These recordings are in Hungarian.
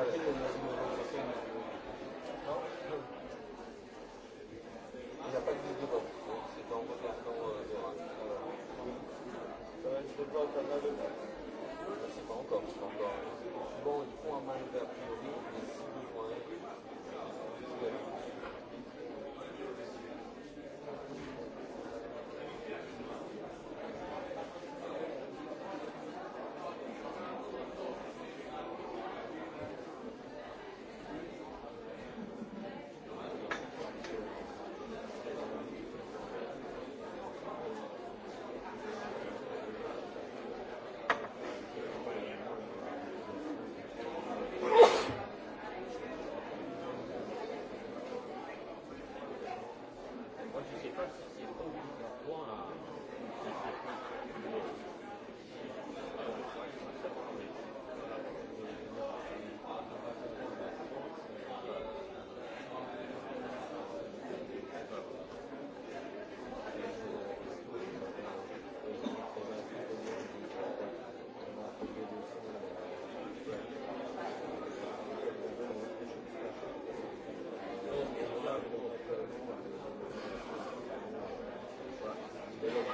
encore, encore. Bon, ils font un manœuvre a priori.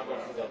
Thank you.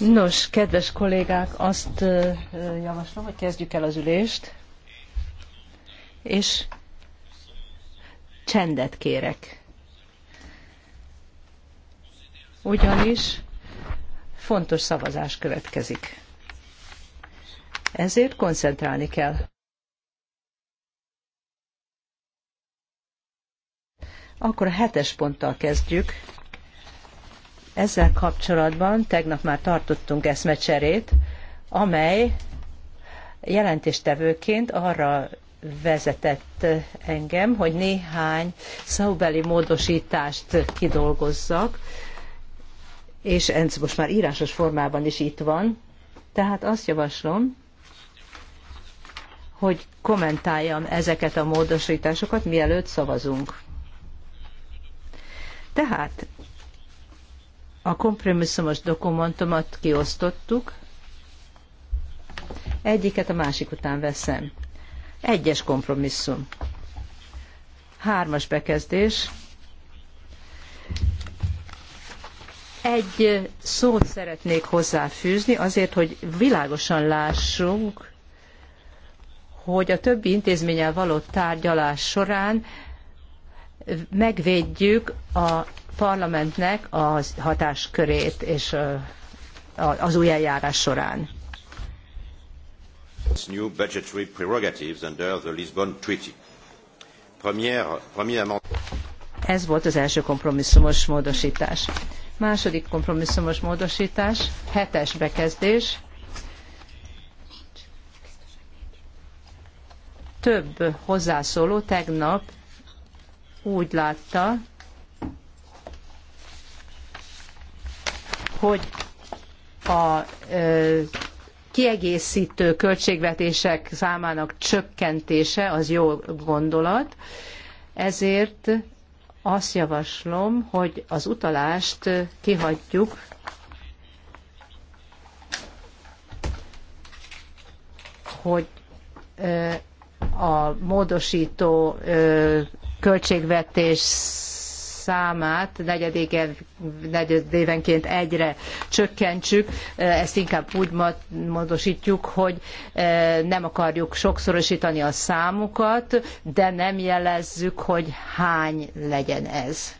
Nos, kedves kollégák, azt javaslom, hogy kezdjük el az ülést, és csendet kérek. Ugyanis fontos szavazás következik. Ezért koncentrálni kell. Akkor a hetes ponttal kezdjük. Ezzel kapcsolatban tegnap már tartottunk eszmecserét, amely jelentéstevőként arra vezetett engem, hogy néhány szóbeli módosítást kidolgozzak, és ez most már írásos formában is itt van. Tehát azt javaslom, hogy kommentáljam ezeket a módosításokat, mielőtt szavazunk. Tehát a kompromisszumos dokumentumot kiosztottuk. Egyiket a másik után veszem. Egyes kompromisszum. Hármas bekezdés. Egy szót szeretnék hozzáfűzni, azért, hogy világosan lássunk, hogy a többi intézménnyel való tárgyalás során megvédjük a parlamentnek a hatáskörét és az új eljárás során. Ez volt az első kompromisszumos módosítás. Második kompromisszumos módosítás, hetes bekezdés. Több hozzászóló tegnap úgy látta, hogy a kiegészítő költségvetések számának csökkentése az jó gondolat, ezért azt javaslom, hogy az utalást kihagyjuk hogy a módosító költségvetés számát negyedévenként egyre csökkentsük, eh, ezt inkább úgy módosítjuk, hogy eh, nem akarjuk sokszorosítani a számukat, de nem jelezzük, hogy hány legyen ez.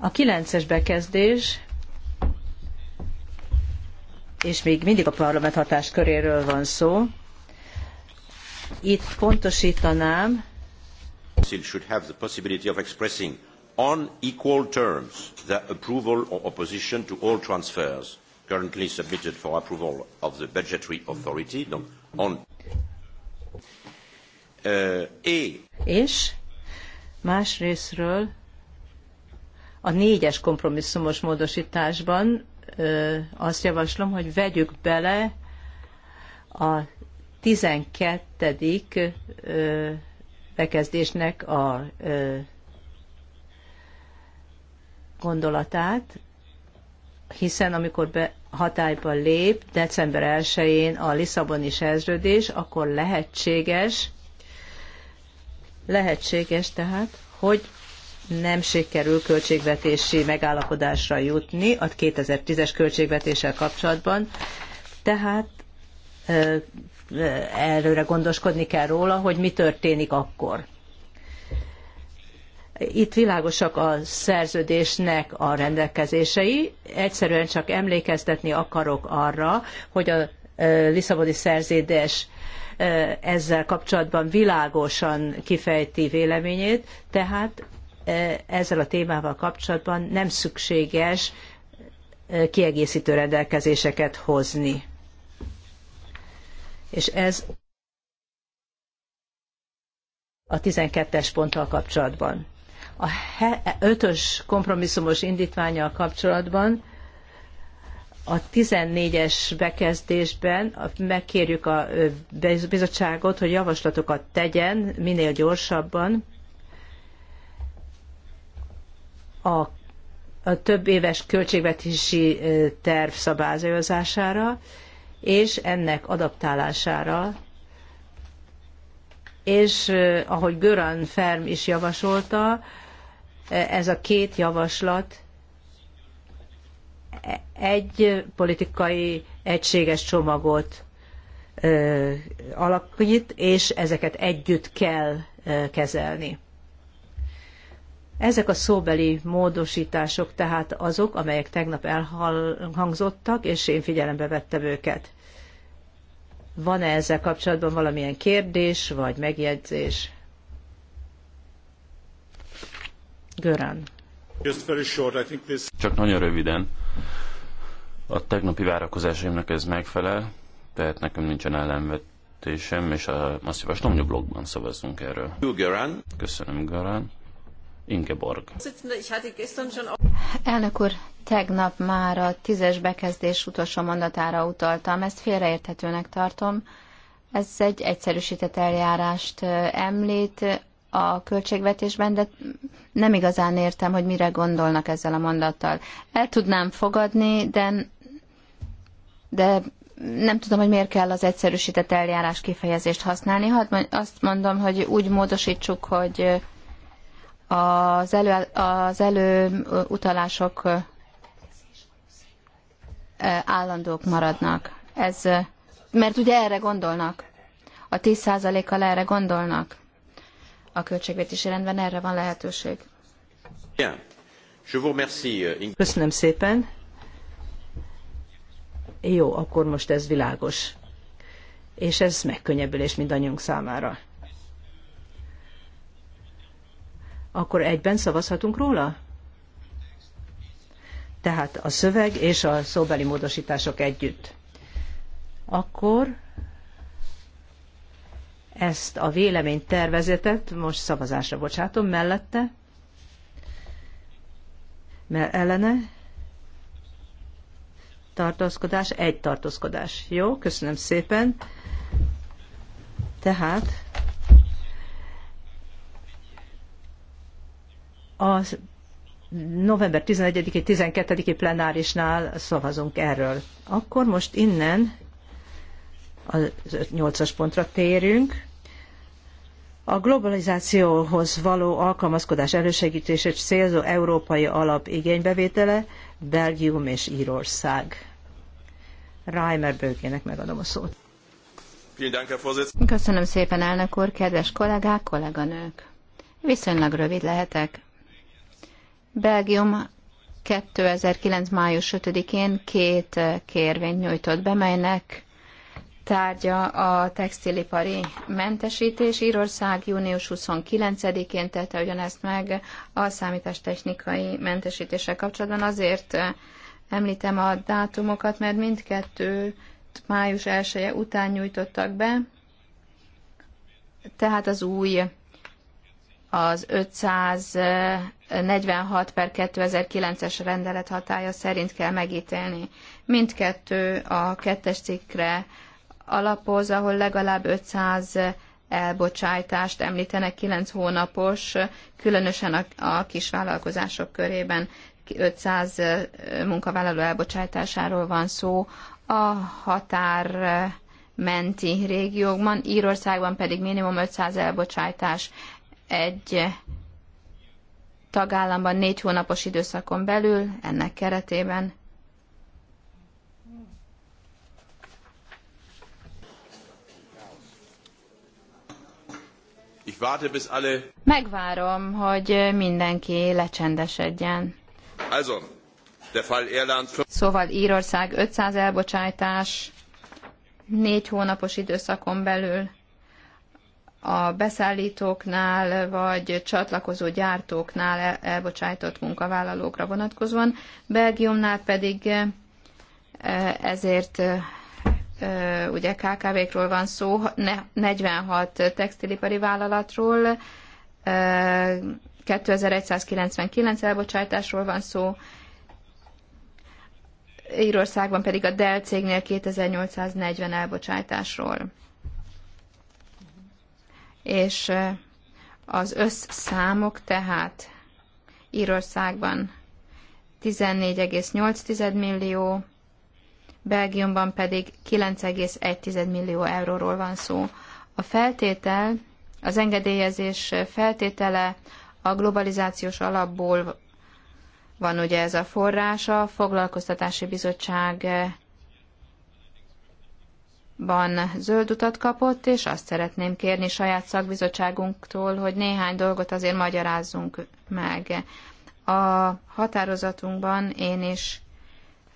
A kilences bekezdés, és még mindig a parlament hatásköréről van szó, itt pontosítanám, council should have the possibility of expressing on equal terms their approval or opposition to all transfers currently submitted for approval of the budgetary authority, donc on uh, és másrésztről a négyes kompromisszumos módosításban uh, azt javaslom, hogy vegyük bele a 12 bekezdésnek a gondolatát, hiszen amikor be, hatályba lép december 1-én a Lisszaboni szerződés, akkor lehetséges, lehetséges tehát, hogy nem sikerül költségvetési megállapodásra jutni a 2010-es költségvetéssel kapcsolatban, tehát Eh, előre gondoskodni kell róla, hogy mi történik akkor. Itt világosak a szerződésnek a rendelkezései. Egyszerűen csak emlékeztetni akarok arra, hogy a eh, Lisszaboni szerződés eh, ezzel kapcsolatban világosan kifejti véleményét, tehát ezzel a témával kapcsolatban nem szükséges kiegészítő rendelkezéseket hozni és ez a 12-es ponttal kapcsolatban. A 5-ös kompromisszumos indítványal kapcsolatban a 14-es bekezdésben megkérjük a bizottságot, hogy javaslatokat tegyen minél gyorsabban a, a több éves költségvetési terv szabályozására, és ennek adaptálására, és ahogy Göran Ferm is javasolta, ez a két javaslat egy politikai egységes csomagot alakít, és ezeket együtt kell kezelni. Ezek a szóbeli módosítások tehát azok, amelyek tegnap elhangzottak, és én figyelembe vettem őket. Van-e ezzel kapcsolatban valamilyen kérdés vagy megjegyzés? Görán. Csak nagyon röviden. A tegnapi várakozásaimnak ez megfelel, tehát nekem nincsen ellenvetésem, és a, eh, azt javaslom, hogy a blogban szavazzunk erről. Köszönöm, Görön. Ingeborg. Elnök úr, tegnap már a tízes bekezdés utolsó mondatára utaltam, ezt félreérthetőnek tartom. Ez egy egyszerűsített eljárást említ a költségvetésben, de nem igazán értem, hogy mire gondolnak ezzel a mondattal. El tudnám fogadni, de, de nem tudom, hogy miért kell az egyszerűsített eljárás kifejezést használni. Hadd azt mondom, hogy úgy módosítsuk, hogy az, elő, az előutalások állandók maradnak. Ez, mert ugye erre gondolnak. A 10%-kal erre gondolnak. A költségvetési rendben erre van lehetőség. Euh, Köszönöm szépen. Jó, akkor most ez világos. És ez megkönnyebbülés mindannyiunk számára. akkor egyben szavazhatunk róla? Tehát a szöveg és a szóbeli módosítások együtt. Akkor ezt a véleménytervezetet most szavazásra bocsátom mellette, mert ellene tartózkodás, egy tartózkodás. Jó, köszönöm szépen. Tehát a november 11-i, 12-i plenárisnál szavazunk erről. Akkor most innen az 8-as pontra térünk. A globalizációhoz való alkalmazkodás elősegítése célzó európai alap igénybevétele Belgium és Írország. Reimer Bőkének megadom a szót. Köszönöm szépen, elnök úr, kedves kollégák, kolléganők. Viszonylag rövid lehetek. Belgium 2009. május 5-én két kérvényt nyújtott be, melynek tárgya a textilipari mentesítés. Írország június 29-én tette ugyanezt meg a számítástechnikai mentesítéssel kapcsolatban. Azért eh, említem a dátumokat, mert mindkettő május 1 -e után nyújtottak be, tehát az új az 500 46 per 2009-es rendelet hatája szerint kell megítélni. Mindkettő a kettes cikkre alapoz, ahol legalább 500 elbocsájtást említenek 9 hónapos, különösen a, a kisvállalkozások körében 500 munkavállaló elbocsájtásáról van szó. A határ menti régiókban, Írországban pedig minimum 500 elbocsájtás egy tagállamban négy hónapos időszakon belül, ennek keretében Megvárom, hogy mindenki lecsendesedjen. Also, der Fall Irland... Szóval Írország 500 elbocsátás négy hónapos időszakon belül a beszállítóknál vagy csatlakozó gyártóknál elbocsájtott munkavállalókra vonatkozóan, Belgiumnál pedig eh, ezért eh, ugye KKV-król van szó, 46 textilipari vállalatról, 2199 eh, elbocsátásról van szó, Írországban pedig a Dell cégnél 2840 elbocsátásról és az összszámok tehát Írországban 14,8 millió, Belgiumban pedig 9,1 millió euróról van szó. A feltétel, az engedélyezés feltétele a globalizációs alapból van ugye ez a forrása, a Foglalkoztatási Bizottság ban zöld utat kapott, és azt szeretném kérni saját szakbizottságunktól, hogy néhány dolgot azért magyarázzunk meg. A határozatunkban én is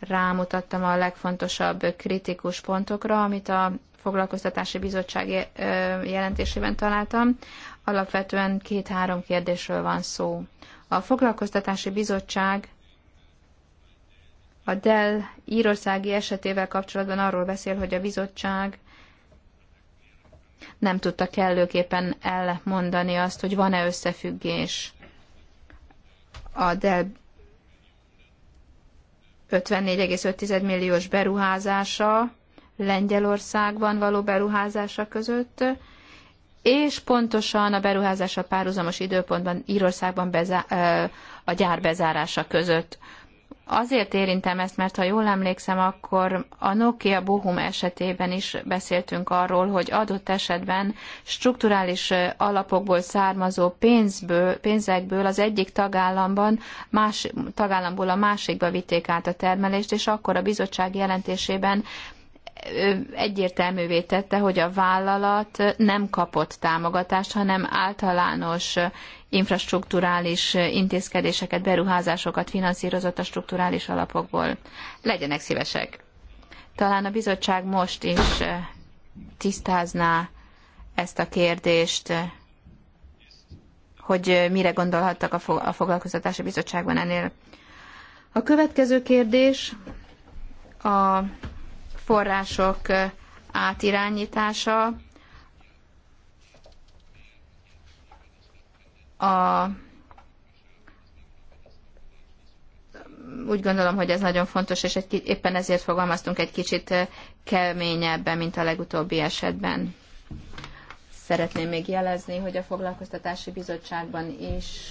rámutattam a legfontosabb kritikus pontokra, amit a foglalkoztatási bizottság jelentésében találtam. Alapvetően két-három kérdésről van szó. A foglalkoztatási bizottság a Dell írországi esetével kapcsolatban arról beszél, hogy a bizottság nem tudta kellőképpen elmondani azt, hogy van-e összefüggés a Dell 54,5 milliós beruházása Lengyelországban való beruházása között, és pontosan a beruházása párhuzamos időpontban Írországban a gyár bezárása között. Azért érintem ezt, mert ha jól emlékszem, akkor a Nokia Bohum esetében is beszéltünk arról, hogy adott esetben strukturális alapokból származó pénzből, pénzekből az egyik tagállamban, más, tagállamból a másikba vitték át a termelést, és akkor a bizottság jelentésében egyértelművé tette, hogy a vállalat nem kapott támogatást, hanem általános infrastruktúrális intézkedéseket, beruházásokat finanszírozott a strukturális alapokból. Legyenek szívesek! Talán a bizottság most is tisztázná ezt a kérdést, hogy mire gondolhattak a foglalkoztatási bizottságban ennél. A következő kérdés a források átirányítása, a úgy gondolom, hogy ez nagyon fontos, és egy, éppen ezért fogalmaztunk egy kicsit keményebben, mint a legutóbbi esetben. Szeretném még jelezni, hogy a foglalkoztatási bizottságban is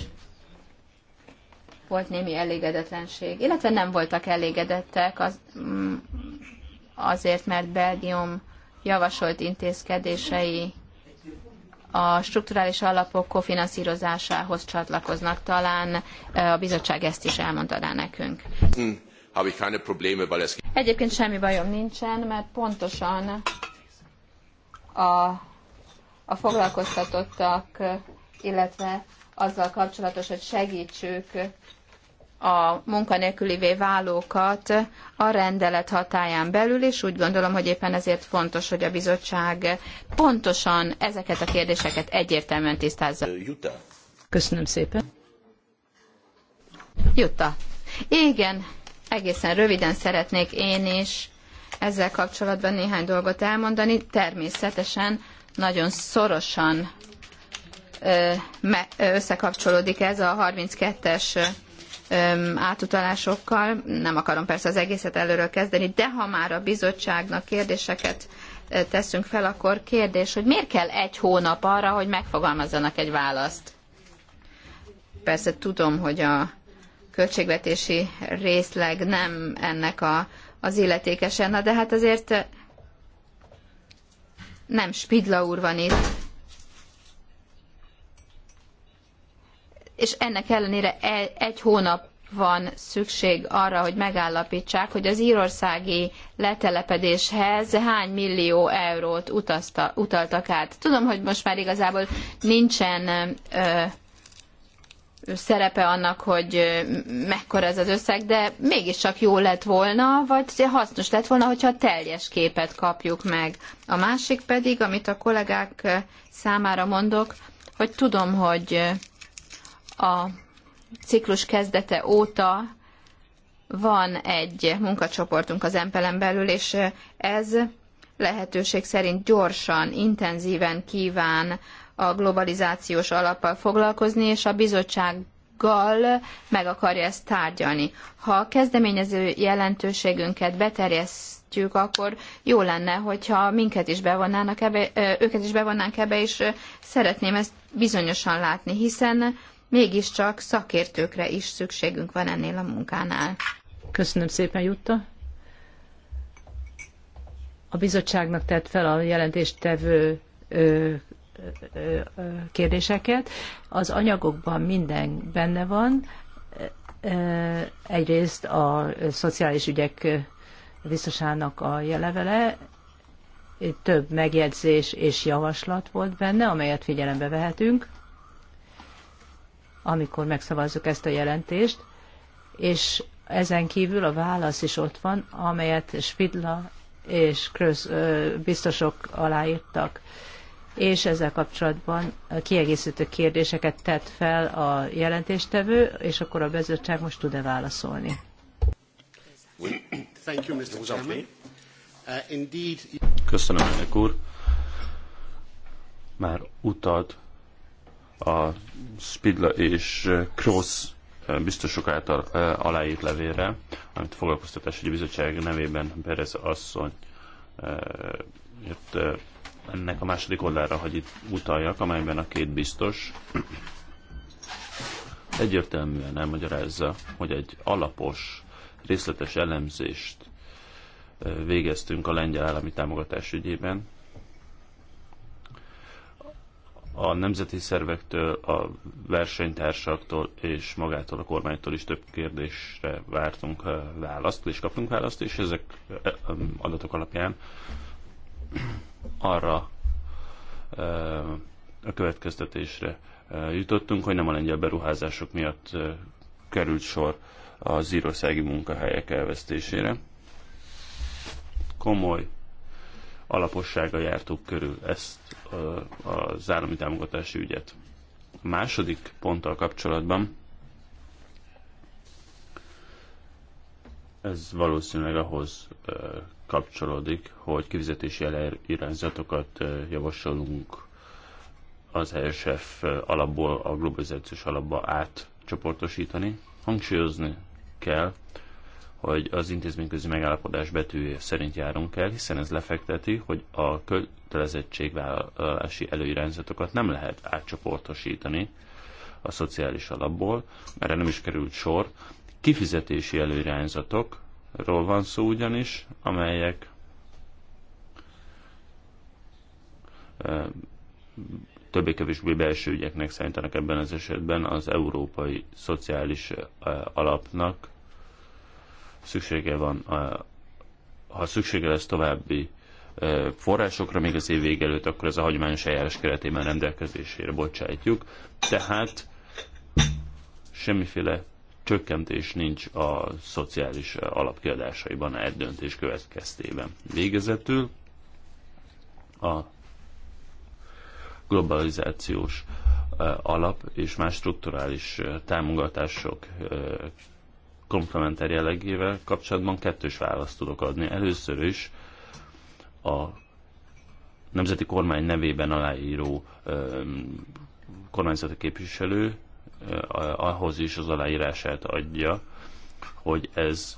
volt némi elégedetlenség, illetve nem voltak elégedettek az, mm, azért, mert Belgium javasolt intézkedései a strukturális alapok kofinanszírozásához csatlakoznak. Talán a bizottság ezt is elmondaná nekünk. Hmm, Egyébként semmi bajom nincsen, mert pontosan a, a foglalkoztatottak, illetve azzal kapcsolatos, hogy segítsük a munkanélkülivé válókat a rendelet hatáján belül, és úgy gondolom, hogy éppen ezért fontos, hogy a bizottság pontosan ezeket a kérdéseket egyértelműen tisztázza. Uh, Jutta. Köszönöm szépen. Jutta. Igen, egészen röviden szeretnék én is ezzel kapcsolatban néhány dolgot elmondani. Természetesen nagyon szorosan összekapcsolódik ez a 32-es átutalásokkal. Nem akarom persze az egészet előről kezdeni, de ha már a bizottságnak kérdéseket teszünk fel, akkor kérdés, hogy miért kell egy hónap arra, hogy megfogalmazzanak egy választ? Persze tudom, hogy a költségvetési részleg nem ennek a, az illetékesen, de hát azért nem Spidla úr van itt, és ennek ellenére e- egy hónap van szükség arra, hogy megállapítsák, hogy az írországi letelepedéshez hány millió eurót utazta, utaltak át. Tudom, hogy most már igazából nincsen ö, szerepe annak, hogy mekkora ez az összeg, de mégiscsak jó lett volna, vagy hasznos lett volna, hogyha teljes képet kapjuk meg. A másik pedig, amit a kollégák számára mondok, hogy tudom, hogy a ciklus kezdete óta van egy munkacsoportunk az empelen belül, és ez lehetőség szerint gyorsan, intenzíven kíván a globalizációs alappal foglalkozni, és a bizottsággal meg akarja ezt tárgyalni. Ha a kezdeményező jelentőségünket beterjesztjük, akkor jó lenne, hogyha minket is bevonnának ebbe, őket is bevonnánk ebbe, és szeretném ezt bizonyosan látni, hiszen mégiscsak szakértőkre is szükségünk van ennél a munkánál. Köszönöm szépen, Jutta. A bizottságnak tett fel a jelentéstevő ö, ö, ö, kérdéseket. Az anyagokban minden benne van. Egyrészt a szociális ügyek biztosának a jelevele, több megjegyzés és javaslat volt benne, amelyet figyelembe vehetünk amikor megszavazzuk ezt a jelentést, és ezen kívül a válasz is ott van, amelyet Spidla és Kröz biztosok aláírtak. És ezzel kapcsolatban kiegészítő kérdéseket tett fel a jelentéstevő, és akkor a bizottság most tud-e válaszolni. Uh, Köszönöm, elnök úr. Már utalt a Spidla és Cross biztosok által aláírt levélre, amit a foglalkoztatási bizottság nevében Perez asszony jött ennek a második oldalra, hogy itt utaljak, amelyben a két biztos egyértelműen elmagyarázza, hogy egy alapos, részletes elemzést végeztünk a lengyel állami támogatás ügyében, a nemzeti szervektől, a versenytársaktól és magától a kormánytól is több kérdésre vártunk eh, választ, és kaptunk választ, és ezek eh, adatok alapján arra eh, a következtetésre jutottunk, hogy nem a lengyel beruházások miatt került sor az írószági munkahelyek elvesztésére. Komoly alapossága jártuk körül ezt az állami támogatási ügyet. A második ponttal kapcsolatban ez valószínűleg ahhoz kapcsolódik, hogy kifizetési irányzatokat javasolunk az ESF alapból a globalizációs alapba átcsoportosítani. Hangsúlyozni kell, hogy az intézményközi megállapodás betűje szerint járunk el, hiszen ez lefekteti, hogy a kötelezettségvállalási előirányzatokat nem lehet átcsoportosítani a szociális alapból, erre nem is került sor. Kifizetési előirányzatokról van szó ugyanis, amelyek többé-kevésbé belső ügyeknek szerintenek ebben az esetben az európai szociális alapnak szüksége van, ha szüksége lesz további e, forrásokra még az év vége előtt, akkor ez a hagyományos eljárás keretében rendelkezésére bocsátjuk. Tehát semmiféle csökkentés nincs a szociális alapkiadásaiban a döntés következtében. Végezetül a globalizációs e, alap és más strukturális e, támogatások komplementer jellegével kapcsolatban kettős választ tudok adni. Először is a nemzeti kormány nevében aláíró kormányzati képviselő ahhoz is az aláírását adja, hogy ez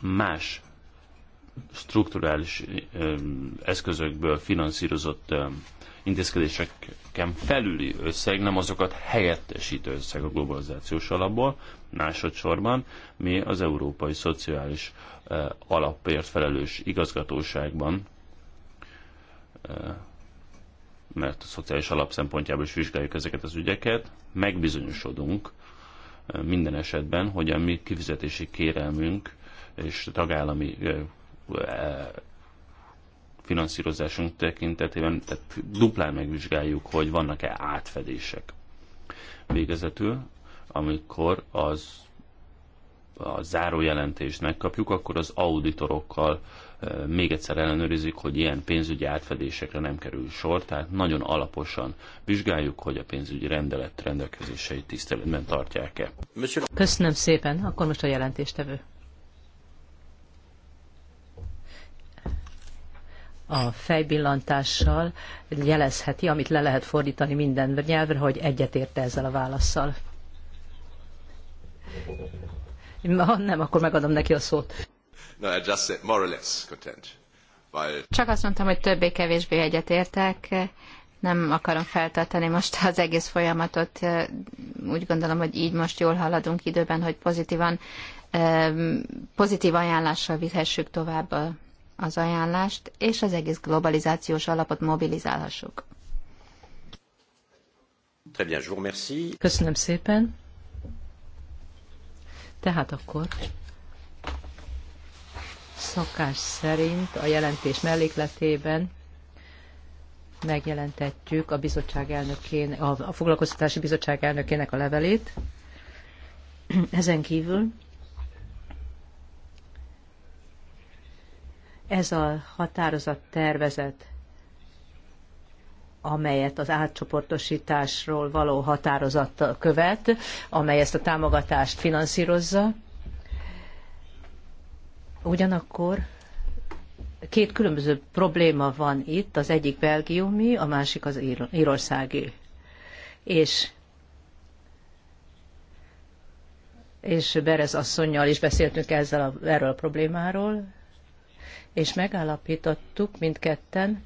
más strukturális eszközökből finanszírozott intézkedéseken felüli összeg, nem azokat helyettesítő összeg a globalizációs alapból. Másodszorban mi az Európai Szociális eh, Alapért felelős igazgatóságban eh, mert a szociális alap szempontjából is vizsgáljuk ezeket az ügyeket, megbizonyosodunk eh, minden esetben, hogy a mi kifizetési kérelmünk és tagállami finanszírozásunk tekintetében, tehát duplán megvizsgáljuk, hogy vannak-e átfedések. Végezetül, amikor az a zárójelentést megkapjuk, akkor az auditorokkal e, még egyszer ellenőrizik, hogy ilyen pénzügyi átfedésekre nem kerül sor, tehát nagyon alaposan vizsgáljuk, hogy a pénzügyi rendelet rendelkezéseit tiszteletben tartják-e. Köszönöm szépen, akkor most a jelentéstevő. a fejbillantással jelezheti, amit le lehet fordítani minden nyelvre, hogy egyetérte ezzel a válaszsal. Ha nem, akkor megadom neki a szót. No, I just said more or less content. Csak azt mondtam, hogy többé-kevésbé egyetértek. Nem akarom feltartani most az egész folyamatot. Úgy gondolom, hogy így most jól haladunk időben, hogy pozitívan, pozitív ajánlással vihessük tovább az ajánlást, és az egész globalizációs alapot mobilizálhassuk. Köszönöm szépen. Tehát akkor szokás szerint a jelentés mellékletében megjelentetjük a bizottság elnökén, a foglalkoztatási bizottság elnökének a levelét. Ezen kívül Ez a határozat tervezet, amelyet az átcsoportosításról való határozattal követ, amely ezt a támogatást finanszírozza. Ugyanakkor két különböző probléma van itt, az egyik belgiumi, a másik az ír- írországi. És és Berez asszonynal is beszéltünk ezzel a, erről a problémáról, és megállapítottuk mindketten,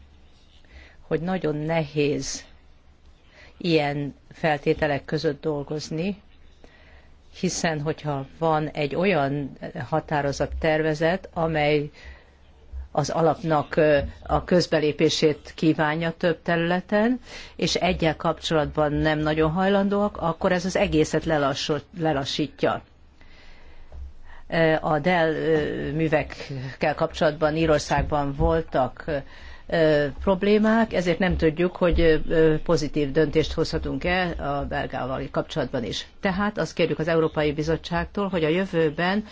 hogy nagyon nehéz ilyen feltételek között dolgozni, hiszen hogyha van egy olyan tervezet, amely az alapnak a közbelépését kívánja több területen, és egyel kapcsolatban nem nagyon hajlandóak, akkor ez az egészet lelassítja a Dell művekkel kapcsolatban Írországban voltak problémák, ezért nem tudjuk, hogy pozitív döntést hozhatunk-e a belgával kapcsolatban is. Tehát azt kérjük az Európai Bizottságtól, hogy a jövőben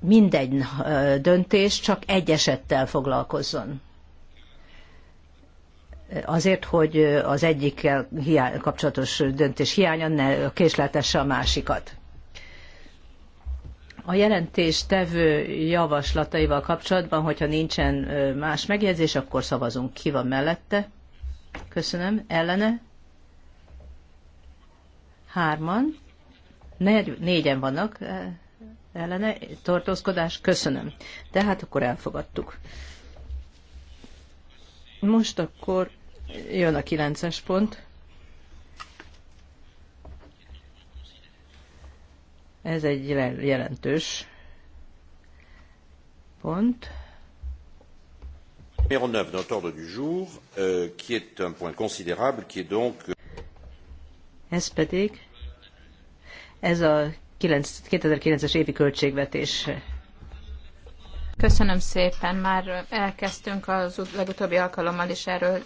minden döntés csak egy esettel foglalkozzon. Azért, hogy az egyikkel hiány, kapcsolatos döntés hiánya ne késleltesse a másikat. A jelentéstevő javaslataival kapcsolatban, hogyha nincsen más megjegyzés, akkor szavazunk. Ki van mellette? Köszönöm. Ellene? Hárman. Négy, négyen vannak ellene. Tartózkodás? Köszönöm. Tehát akkor elfogadtuk. Most akkor jön a kilences pont. Ez egy jelentős pont. Numéro 9 notre ordre du jour, euh, qui est un point considérable, qui est donc... Euh, ez pedig, ez a 2009-es évi költségvetés Köszönöm szépen, már elkezdtünk az legutóbbi alkalommal is erről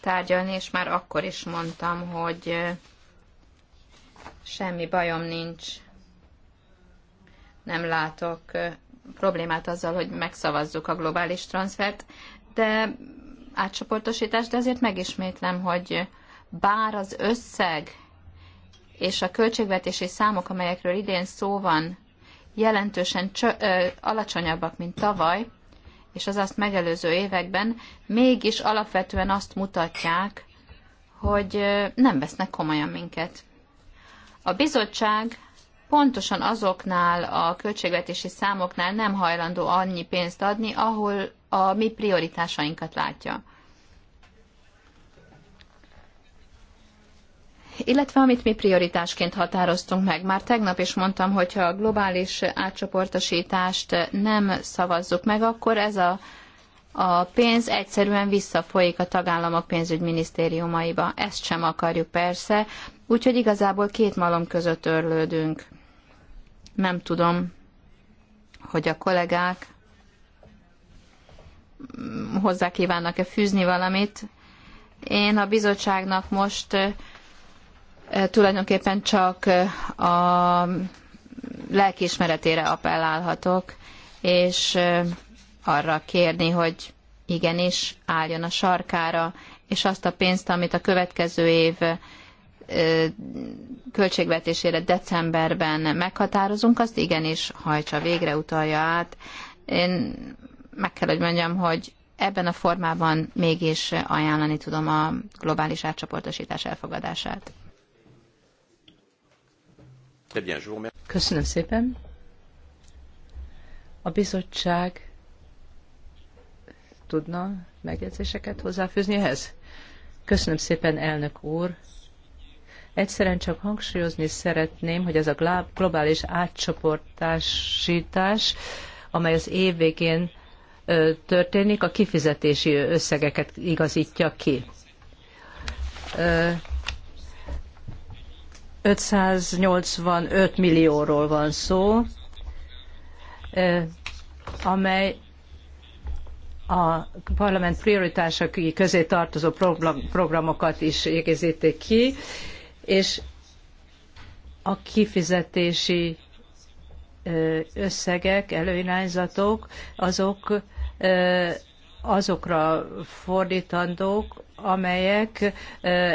tárgyalni, és már akkor is mondtam, hogy semmi bajom nincs nem látok problémát azzal, hogy megszavazzuk a globális transfert, de átcsoportosítás, de azért megismétlem, hogy bár az összeg és a költségvetési számok, amelyekről idén szó van, jelentősen ö, alacsonyabbak, mint tavaly, és az azt megelőző években, mégis alapvetően azt mutatják, hogy nem vesznek komolyan minket. A bizottság pontosan azoknál a költségvetési számoknál nem hajlandó annyi pénzt adni, ahol a mi prioritásainkat látja. illetve amit mi prioritásként határoztunk meg. Már tegnap is mondtam, hogy ha a globális átcsoportosítást nem szavazzuk meg, akkor ez a, a pénz egyszerűen visszafolyik a tagállamok pénzügyminisztériumaiba. Ezt sem akarjuk persze, úgyhogy igazából két malom között örlődünk. Nem tudom, hogy a kollégák hozzá kívánnak-e fűzni valamit. Én a bizottságnak most tulajdonképpen csak a lelkiismeretére appellálhatok, és arra kérni, hogy igenis álljon a sarkára, és azt a pénzt, amit a következő év költségvetésére decemberben meghatározunk, azt igenis hajtsa végre, utalja át. Én meg kell, hogy mondjam, hogy ebben a formában mégis ajánlani tudom a globális átcsoportosítás elfogadását. Köszönöm szépen. A bizottság tudna megjegyzéseket hozzáfűzni ehhez? Köszönöm szépen, elnök úr. Egyszerűen csak hangsúlyozni szeretném, hogy ez a globális átcsoportásítás, amely az év végén történik, a kifizetési összegeket igazítja ki. 585 millióról van szó, amely a parlament prioritásai közé tartozó programokat is egészíti ki, és a kifizetési összegek, előirányzatok, azok azokra fordítandók, amelyek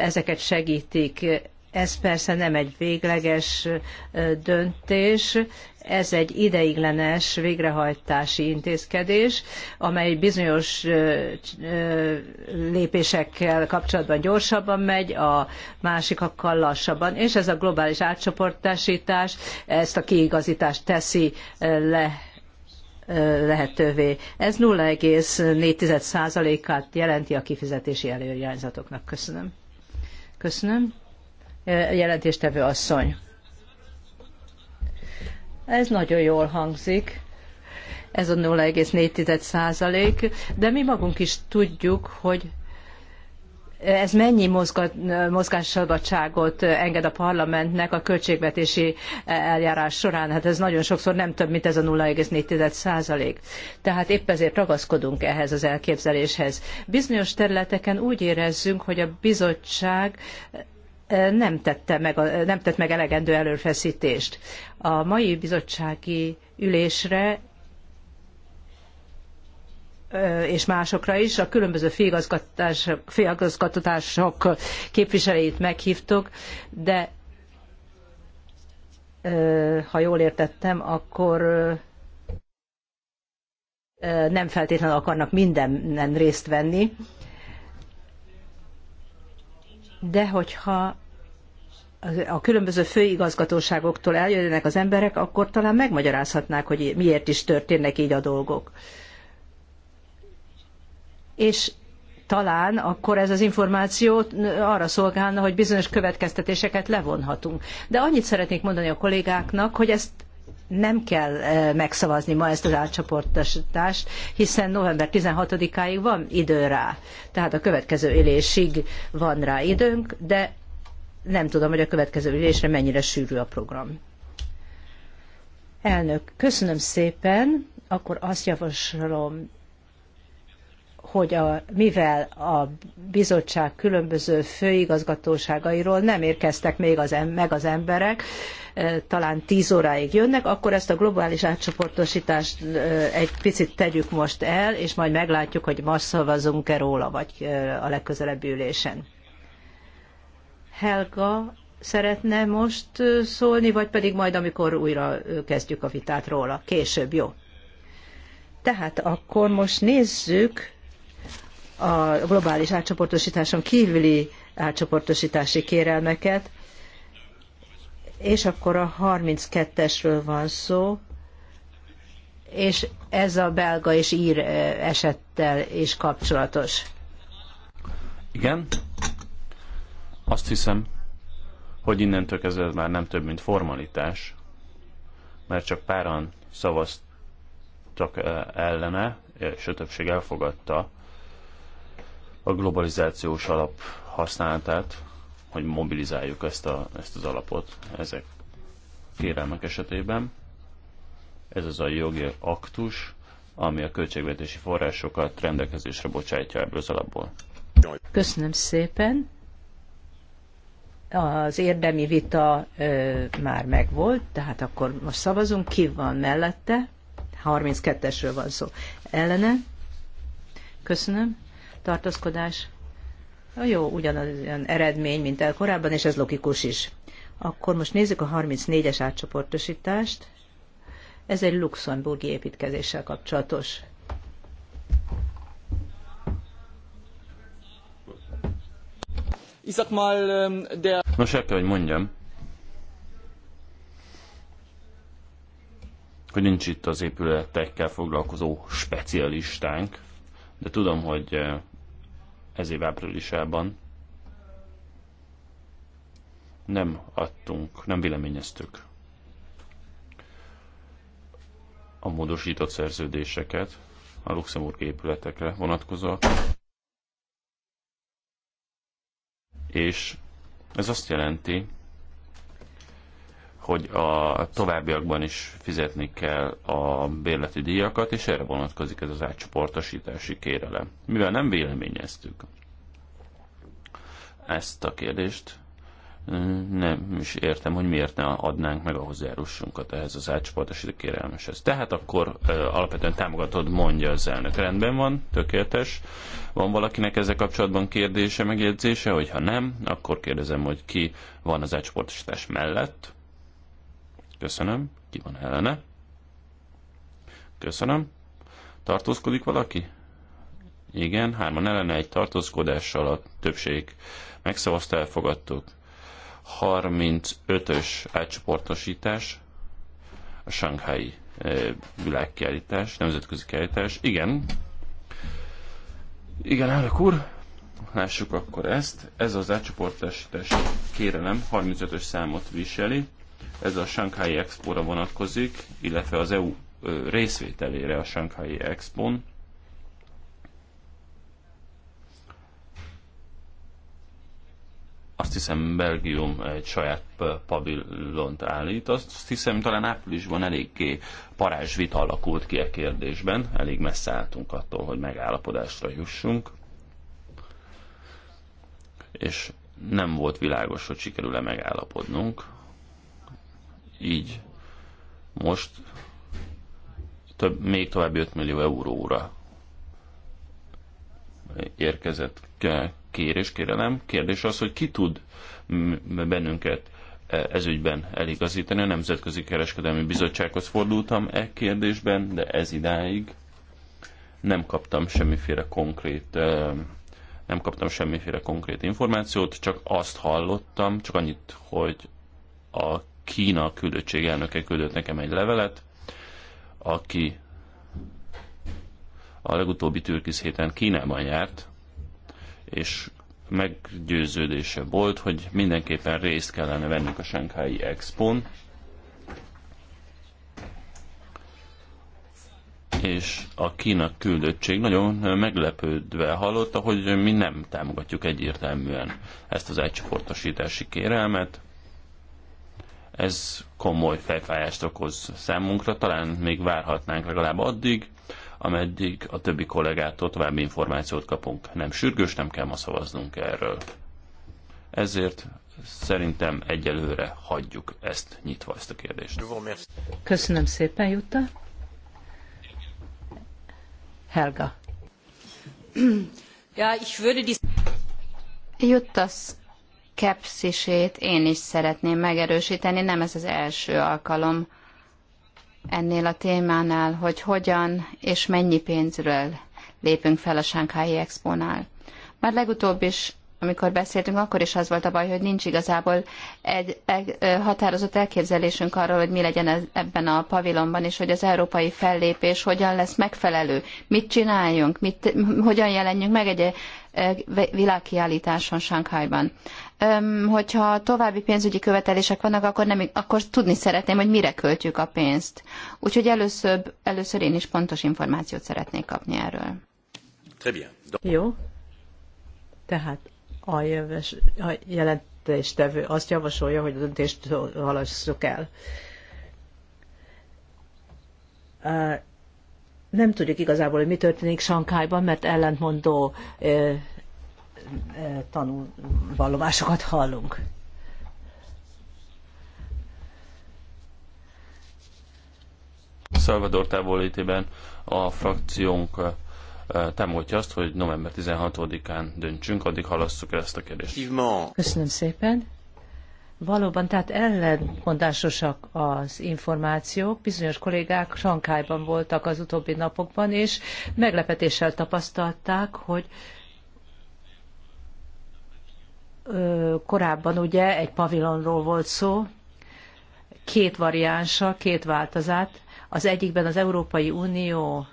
ezeket segítik. Ez persze nem egy végleges döntés, ez egy ideiglenes végrehajtási intézkedés, amely bizonyos lépésekkel kapcsolatban gyorsabban megy, a másikakkal lassabban, és ez a globális átcsoportosítás ezt a kiigazítást teszi le lehetővé. Ez 0,4%-át jelenti a kifizetési előirányzatoknak. Köszönöm. Köszönöm jelentéstevő asszony. Ez nagyon jól hangzik, ez a 0,4 százalék, de mi magunk is tudjuk, hogy ez mennyi mozgat, mozgásszabadságot enged a parlamentnek a költségvetési eljárás során? Hát ez nagyon sokszor nem több, mint ez a 0,4 százalék. Tehát épp ezért ragaszkodunk ehhez az elképzeléshez. Bizonyos területeken úgy érezzünk, hogy a bizottság nem, tette meg, nem tett meg elegendő előfeszítést. A mai bizottsági ülésre és másokra is, a különböző főigazgatások képviselőit meghívtuk, de ha jól értettem, akkor nem feltétlenül akarnak mindennen részt venni de hogyha a különböző főigazgatóságoktól eljönnek az emberek, akkor talán megmagyarázhatnák, hogy miért is történnek így a dolgok. És talán akkor ez az információ arra szolgálna, hogy bizonyos következtetéseket levonhatunk. De annyit szeretnék mondani a kollégáknak, hogy ezt nem kell megszavazni ma ezt az átcsoportosítást, hiszen november 16-áig van idő rá. Tehát a következő ülésig van rá időnk, de nem tudom, hogy a következő ülésre mennyire sűrű a program. Elnök, köszönöm szépen. Akkor azt javaslom, hogy a, mivel a bizottság különböző főigazgatóságairól nem érkeztek még az, meg az emberek, e, talán 10 óráig jönnek, akkor ezt a globális átcsoportosítást e, egy picit tegyük most el, és majd meglátjuk, hogy ma szavazunk-e róla, vagy e, a legközelebbi ülésen. Helga szeretne most szólni, vagy pedig majd, amikor újra kezdjük a vitát róla. Később, jó? Tehát akkor most nézzük a globális átcsoportosításon kívüli átcsoportosítási kérelmeket, és akkor a 32-esről van szó, és ez a belga és ír esettel is kapcsolatos. Igen, azt hiszem, hogy innentől kezdve ez már nem több, mint formalitás, mert csak páran szavaztak ellene, és a többség elfogadta a globalizációs alap használatát, hogy mobilizáljuk ezt, a, ezt az alapot ezek kérelmek esetében. Ez az a jogi aktus, ami a költségvetési forrásokat rendelkezésre bocsájtja ebből az alapból. Köszönöm szépen. Az érdemi vita ö, már megvolt, tehát akkor most szavazunk, ki van mellette. 32-esről van szó. Ellene? Köszönöm tartózkodás. Jó, ugyanaz olyan eredmény, mint el korábban, és ez logikus is. Akkor most nézzük a 34-es átcsoportosítást. Ez egy luxemburgi építkezéssel kapcsolatos. Um, Nos, el kell, hogy mondjam, hogy nincs itt az épületekkel foglalkozó specialistánk, de tudom, hogy ez év áprilisában nem adtunk, nem véleményeztük a módosított szerződéseket a luxemburgi épületekre vonatkozó. És ez azt jelenti, hogy a továbbiakban is fizetni kell a bérleti díjakat, és erre vonatkozik ez az átcsoportosítási kérelem. Mivel nem véleményeztük ezt a kérdést, nem is értem, hogy miért ne adnánk meg a hozzájárulásunkat ehhez az átcsoportosító kérelmeshez. Tehát akkor alapvetően támogatod, mondja az elnök. Rendben van, tökéletes. Van valakinek ezzel kapcsolatban kérdése, megjegyzése? Hogyha nem, akkor kérdezem, hogy ki van az átcsoportosítás mellett. Köszönöm. Ki van Helene? Köszönöm. Tartózkodik valaki? Igen, hárman ellene egy tartózkodással a többség megszavazta, elfogadtuk. 35-ös átcsoportosítás, a Shanghai eh, világkiállítás, nemzetközi kiállítás. Igen, igen, elnök úr, lássuk akkor ezt. Ez az átcsoportosítás kérelem 35-ös számot viseli. Ez a Shanghai Expo-ra vonatkozik, illetve az EU részvételére a Shanghai Expo-n. Azt hiszem Belgium egy saját pavillont állít. Azt hiszem talán áprilisban eléggé parázs vita alakult ki a e kérdésben. Elég messze álltunk attól, hogy megállapodásra jussunk. És nem volt világos, hogy sikerül-e megállapodnunk így most több, még további 5 millió euróra érkezett kérés, kérelem. Kérdés az, hogy ki tud bennünket e-, ezügyben eligazítani. A Nemzetközi Kereskedelmi Bizottsághoz fordultam e kérdésben, de ez idáig nem kaptam semmiféle konkrét e, nem kaptam semmiféle konkrét információt, csak azt hallottam, csak annyit, hogy a Kína küldöttség elnöke küldött nekem egy levelet, aki a legutóbbi türkisz héten Kínában járt, és meggyőződése volt, hogy mindenképpen részt kellene vennünk a Shanghai Expo-n, és a Kína küldöttség nagyon meglepődve hallotta, hogy mi nem támogatjuk egyértelműen ezt az egycsoportosítási kérelmet, ez komoly fejfájást okoz számunkra, talán még várhatnánk legalább addig, ameddig a többi kollégától további információt kapunk. Nem sürgős, nem kell ma szavaznunk erről. Ezért szerintem egyelőre hagyjuk ezt nyitva, ezt a kérdést. Köszönöm szépen, Jutta. Helga. Ja, ich würde die... Jutta kepszisét én is szeretném megerősíteni. Nem ez az első alkalom ennél a témánál, hogy hogyan és mennyi pénzről lépünk fel a Sánkhái Expónál. Már legutóbb is amikor beszéltünk, akkor is az volt a baj, hogy nincs igazából egy, egy határozott elképzelésünk arról, hogy mi legyen ebben a pavilonban, és hogy az európai fellépés hogyan lesz megfelelő, mit csináljunk, mit, hogyan jelenjünk meg egy világkiállításon Sánkhájban hogyha további pénzügyi követelések vannak, akkor, nem, akkor tudni szeretném, hogy mire költjük a pénzt. Úgyhogy először, először én is pontos információt szeretnék kapni erről. Jó. Tehát a, jöves, a jelentéstevő azt javasolja, hogy a döntést halasszuk el. Nem tudjuk igazából, hogy mi történik Sankályban, mert ellentmondó tanulvallomásokat hallunk. Salvador távolítében a frakciónk támogatja azt, hogy november 16-án döntsünk, addig halasszuk el ezt a kérdést. Köszönöm szépen. Valóban, tehát ellentmondásosak az információk. Bizonyos kollégák Sankályban voltak az utóbbi napokban, és meglepetéssel tapasztalták, hogy korábban ugye egy pavilonról volt szó, két variánsa, két változat. Az egyikben az Európai Unió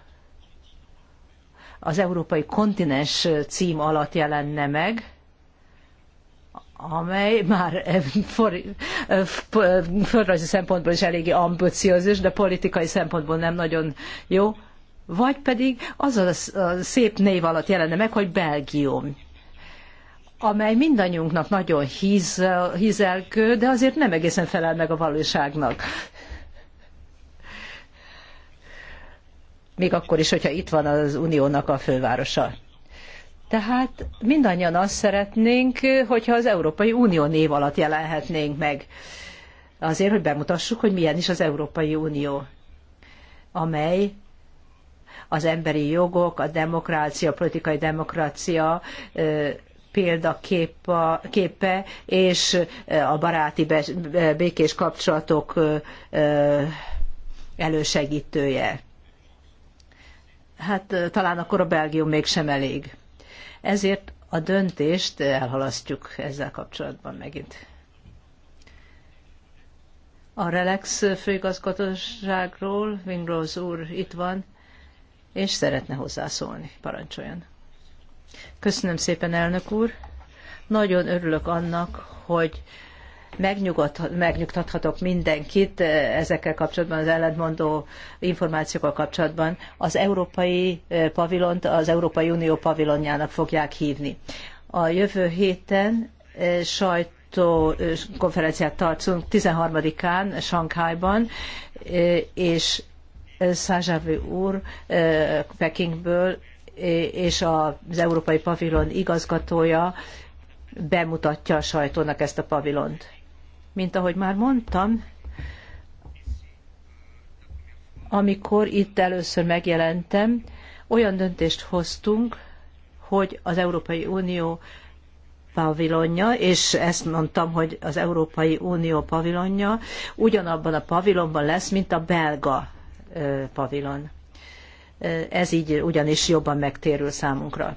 az Európai Kontinens cím alatt jelenne meg, amely már földrajzi szempontból is eléggé ambiciózus, de politikai szempontból nem nagyon jó, vagy pedig az a szép név alatt jelenne meg, hogy Belgium amely mindannyiunknak nagyon hízel, hízelkő, de azért nem egészen felel meg a valóságnak. Még akkor is, hogyha itt van az uniónak a fővárosa. Tehát mindannyian azt szeretnénk, hogyha az Európai Unió név alatt jelenhetnénk meg. Azért, hogy bemutassuk, hogy milyen is az Európai Unió, amely az emberi jogok, a demokrácia, a politikai demokrácia példaképe és eh, a baráti békés kapcsolatok eh, eh, elősegítője. Hát talán akkor a Belgium mégsem elég. Ezért a döntést elhalasztjuk ezzel kapcsolatban megint. A Relax főigazgatóságról Wingrose úr itt van, és szeretne hozzászólni. Parancsoljon! Köszönöm szépen, elnök úr. Nagyon örülök annak, hogy megnyugtathatok mindenkit eh, ezekkel kapcsolatban, az ellentmondó információkkal kapcsolatban. Az Európai eh, Pavilont az Európai Unió pavilonjának fogják hívni. A jövő héten eh, sajt konferenciát tartunk 13-án Sankhájban, és Százsávi úr Pekingből és az Európai Pavilon igazgatója bemutatja a sajtónak ezt a pavilont. Mint ahogy már mondtam, amikor itt először megjelentem, olyan döntést hoztunk, hogy az Európai Unió pavilonja, és ezt mondtam, hogy az Európai Unió pavilonja ugyanabban a pavilonban lesz, mint a belga pavilon. Ez így ugyanis jobban megtérül számunkra.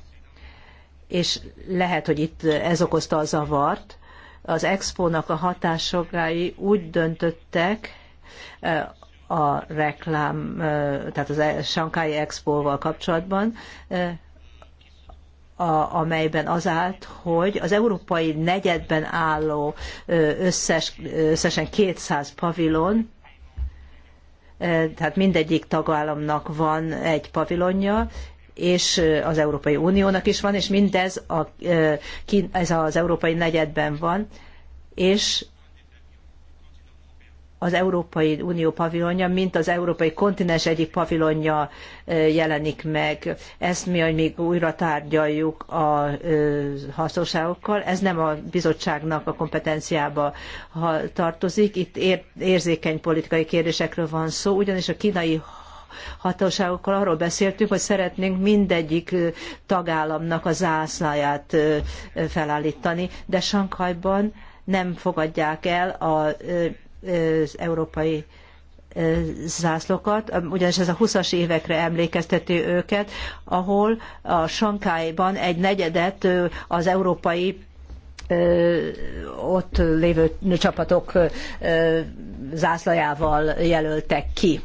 És lehet, hogy itt ez okozta a zavart. Az expónak a hatásokái úgy döntöttek, eh, a reklám, eh, tehát az Sankai Expo-val kapcsolatban, eh, a, amelyben az állt, hogy az európai negyedben álló összes, összesen 200 pavilon tehát mindegyik tagállamnak van egy pavilonja, és az Európai Uniónak is van, és mindez a, ez az Európai Negyedben van, és az Európai Unió pavilonja, mint az Európai Kontinens egyik pavilonja jelenik meg. Ezt mi, hogy még újra tárgyaljuk a hatóságokkal, ez nem a bizottságnak a kompetenciába tartozik. Itt ér, érzékeny politikai kérdésekről van szó, ugyanis a kínai hatóságokkal arról beszéltünk, hogy szeretnénk mindegyik tagállamnak a zászláját felállítani, de Sankhajban nem fogadják el a az európai zászlókat, ugyanis ez a 20-as évekre emlékezteti őket, ahol a Sankályban egy negyedet az európai ott lévő csapatok zászlajával jelöltek ki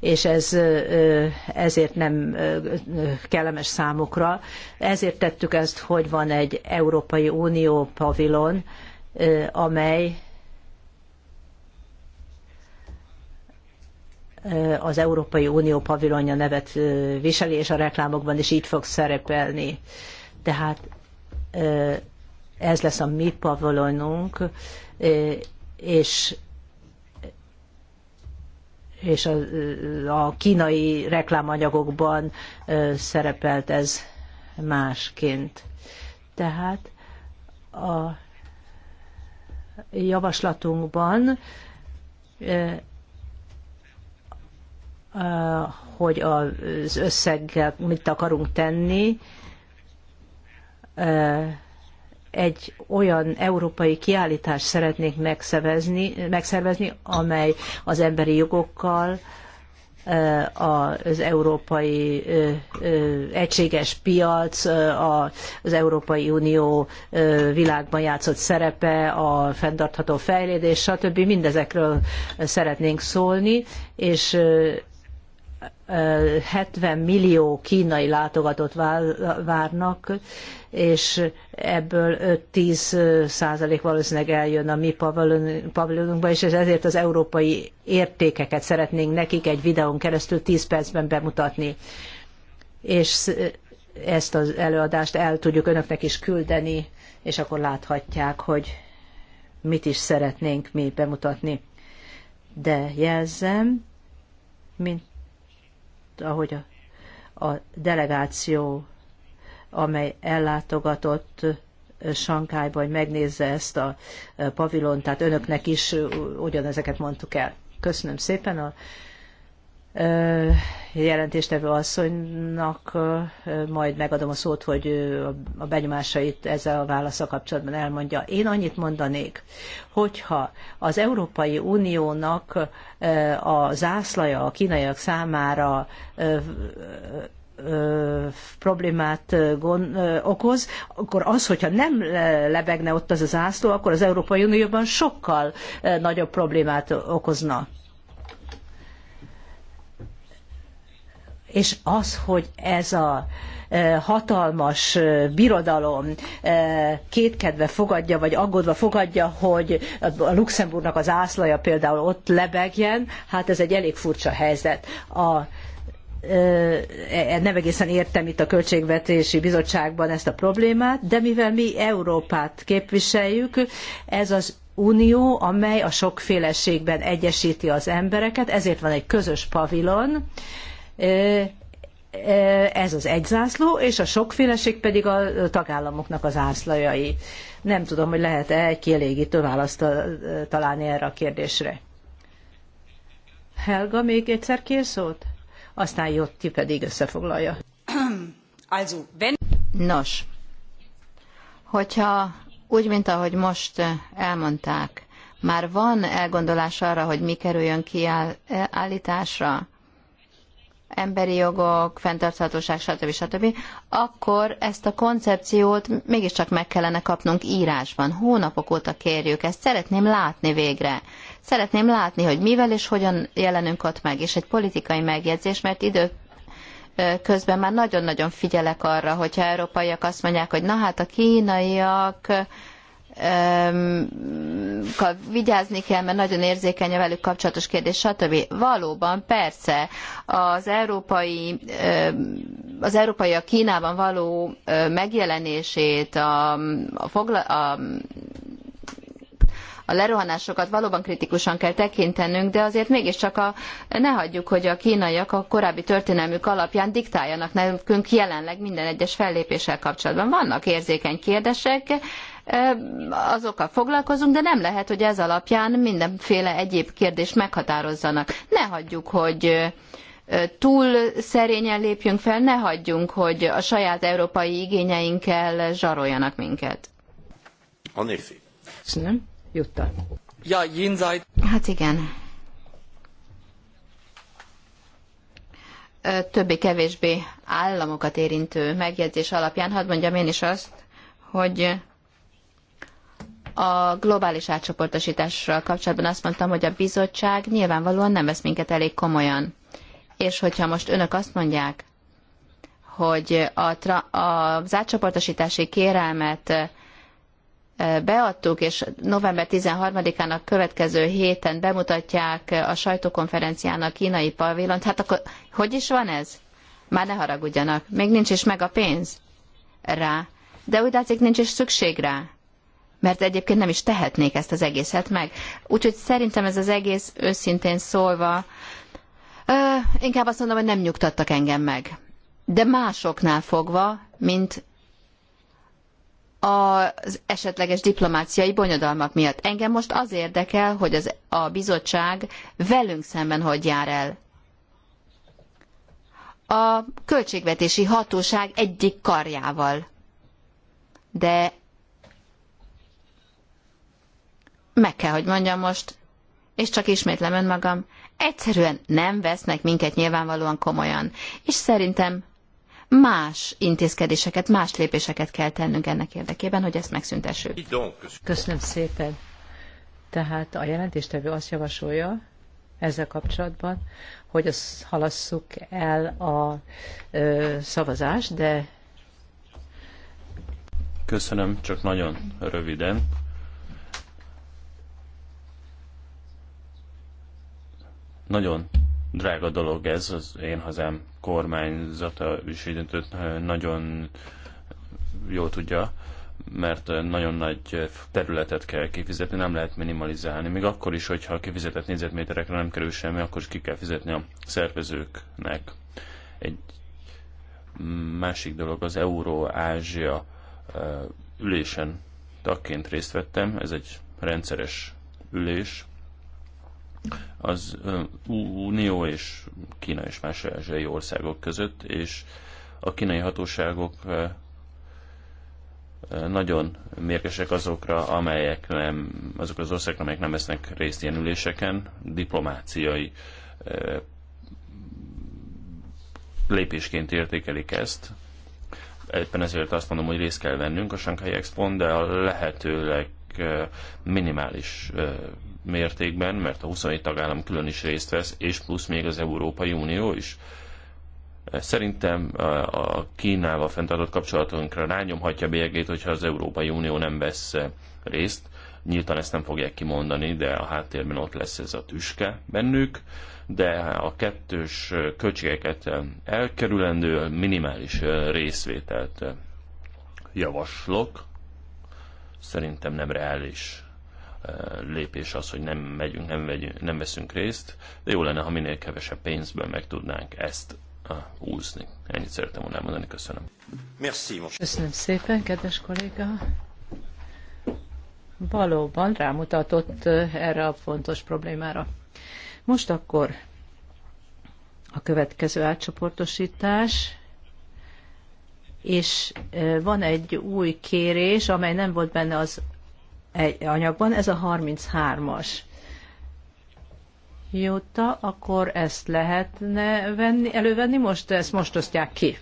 és ez ezért nem kellemes számukra. Ezért tettük ezt, hogy van egy Európai Unió pavilon, amely az Európai Unió pavilonja nevet viseli, és a reklámokban is így fog szerepelni. Tehát ez lesz a mi pavilonunk, és és a, a kínai reklámanyagokban szerepelt ez másként. Tehát a javaslatunkban Eh, hogy az összeggel mit akarunk tenni, eh, egy olyan európai kiállítást szeretnék megszervezni, megszervezni amely az emberi jogokkal, eh, az európai egységes piac, az Európai Unió világban játszott szerepe, a fenntartható fejlődés, stb. Mindezekről szeretnénk szólni, és 70 millió kínai látogatót várnak, és ebből 5-10 százalék valószínűleg eljön a mi pavilonunkba, és ezért az európai értékeket szeretnénk nekik egy videón keresztül 10 percben bemutatni. És ezt az előadást el tudjuk önöknek is küldeni, és akkor láthatják, hogy mit is szeretnénk mi bemutatni. De jelzem, mint ahogy a, a delegáció, amely ellátogatott eh, Sankályba, hogy megnézze ezt a eh, pavilont, tehát önöknek is eh, ugyanezeket mondtuk el. Köszönöm szépen a jelentéstevő asszonynak majd megadom a szót, hogy a benyomásait ezzel a válaszsal kapcsolatban elmondja. Én annyit mondanék, hogyha az Európai Uniónak a zászlaja a kínaiak számára problémát okoz, akkor az, hogyha nem lebegne ott az a zászló, akkor az Európai Unióban sokkal nagyobb problémát okozna és az, hogy ez a e, hatalmas e, birodalom e, kétkedve fogadja, vagy aggódva fogadja, hogy a Luxemburgnak az ászlaja például ott lebegjen, hát ez egy elég furcsa helyzet. A nem egészen értem itt a Költségvetési Bizottságban ezt a problémát, de mivel mi Európát képviseljük, ez az unió, amely a sokféleségben egyesíti az embereket, ezért van egy közös pavilon, ez az egy zászló, és a sokféleség pedig a tagállamoknak az zászlajai. Nem tudom, hogy lehet-e egy kielégítő választ találni erre a kérdésre. Helga még egyszer kér szót? Aztán Jotti pedig összefoglalja. Nos, hogyha úgy, mint ahogy most elmondták, már van elgondolás arra, hogy mi kerüljön kiállításra, emberi jogok, fenntarthatóság, stb. stb., akkor ezt a koncepciót mégiscsak meg kellene kapnunk írásban. Hónapok óta kérjük ezt, szeretném látni végre. Szeretném látni, hogy mivel és hogyan jelenünk ott meg, és egy politikai megjegyzés, mert idő közben már nagyon-nagyon figyelek arra, hogyha európaiak azt mondják, hogy na hát a kínaiak vigyázni kell, mert nagyon érzékeny a velük kapcsolatos kérdés, stb. Valóban, persze, az európai, az európai a Kínában való megjelenését, a, a, fogla, a a lerohanásokat valóban kritikusan kell tekintenünk, de azért mégiscsak a, ne hagyjuk, hogy a kínaiak a korábbi történelmük alapján diktáljanak nekünk jelenleg minden egyes fellépéssel kapcsolatban. Vannak érzékeny kérdések, azokkal foglalkozunk, de nem lehet, hogy ez alapján mindenféle egyéb kérdést meghatározzanak. Ne hagyjuk, hogy túl szerényen lépjünk fel, ne hagyjunk, hogy a saját európai igényeinkkel zsaroljanak minket. A néfi. Köszönöm. Jutta. Ja, jinzaj. Hát igen. Többé-kevésbé államokat érintő megjegyzés alapján hadd mondjam én is azt, hogy a globális átcsoportosítással kapcsolatban azt mondtam, hogy a bizottság nyilvánvalóan nem vesz minket elég komolyan. És hogyha most önök azt mondják, hogy a tra- az átcsoportosítási kérelmet beadtuk, és november 13-án a következő héten bemutatják a sajtókonferencián a kínai pavilont, hát akkor hogy is van ez? Már ne haragudjanak, még nincs is meg a pénz rá. De úgy látszik, nincs is szükség rá mert egyébként nem is tehetnék ezt az egészet meg. Úgyhogy szerintem ez az egész őszintén szólva, ö, inkább azt mondom, hogy nem nyugtattak engem meg. De másoknál fogva, mint az esetleges diplomáciai bonyodalmak miatt. Engem most az érdekel, hogy az, a bizottság velünk szemben hogy jár el. A költségvetési hatóság egyik karjával. De meg kell, hogy mondjam most, és csak ismétlem önmagam, egyszerűen nem vesznek minket nyilvánvalóan komolyan. És szerintem más intézkedéseket, más lépéseket kell tennünk ennek érdekében, hogy ezt megszüntessük. Köszönöm szépen. Tehát a jelentéstevő azt javasolja ezzel kapcsolatban, hogy azt halasszuk el a ö, szavazást, de... Köszönöm, csak nagyon röviden Nagyon drága dolog ez, az én hazám kormányzata is nagyon jól tudja, mert nagyon nagy területet kell kifizetni, nem lehet minimalizálni. Még akkor is, hogyha a kifizetett négyzetméterekre nem kerül semmi, akkor is ki kell fizetni a szervezőknek. Egy másik dolog az Euró-Ázsia eh, ülésen tagként részt vettem, ez egy rendszeres ülés, az Unió és Kína és más ázsiai országok között, és a kínai hatóságok nagyon mérgesek azokra, amelyek nem, azok az országok, amelyek nem vesznek részt ilyen üléseken, diplomáciai lépésként értékelik ezt. Éppen ezért azt mondom, hogy részt kell vennünk a Shanghai expo de a lehetőleg minimális mértékben, mert a 27 tagállam külön is részt vesz, és plusz még az Európai Unió is. Szerintem a Kínával fenntartott kapcsolatunkra rányomhatja bélyegét, hogyha az Európai Unió nem vesz részt. Nyíltan ezt nem fogják kimondani, de a háttérben ott lesz ez a tüske bennük, de a kettős költségeket elkerülendő minimális részvételt javaslok. Szerintem nem reális lépés az, hogy nem megyünk, nem, vegyünk, nem veszünk részt, de jó lenne, ha minél kevesebb pénzből meg tudnánk ezt úszni. Ennyit szeretem volna elmondani, köszönöm. Merci, most. Köszönöm szépen, kedves kolléga. Valóban rámutatott erre a fontos problémára. Most akkor a következő átcsoportosítás és van egy új kérés, amely nem volt benne az egy anyagban, ez a 33-as. Jutta, akkor ezt lehetne venni, elővenni most, ezt most osztják ki.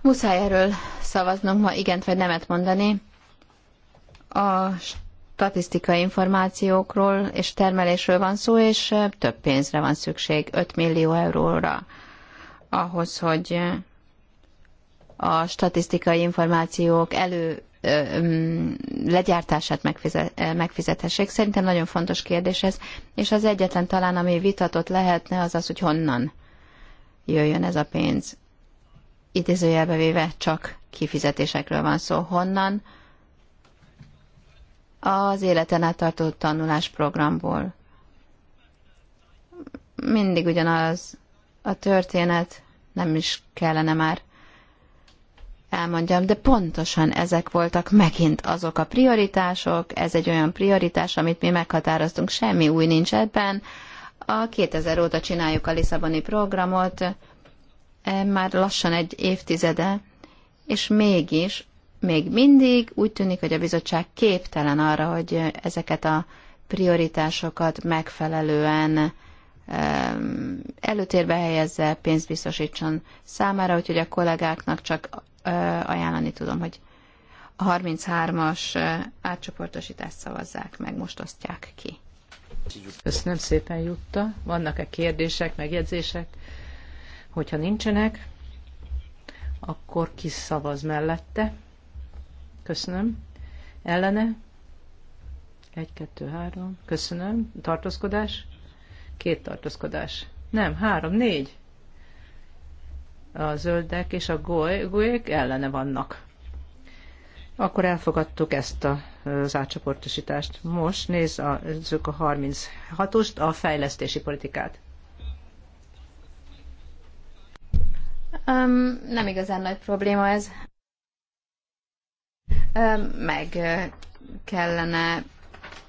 Muszáj erről szavaznunk ma igent vagy nemet mondani. A statisztikai információkról és termelésről van szó, és több pénzre van szükség, 5 millió euróra ahhoz, hogy eh, a statisztikai információk elő mm, legyártását eh, megfizethessék. Szerintem nagyon fontos kérdés ez, és az egyetlen talán, ami vitatott lehetne, az az, hogy honnan jöjjön ez a pénz. Idézőjelbe véve csak kifizetésekről van szó. Honnan? Az életen át tartó tanulás programból. Mindig ugyanaz a történet, nem is kellene már elmondjam, de pontosan ezek voltak megint azok a prioritások, ez egy olyan prioritás, amit mi meghatároztunk, semmi új nincs ebben. A 2000 óta csináljuk a Lisszaboni programot, e, már lassan egy évtizede, és mégis, még mindig úgy tűnik, hogy a bizottság képtelen arra, hogy ezeket a prioritásokat megfelelően előtérbe helyezze, pénzt biztosítson számára, úgyhogy a kollégáknak csak ajánlani tudom, hogy a 33-as átcsoportosítást szavazzák meg, most osztják ki. Köszönöm szépen, Jutta. Vannak-e kérdések, megjegyzések? Hogyha nincsenek, akkor ki szavaz mellette? Köszönöm. Ellene? Egy, kettő, három. Köszönöm. Tartózkodás? Két tartózkodás. Nem, három, négy. A zöldek és a golyék ellene vannak. Akkor elfogadtuk ezt a, az átcsoportosítást. Most a, a 36-ost, a fejlesztési politikát. Um, nem igazán nagy probléma ez. Um, meg kellene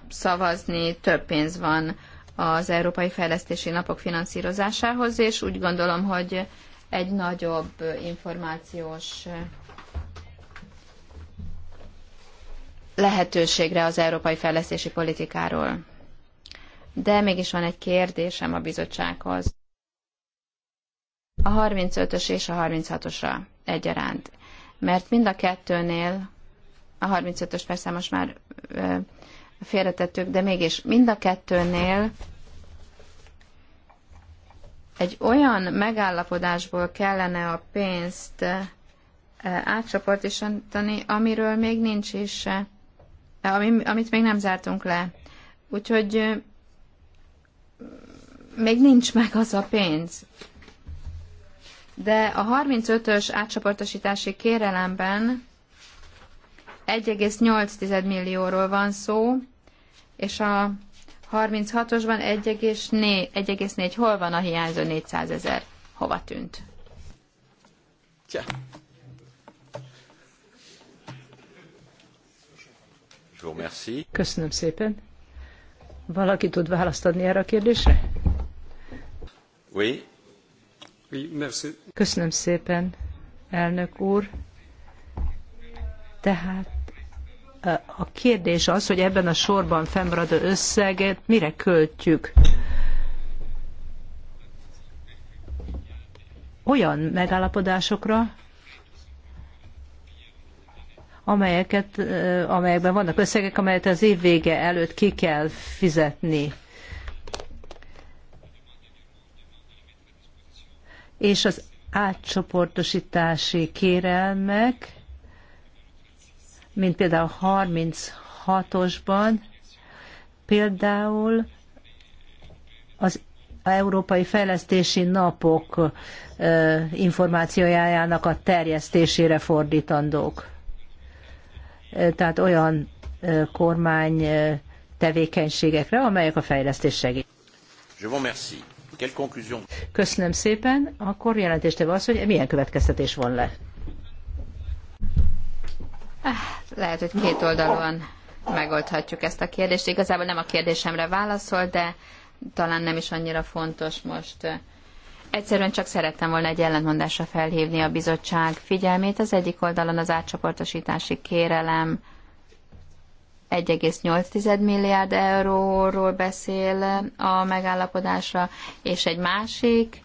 szavazni, több pénz van az Európai Fejlesztési Napok finanszírozásához, és úgy gondolom, hogy egy nagyobb információs lehetőségre az európai fejlesztési politikáról. De mégis van egy kérdésem a bizottsághoz. A 35-ös és a 36-osra egyaránt. Mert mind a kettőnél, a 35-ös persze most már félretettük, de mégis mind a kettőnél egy olyan megállapodásból kellene a pénzt eh, átcsoportosítani, amiről még nincs is, eh, amit még nem zártunk le. Úgyhogy eh, még nincs meg az a pénz. De a 35-ös átcsoportosítási kérelemben 1,8 millióról van szó, és a 36-osban 1,4. Hol van a hiányzó 400 ezer? Hova tűnt? Tja. Köszönöm szépen. Valaki tud választ adni erre a kérdésre? Oui. oui merci. Köszönöm szépen, elnök úr. Tehát a kérdés az, hogy ebben a sorban fennmaradó összeget mire költjük. Olyan megállapodásokra, amelyeket, amelyekben vannak összegek, amelyet az év vége előtt ki kell fizetni. És az átcsoportosítási kérelmek mint például 36-osban, például az Európai Fejlesztési Napok információjának a terjesztésére fordítandók. Tehát olyan kormány tevékenységekre, amelyek a fejlesztés segít. Köszönöm szépen. Akkor jelentéstevő az, hogy milyen következtetés van le. Ah, lehet, hogy két oldalon megoldhatjuk ezt a kérdést. Igazából nem a kérdésemre válaszol, de talán nem is annyira fontos most. Egyszerűen csak szerettem volna egy ellentmondásra felhívni a bizottság figyelmét. Az egyik oldalon az átcsoportosítási kérelem 1,8 milliárd euróról beszél a megállapodásra, és egy másik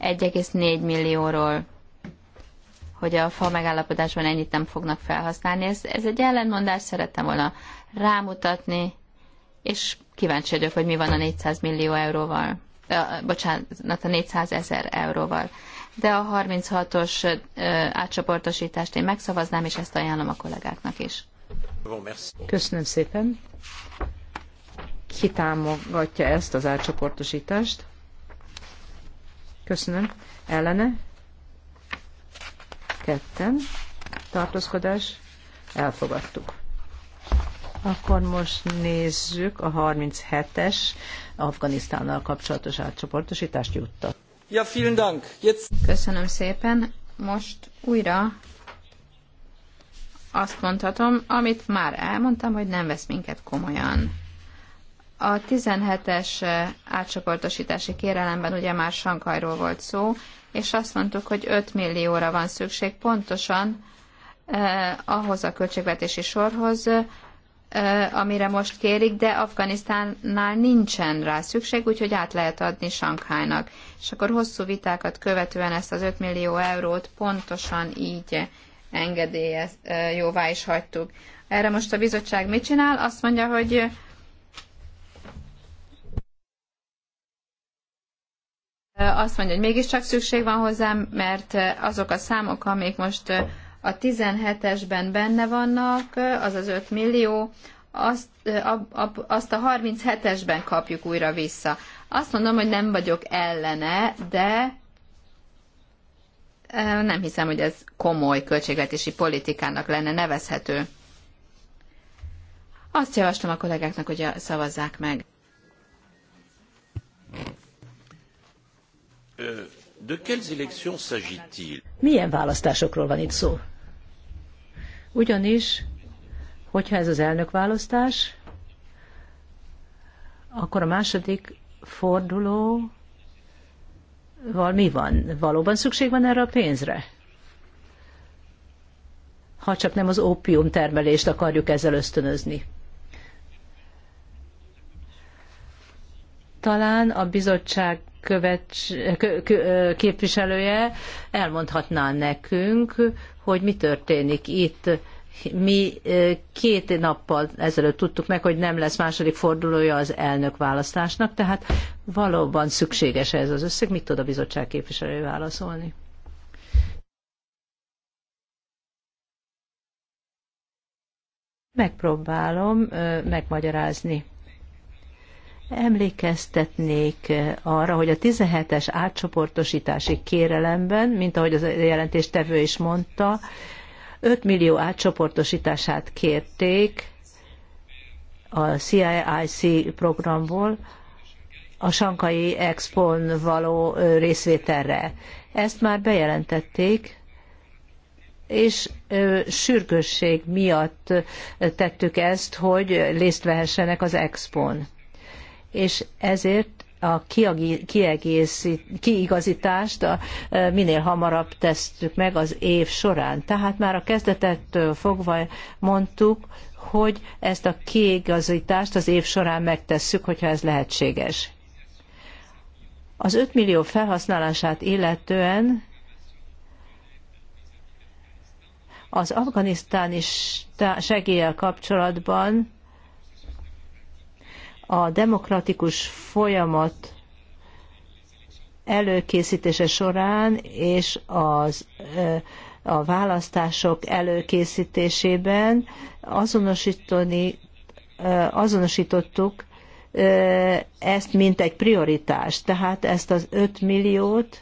1,4 millióról hogy a fa megállapodásban ennyit nem fognak felhasználni. Ez, ez egy ellentmondás, szerettem volna rámutatni, és kíváncsi vagyok, hogy mi van a 400 millió euróval, ö, bocsánat, a 400 ezer euróval. De a 36-os átcsoportosítást én megszavaznám, és ezt ajánlom a kollégáknak is. Köszönöm szépen. Ki támogatja ezt az átcsoportosítást? Köszönöm. Ellene? ketten, tartózkodás, elfogadtuk. Akkor most nézzük a 37-es Afganisztánnal kapcsolatos átcsoportosítást jutta. Ja, vielen Dank. Jetzt... Köszönöm szépen. Most újra azt mondhatom, amit már elmondtam, hogy nem vesz minket komolyan. A 17-es átcsoportosítási kérelemben ugye már Sankajról volt szó, és azt mondtuk, hogy 5 millióra van szükség pontosan eh, ahhoz a költségvetési sorhoz, eh, amire most kérik, de Afganisztánnál nincsen rá szükség, úgyhogy át lehet adni Sankhájnak. És akkor hosszú vitákat követően ezt az 5 millió eurót pontosan így engedélyez, eh, jóvá is hagytuk. Erre most a bizottság mit csinál? Azt mondja, hogy azt mondja, hogy mégiscsak szükség van hozzám, mert azok a számok, amik most a 17-esben benne vannak, az az 5 millió, azt, azt a 37-esben kapjuk újra vissza. Azt mondom, hogy nem vagyok ellene, de nem hiszem, hogy ez komoly költségvetési politikának lenne nevezhető. Azt javaslom a kollégáknak, hogy szavazzák meg. Euh, Milyen választásokról van itt szó? Ugyanis, hogyha ez az elnökválasztás, akkor a második forduló val mi van? Valóban szükség van erre a pénzre? Ha csak nem az ópium termelést akarjuk ezzel ösztönözni. Talán a bizottság követs, képviselője elmondhatná nekünk, hogy mi történik itt. Mi két nappal ezelőtt tudtuk meg, hogy nem lesz második fordulója az elnök választásnak, tehát valóban szükséges ez az összeg. Mit tud a bizottság képviselője válaszolni? Megpróbálom megmagyarázni. Emlékeztetnék eh, arra, hogy a 17-es átcsoportosítási kérelemben, mint ahogy az jelentéstevő is mondta, 5 millió átcsoportosítását kérték a CIIC programból a sankai expon való eh, részvételre. Ezt már bejelentették, és eh, sürgősség miatt tettük ezt, hogy részt vehessenek az expon és ezért a kiegészít, kiigazítást e, minél hamarabb tesztük meg az év során. Tehát már a kezdetektől fogva mondtuk, hogy ezt a kiigazítást az év során megtesszük, hogyha ez lehetséges. Az 5 millió felhasználását illetően az afganisztáni segéllyel kapcsolatban a demokratikus folyamat előkészítése során és az, a választások előkészítésében azonosítani, azonosítottuk ezt, mint egy prioritást. Tehát ezt az 5 milliót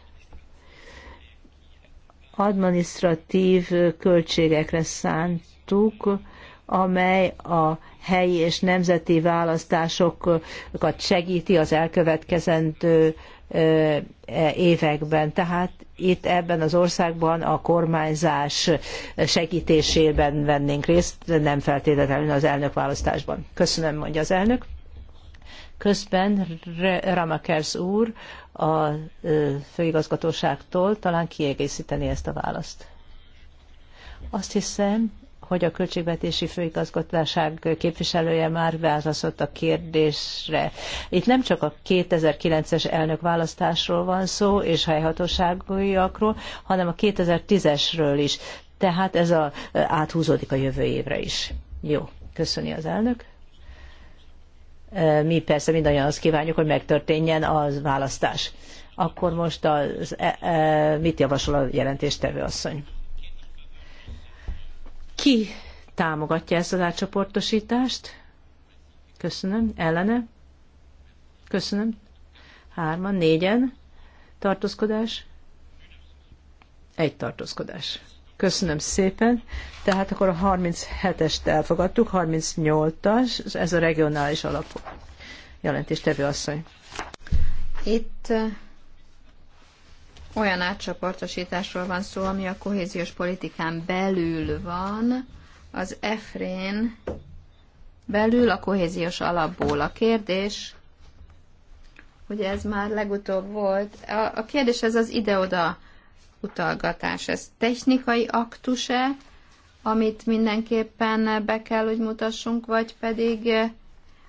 administratív költségekre szántuk, amely a helyi és nemzeti választásokat segíti az elkövetkezendő e, években. Tehát itt ebben az országban a kormányzás segítésében vennénk részt, nem feltétlenül az elnök választásban. Köszönöm, mondja az elnök. Közben Ramakers úr a főigazgatóságtól talán kiegészíteni ezt a választ. Azt hiszem, hogy a Költségvetési Főigazgatóság képviselője már válaszolt a kérdésre. Itt nem csak a 2009-es elnökválasztásról van szó, és helyhatóságúiakról, hanem a 2010-esről is. Tehát ez a, áthúzódik a jövő évre is. Jó, köszöni az elnök. E, mi persze mindannyian azt kívánjuk, hogy megtörténjen az választás. Akkor most az, e, e, mit javasol a jelentéstevő asszony? Ki támogatja ezt az átcsoportosítást? Köszönöm. Ellene? Köszönöm. Hárman, négyen. Tartózkodás? Egy tartózkodás. Köszönöm szépen. Tehát akkor a 37-est elfogadtuk, 38-as, ez a regionális alap jelentéstevő asszony. Itt olyan átcsoportosításról van szó, ami a kohéziós politikán belül van, az EFRÉN belül a kohéziós alapból. A kérdés, hogy ez már legutóbb volt, a, a kérdés ez az ide-oda utalgatás. Ez technikai aktuse, amit mindenképpen be kell, hogy mutassunk, vagy pedig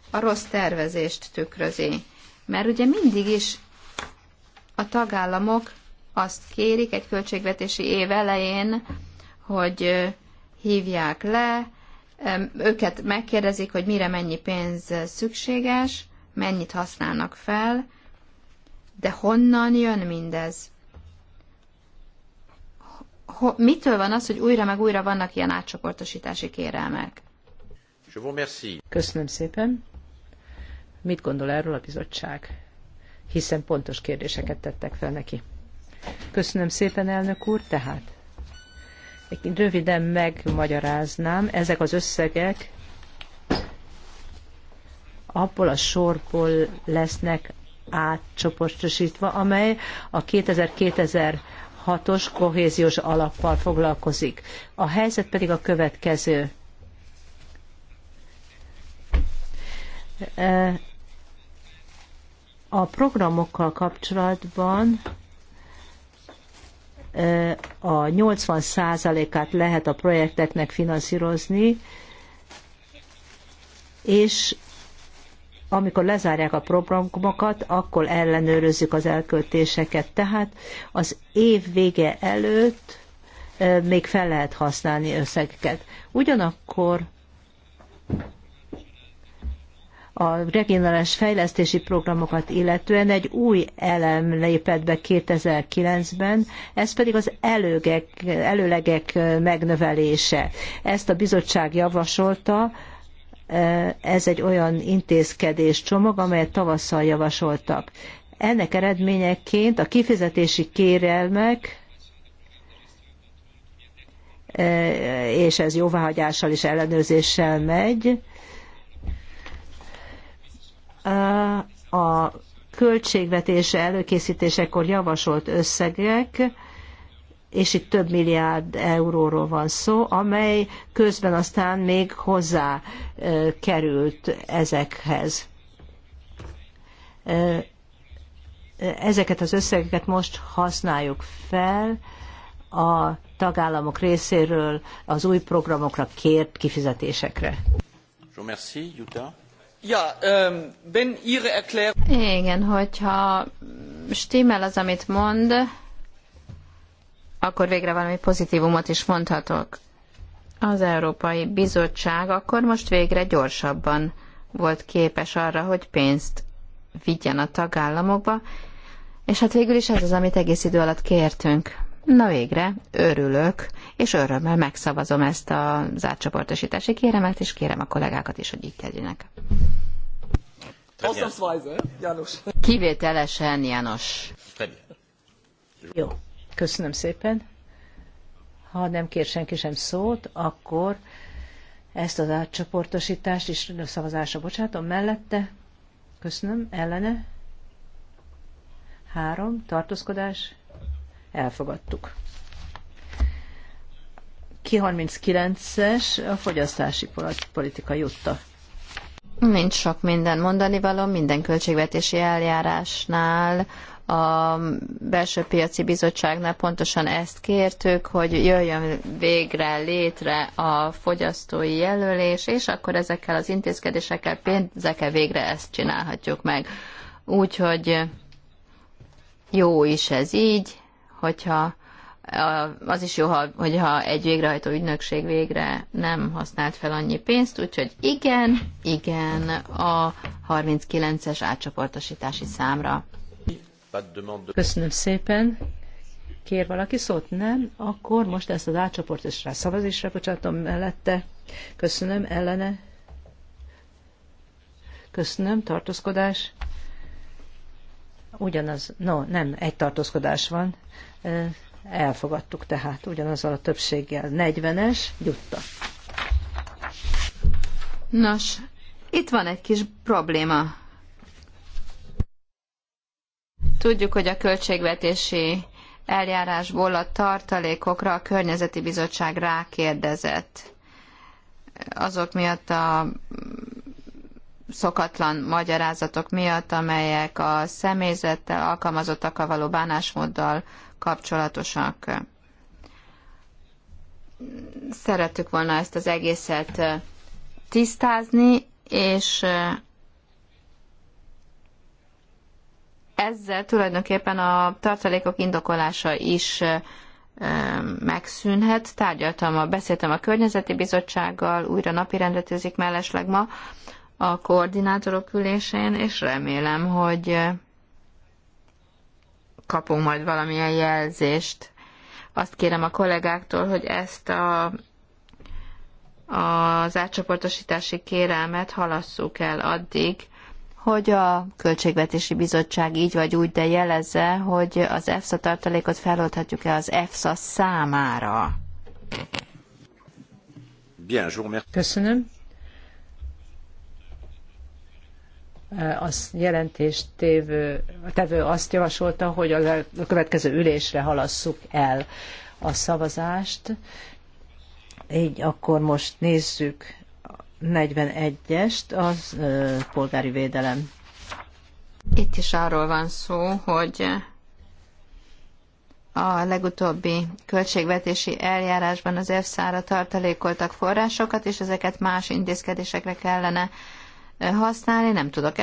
a rossz tervezést tükrözi. Mert ugye mindig is a tagállamok azt kérik egy költségvetési év elején, hogy hívják le, őket megkérdezik, hogy mire mennyi pénz szükséges, mennyit használnak fel, de honnan jön mindez? Mitől van az, hogy újra meg újra vannak ilyen átcsoportosítási kérelmek? Köszönöm szépen. Mit gondol erről a bizottság? Hiszen pontos kérdéseket tettek fel neki. Köszönöm szépen, elnök úr. Tehát röviden megmagyaráznám, ezek az összegek abból a sorból lesznek átcsoportosítva, amely a 2000-2006-os kohéziós alappal foglalkozik. A helyzet pedig a következő. E, a programokkal kapcsolatban a 80%-át lehet a projekteknek finanszírozni, és amikor lezárják a programokat, akkor ellenőrözzük az elköltéseket. Tehát az év vége előtt eh, még fel lehet használni összegeket. Ugyanakkor a regionális fejlesztési programokat illetően egy új elem lépett be 2009-ben, ez pedig az előgek, előlegek megnövelése. Ezt a bizottság javasolta, ez egy olyan intézkedés csomag, amelyet tavasszal javasoltak. Ennek eredményeként a kifizetési kérelmek és ez jóváhagyással és ellenőrzéssel megy, a költségvetése előkészítésekor javasolt összegek, és itt több milliárd euróról van szó, amely közben aztán még hozzá került ezekhez. Ezeket az összegeket most használjuk fel a tagállamok részéről az új programokra kért kifizetésekre. Jó, merci, Ähm, Igen, hogyha stimmel az, amit mond, akkor végre valami pozitívumot is mondhatok. Az Európai Bizottság akkor most végre gyorsabban volt képes arra, hogy pénzt vigyen a tagállamokba, és hát végül is ez az, amit egész idő alatt kértünk. Na végre, örülök, és örömmel megszavazom ezt a átcsoportosítási kéremet, és kérem a kollégákat is, hogy így tegyenek. Kivételesen, János. Jó, köszönöm szépen. Ha nem kér senki sem szót, akkor ezt az átcsoportosítást is szavazásra bocsátom mellette. Köszönöm, ellene. Három, tartózkodás, elfogadtuk. Ki 39-es a fogyasztási politika jutta. Nincs sok minden mondani való, minden költségvetési eljárásnál a belső piaci bizottságnál pontosan ezt kértük, hogy jöjjön végre létre a fogyasztói jelölés, és akkor ezekkel az intézkedésekkel, pénzekkel végre ezt csinálhatjuk meg. Úgyhogy jó is ez így, hogyha az is jó, hogyha egy végrehajtó ügynökség végre nem használt fel annyi pénzt, úgyhogy igen, igen a 39-es átcsoportosítási számra. Köszönöm szépen. Kér valaki szót? Nem? Akkor most ezt az átcsoportosra szavazásra bocsátom mellette. Köszönöm, ellene. Köszönöm, tartózkodás ugyanaz, no, nem, egy tartózkodás van, elfogadtuk tehát ugyanazzal a többséggel. 40-es, gyutta. Nos, itt van egy kis probléma. Tudjuk, hogy a költségvetési eljárásból a tartalékokra a környezeti bizottság rákérdezett. Azok miatt a szokatlan magyarázatok miatt, amelyek a személyzettel, alkalmazottakkal való bánásmóddal kapcsolatosak. Szerettük volna ezt az egészet tisztázni, és ezzel tulajdonképpen a tartalékok indokolása is megszűnhet. Tárgyaltam, a, beszéltem a környezeti bizottsággal, újra napirendre tűzik mellesleg ma, a koordinátorok ülésén, és remélem, hogy eh, kapunk majd valamilyen jelzést. Azt kérem a kollégáktól, hogy ezt a, az átcsoportosítási kérelmet halasszuk el addig, hogy a Költségvetési Bizottság így vagy úgy, de jelezze, hogy az EFSA tartalékot feloldhatjuk-e az EFSA számára. Köszönöm. az jelentést tévő, tevő azt javasolta, hogy a következő ülésre halasszuk el a szavazást. Így akkor most nézzük 41-est, az ö, polgári védelem. Itt is arról van szó, hogy a legutóbbi költségvetési eljárásban az EFSA-ra tartalékoltak forrásokat, és ezeket más intézkedésekre kellene használni, nem tudok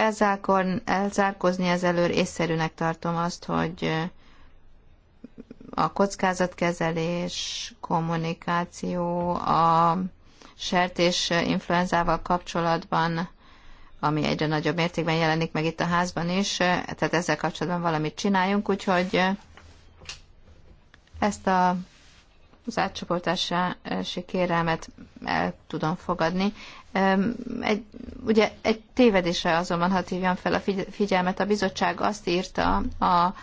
elzárkozni ezelől, észszerűnek tartom azt, hogy a kockázatkezelés, kommunikáció, a sertés influenzával kapcsolatban, ami egyre nagyobb mértékben jelenik meg itt a házban is, tehát ezzel kapcsolatban valamit csináljunk, úgyhogy ezt a az átcsoportási kérelmet el tudom fogadni. Egy, ugye egy tévedésre azonban, ha hívjam fel a figyelmet, a bizottság azt írta a,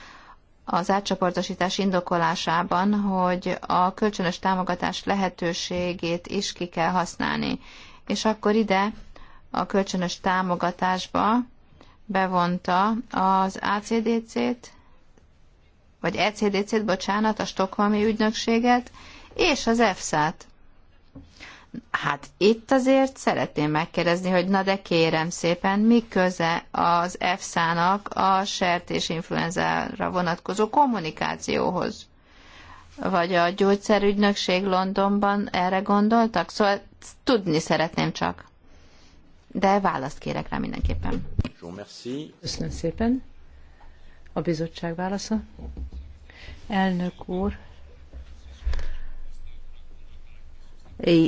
az átcsoportosítás indokolásában, hogy a kölcsönös támogatás lehetőségét is ki kell használni. És akkor ide a kölcsönös támogatásba bevonta az ACDC-t, vagy ECDC-t, bocsánat, a Stockholmi ügynökséget, és az EFSA-t. Hát itt azért szeretném megkérdezni, hogy na de kérem szépen, mi köze az EFSA-nak a sertés influenzára vonatkozó kommunikációhoz? Vagy a gyógyszerügynökség Londonban erre gondoltak? Szóval tudni szeretném csak. De választ kérek rá mindenképpen. Köszönöm szépen. A bizottság válasza. Elnök úr,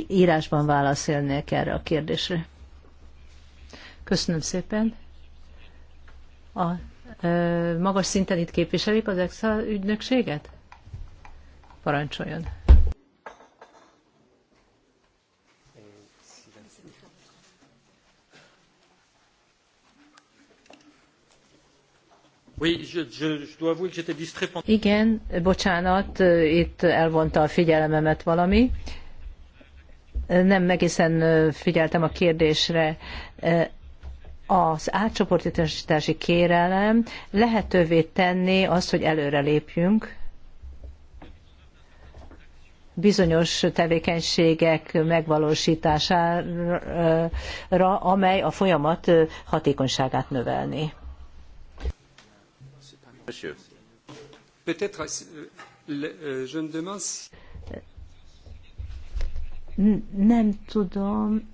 írásban válaszolnék erre a kérdésre. Köszönöm szépen. A magas szinten itt képviselik az EXA ügynökséget? Parancsoljon. Igen, bocsánat, itt elvonta a figyelmemet valami nem egészen figyeltem a kérdésre. Az átcsoportosítási kérelem lehetővé tenni azt, hogy előre lépjünk bizonyos tevékenységek megvalósítására, amely a folyamat hatékonyságát növelni nem tudom,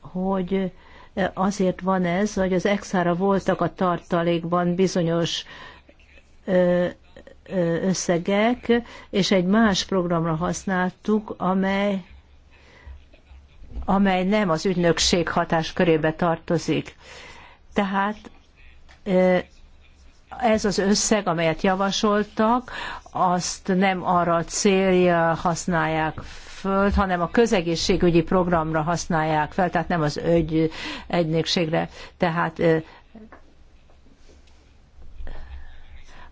hogy e, azért van ez, hogy az exára voltak a tartalékban bizonyos e, e, összegek, és egy más programra használtuk, amely, amely nem az ügynökség hatás körébe tartozik. Tehát ez az összeg, amelyet javasoltak, azt nem arra a célja használják föld, hanem a közegészségügyi programra használják fel, tehát nem az ögy egynökségre. Tehát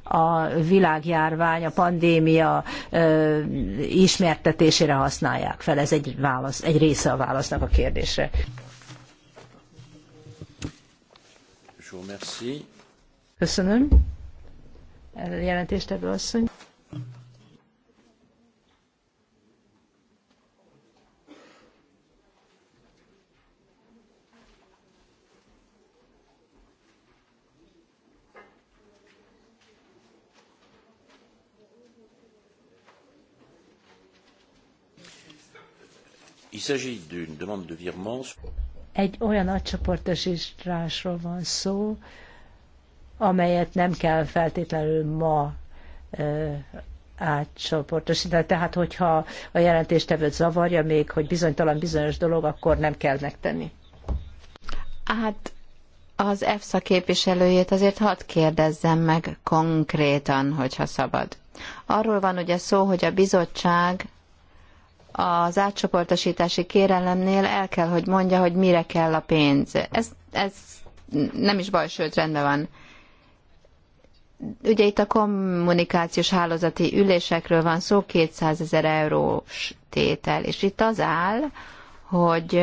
a világjárvány, a pandémia ö, ismertetésére használják fel. Ez egy, válasz, egy része a válasznak a kérdésre. Köszönöm. Jelentéstevő asszony. Egy olyan átcsoportosításról van szó, amelyet nem kell feltétlenül ma ö, átcsoportosítani. Tehát, hogyha a jelentéstevőt zavarja még, hogy bizonytalan bizonyos dolog, akkor nem kell megtenni. Hát az EFSA képviselőjét azért hadd kérdezzem meg konkrétan, hogyha szabad. Arról van ugye szó, hogy a bizottság az átcsoportosítási kérelemnél el kell, hogy mondja, hogy mire kell a pénz. Ez, ez nem is baj, sőt rendben van. Ugye itt a kommunikációs hálózati ülésekről van szó, 200 ezer eurós tétel, és itt az áll, hogy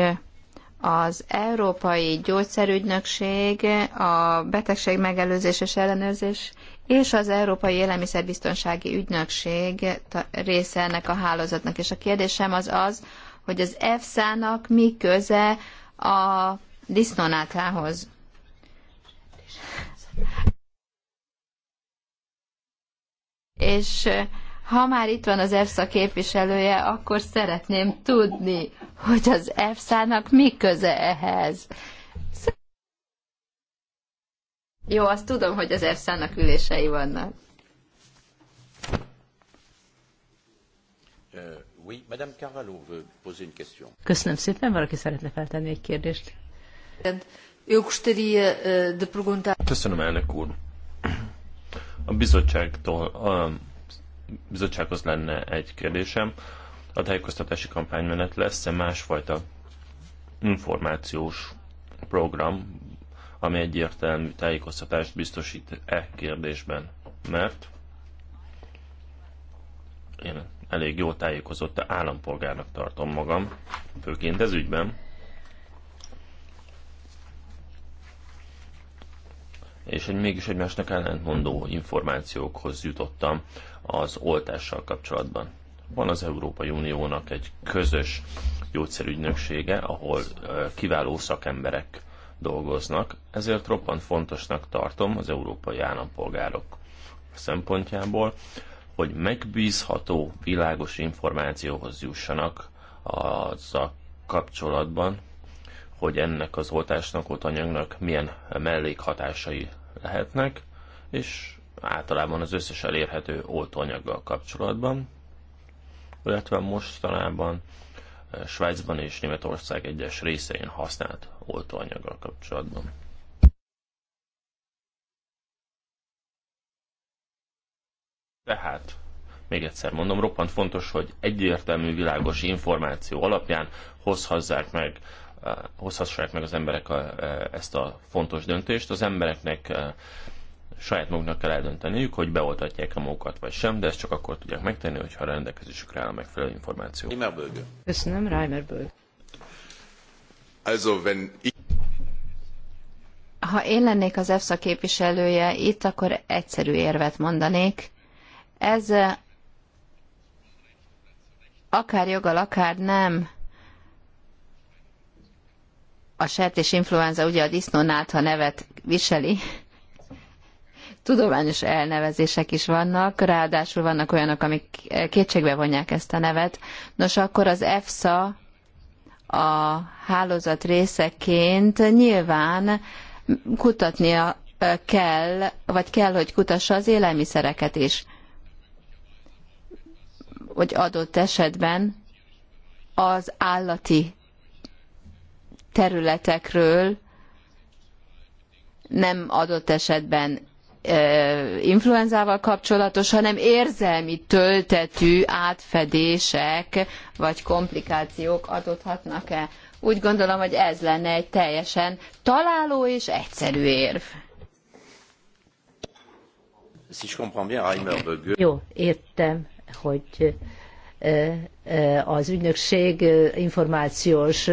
az Európai Gyógyszerügynökség a betegség megelőzés és ellenőrzés és az Európai Élelmiszerbiztonsági Ügynökség része ennek a hálózatnak. És a kérdésem az az, hogy az EFSA-nak mi köze a disznónátához? És ha már itt van az EFSA képviselője, akkor szeretném tudni, hogy az EFSA-nak mi köze ehhez. Jó, azt tudom, hogy az Erszának ülései vannak. Euh, Köszönöm szépen, valaki szeretne feltenni egy kérdést. Uh, Köszönöm, elnök úr. A bizottságtól, a bizottsághoz lenne egy kérdésem. A tájékoztatási kampánymenet lesz-e másfajta információs program, ami egyértelmű tájékoztatást biztosít e kérdésben, mert én elég jó tájékozott állampolgárnak tartom magam, főként ez ügyben. És egy mégis egymásnak ellentmondó információkhoz jutottam az oltással kapcsolatban. Van az Európai Uniónak egy közös gyógyszerügynöksége, ahol kiváló szakemberek dolgoznak, ezért roppant fontosnak tartom az európai állampolgárok szempontjából, hogy megbízható, világos információhoz jussanak a kapcsolatban, hogy ennek az oltásnak, anyagnak milyen mellékhatásai lehetnek, és általában az összes elérhető oltóanyaggal kapcsolatban, illetve mostanában eh, Svájcban és Németország egyes részein használt oltóanyaggal kapcsolatban. Tehát, még egyszer mondom, roppant fontos, hogy egyértelmű, világos információ alapján hozhassák meg, eh, hozhassák meg az emberek a, eh, ezt a fontos döntést. Az embereknek eh, saját maguknak kell eldönteniük, hogy beoltatják a magukat vagy sem, de ezt csak akkor tudják megtenni, hogyha a rendelkezésükre áll a megfelelő információ. Köszönöm, Reimer Bölge. Also wenn ich ha én lennék az EFSA képviselője itt, akkor egyszerű érvet mondanék. Ez eh, akár joggal, akár nem a sertés influenza ugye a disznónát, ha nevet viseli, tudományos elnevezések is vannak, ráadásul vannak olyanok, amik kétségbe vonják ezt a nevet. Nos, akkor az EFSA a hálózat részeként nyilván kutatnia kell, vagy kell, hogy kutassa az élelmiszereket is. Hogy adott esetben az állati területekről nem adott esetben influenzával kapcsolatos, hanem érzelmi töltetű átfedések vagy komplikációk adódhatnak-e. Úgy gondolom, hogy ez lenne egy teljesen találó és egyszerű érv. Jó, értem, hogy az ügynökség információs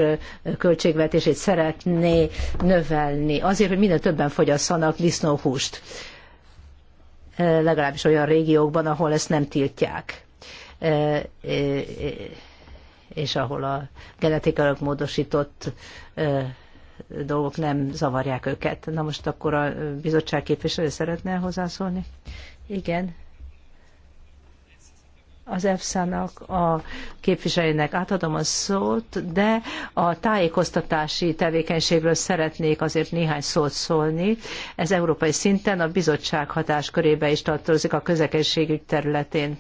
költségvetését szeretné növelni, azért, hogy minél többen fogyasszanak disznóhúst legalábbis olyan régiókban, ahol ezt nem tiltják és ahol a genetikailag módosított dolgok nem zavarják őket. Na most akkor a bizottság képviselő szeretne hozzászólni? Igen, az EFSA-nak a képviselőnek átadom a szót, de a tájékoztatási tevékenységről szeretnék azért néhány szót szólni. Ez európai szinten a bizottság hatáskörébe is tartozik a közlekedésügy területén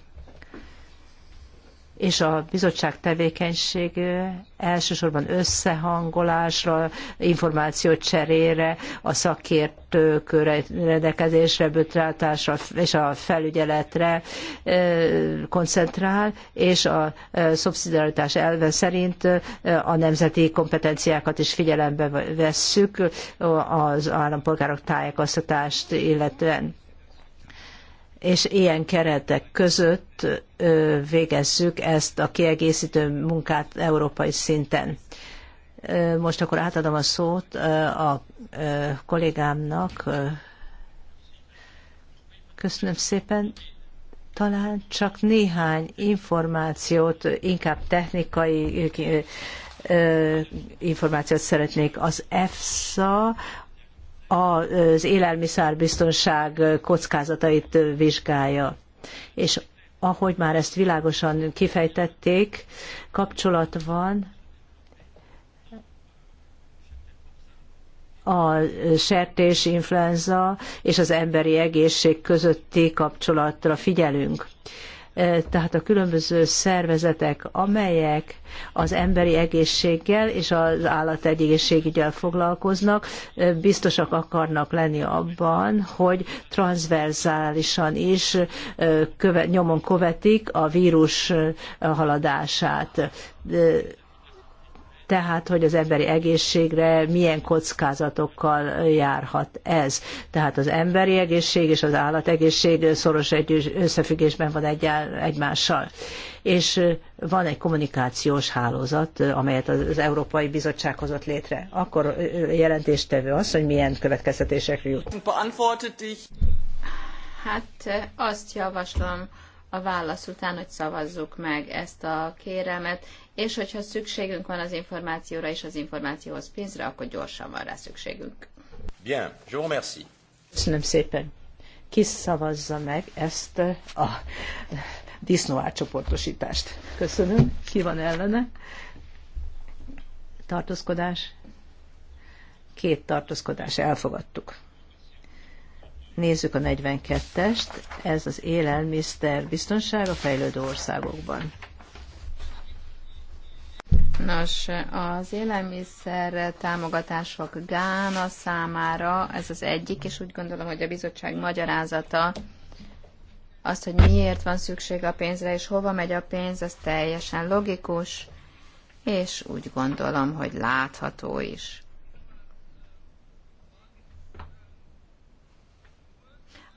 és a bizottság tevékenység elsősorban összehangolásra, információcserére, a szakértők rendelkezésre, bötrátásra és a felügyeletre koncentrál, és a szubszidiaritás elve szerint a nemzeti kompetenciákat is figyelembe vesszük az állampolgárok tájékoztatást illetően és ilyen keretek között végezzük ezt a kiegészítő munkát európai szinten. Most akkor átadom a szót a kollégámnak. Köszönöm szépen. Talán csak néhány információt, inkább technikai információt szeretnék. Az EFSA az élelmiszerbiztonság kockázatait vizsgálja. És ahogy már ezt világosan kifejtették, kapcsolat van a sertés, influenza és az emberi egészség közötti kapcsolatra figyelünk. E, tehát a különböző szervezetek, amelyek az emberi egészséggel és az állategészségügyel foglalkoznak, e, biztosak akarnak lenni abban, hogy transzverzálisan is e, követ, nyomon követik a vírus haladását tehát hogy az emberi egészségre milyen kockázatokkal járhat ez. Tehát az emberi egészség és az állategészség szoros egy, összefüggésben van egy, egymással. És van egy kommunikációs hálózat, amelyet az Európai Bizottság hozott létre. Akkor jelentéstevő az, hogy milyen következtetésekre jut. Hát azt javaslom, a válasz után, hogy szavazzuk meg ezt a kérelmet, és hogyha szükségünk van az információra és az információhoz pénzre, akkor gyorsan van rá szükségünk. Bien, je vous remercie. Köszönöm szépen. Ki szavazza meg ezt a disznóárcsoportosítást? Köszönöm. Ki van ellene? Tartózkodás? Két tartózkodás. Elfogadtuk. Nézzük a 42-est, ez az élelmiszer biztonság a fejlődő országokban. Nos, az élelmiszer támogatások Gána számára ez az egyik, és úgy gondolom, hogy a bizottság magyarázata azt, hogy miért van szükség a pénzre, és hova megy a pénz, ez teljesen logikus, és úgy gondolom, hogy látható is.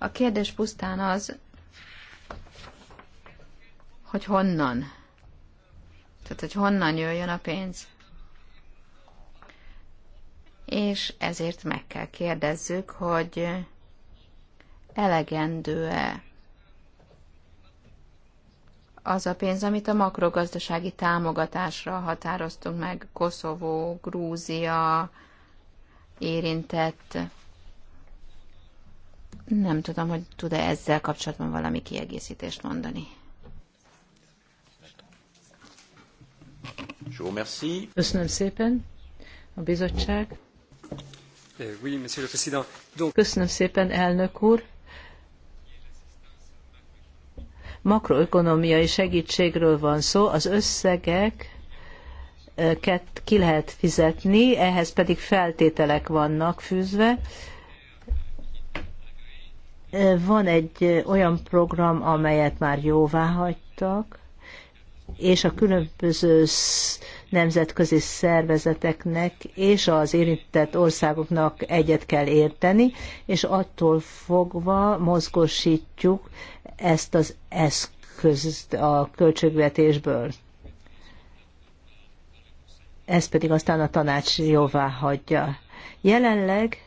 A kérdés pusztán az, hogy honnan. Tehát, hogy honnan jöjjön a pénz. És ezért meg kell kérdezzük, hogy elegendő-e az a pénz, amit a makrogazdasági támogatásra határoztunk meg, Koszovó, Grúzia érintett nem tudom, hogy tud-e ezzel kapcsolatban valami kiegészítést mondani. Köszönöm szépen. A bizottság. Eh, Köszönöm szépen, elnök úr. Makroökonomiai segítségről van szó, az összegek eh, ki lehet fizetni, ehhez pedig feltételek vannak fűzve van egy olyan program, amelyet már jóvá hagytak, és a különböző nemzetközi szervezeteknek és az érintett országoknak egyet kell érteni, és attól fogva mozgósítjuk ezt az eszközt a költségvetésből. Ez pedig aztán a tanács jóvá hagyja. Jelenleg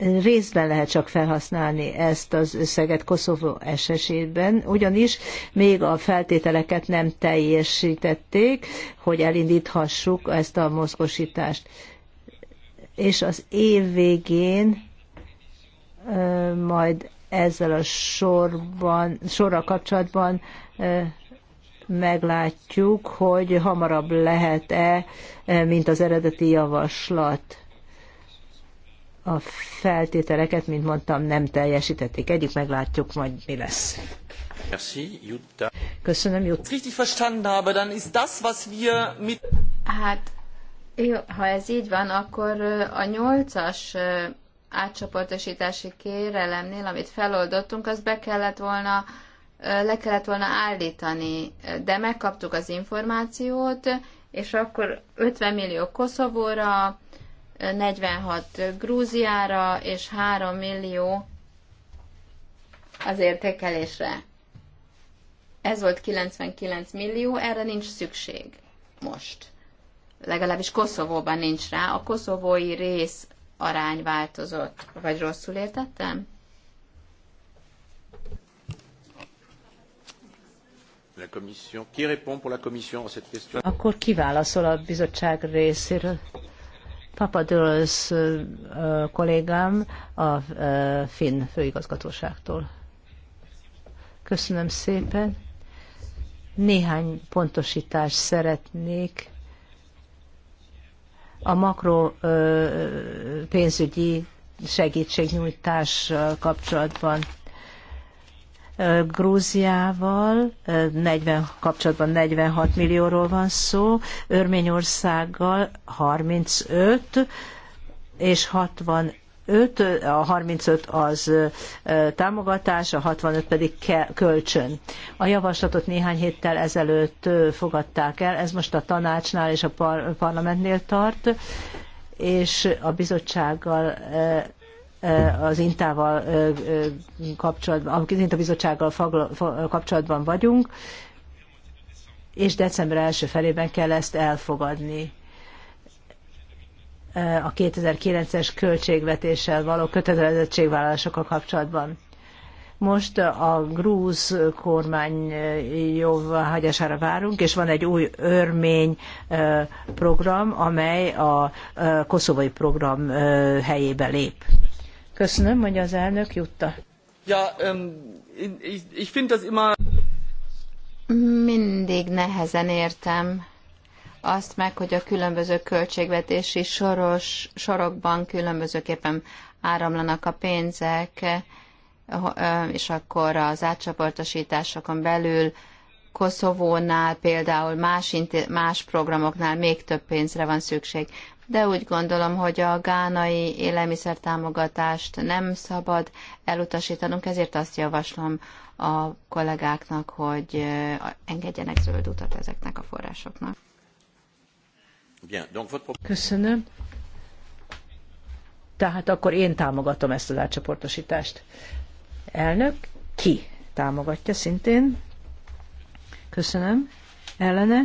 részben lehet csak felhasználni ezt az összeget Koszovó esetében, ugyanis még a feltételeket nem teljesítették, hogy elindíthassuk ezt a mozgósítást. És az év végén majd ezzel a sorban, sorra kapcsolatban meglátjuk, hogy hamarabb lehet-e, mint az eredeti javaslat a feltételeket, mint mondtam, nem teljesítették. Egyik meglátjuk, majd mi lesz. Köszönöm, Jutta. Hát, jó, ha ez így van, akkor a nyolcas átcsoportosítási kérelemnél, amit feloldottunk, az be kellett volna, le kellett volna állítani, de megkaptuk az információt, és akkor 50 millió Koszovóra, 46 Grúziára és 3 millió az értékelésre. Ez volt 99 millió, erre nincs szükség most. Legalábbis Koszovóban nincs rá. A koszovói rész arány változott. Vagy rosszul értettem? Akkor kiválaszol a bizottság részéről. Papadoulos kollégám a Finn főigazgatóságtól. Köszönöm szépen. Néhány pontosítást szeretnék a makro pénzügyi segítségnyújtás kapcsolatban Grúziával 40, kapcsolatban 46 millióról van szó, Örményországgal 35, és 60 5, a 35 az támogatás, a 65 pedig kölcsön. A javaslatot néhány héttel ezelőtt fogadták el, ez most a tanácsnál és a parlamentnél tart, és a bizottsággal Eh, az Intával eh, eh, kapcsolatban, az Inta bizottsággal kapcsolatban vagyunk, és december első felében kell ezt elfogadni a 2009-es költségvetéssel való kötelezettségvállalásokkal kapcsolatban. Most a grúz kormány jóváhagyására várunk, és van egy új örmény program, amely a koszovai program helyébe lép. Köszönöm, hogy az elnök, Jutta. Ja, um, ich, ich finde das immer... Mindig nehezen értem azt meg, hogy a különböző költségvetési soros, sorokban különbözőképpen áramlanak a pénzek, és akkor az átcsoportosításokon belül Koszovónál például más, más programoknál még több pénzre van szükség. De úgy gondolom, hogy a gánai élelmiszertámogatást nem szabad elutasítanunk, ezért azt javaslom a kollégáknak, hogy engedjenek zöld utat ezeknek a forrásoknak. Köszönöm. Tehát akkor én támogatom ezt az átcsoportosítást. Elnök, ki támogatja szintén? Köszönöm. Ellene?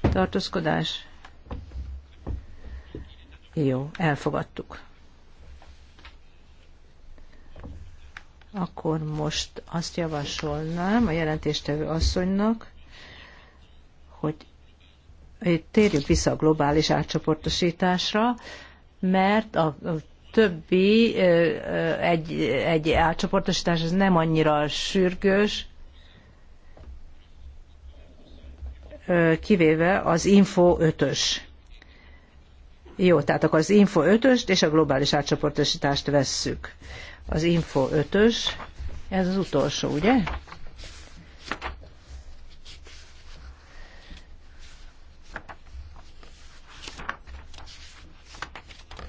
Tartózkodás? Jó, elfogadtuk. Akkor most azt javasolnám a jelentéstevő asszonynak, hogy térjük vissza a globális átcsoportosításra, mert a többi egy, egy átcsoportosítás ez nem annyira sürgős, kivéve az Info 5-ös. Jó, tehát akkor az Info 5-öst és a globális átcsoportosítást vesszük. Az Info 5-ös, ez az utolsó, ugye?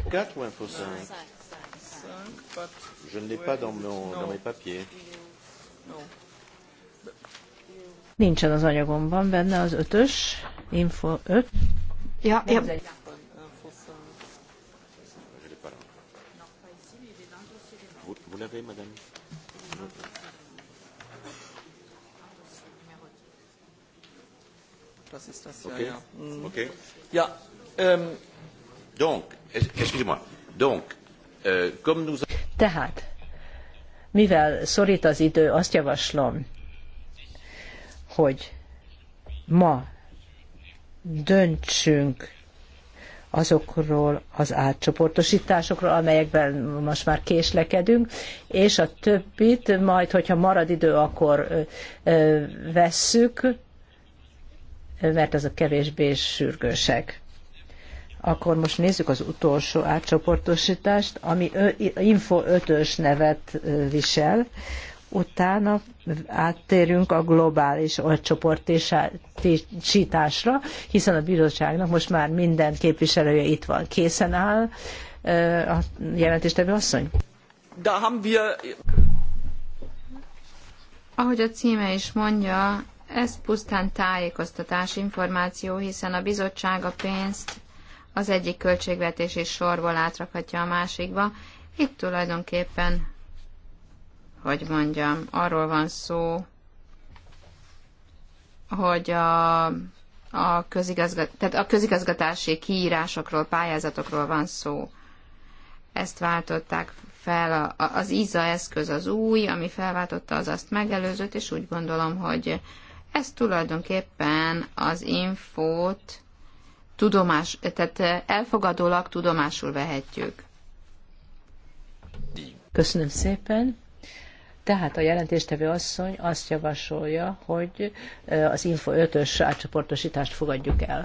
Quatre ou info 5 5, but... Je ne l'ai pas dans, mon, dans mes papiers. Non. Nincsen az anyagomban benne az ötös, info 5. Ja, ja. madame Das ist das, okay. ja, mhm. Okay. Ja, ähm. Donc, moi Donc, euh, comme nous... Tehát, mivel szorít az idő, azt javaslom, hogy ma döntsünk azokról az átcsoportosításokról, amelyekben most már késlekedünk, és a többit majd, hogyha marad idő, akkor vesszük, mert a kevésbé sürgősek. Akkor most nézzük az utolsó átcsoportosítást, ami Info 5-ös nevet visel utána áttérünk a globális csoportosításra, hiszen a bizottságnak most már minden képviselője itt van. Készen áll a jelentéstevő asszony? Da haben wir... Ahogy a címe is mondja, ez pusztán tájékoztatás információ, hiszen a bizottság a pénzt az egyik költségvetési sorból átrakhatja a másikba. Itt tulajdonképpen hogy mondjam, arról van szó, hogy a, a, közigazgat, tehát a közigazgatási kiírásokról, pályázatokról van szó. Ezt váltották fel, a, az IZA eszköz az új, ami felváltotta az azt megelőzőt, és úgy gondolom, hogy ez tulajdonképpen az infót tudomás, tehát elfogadólag tudomásul vehetjük. Köszönöm szépen. Tehát a jelentéstevő asszony azt javasolja, hogy az Info 5-ös átcsoportosítást fogadjuk el.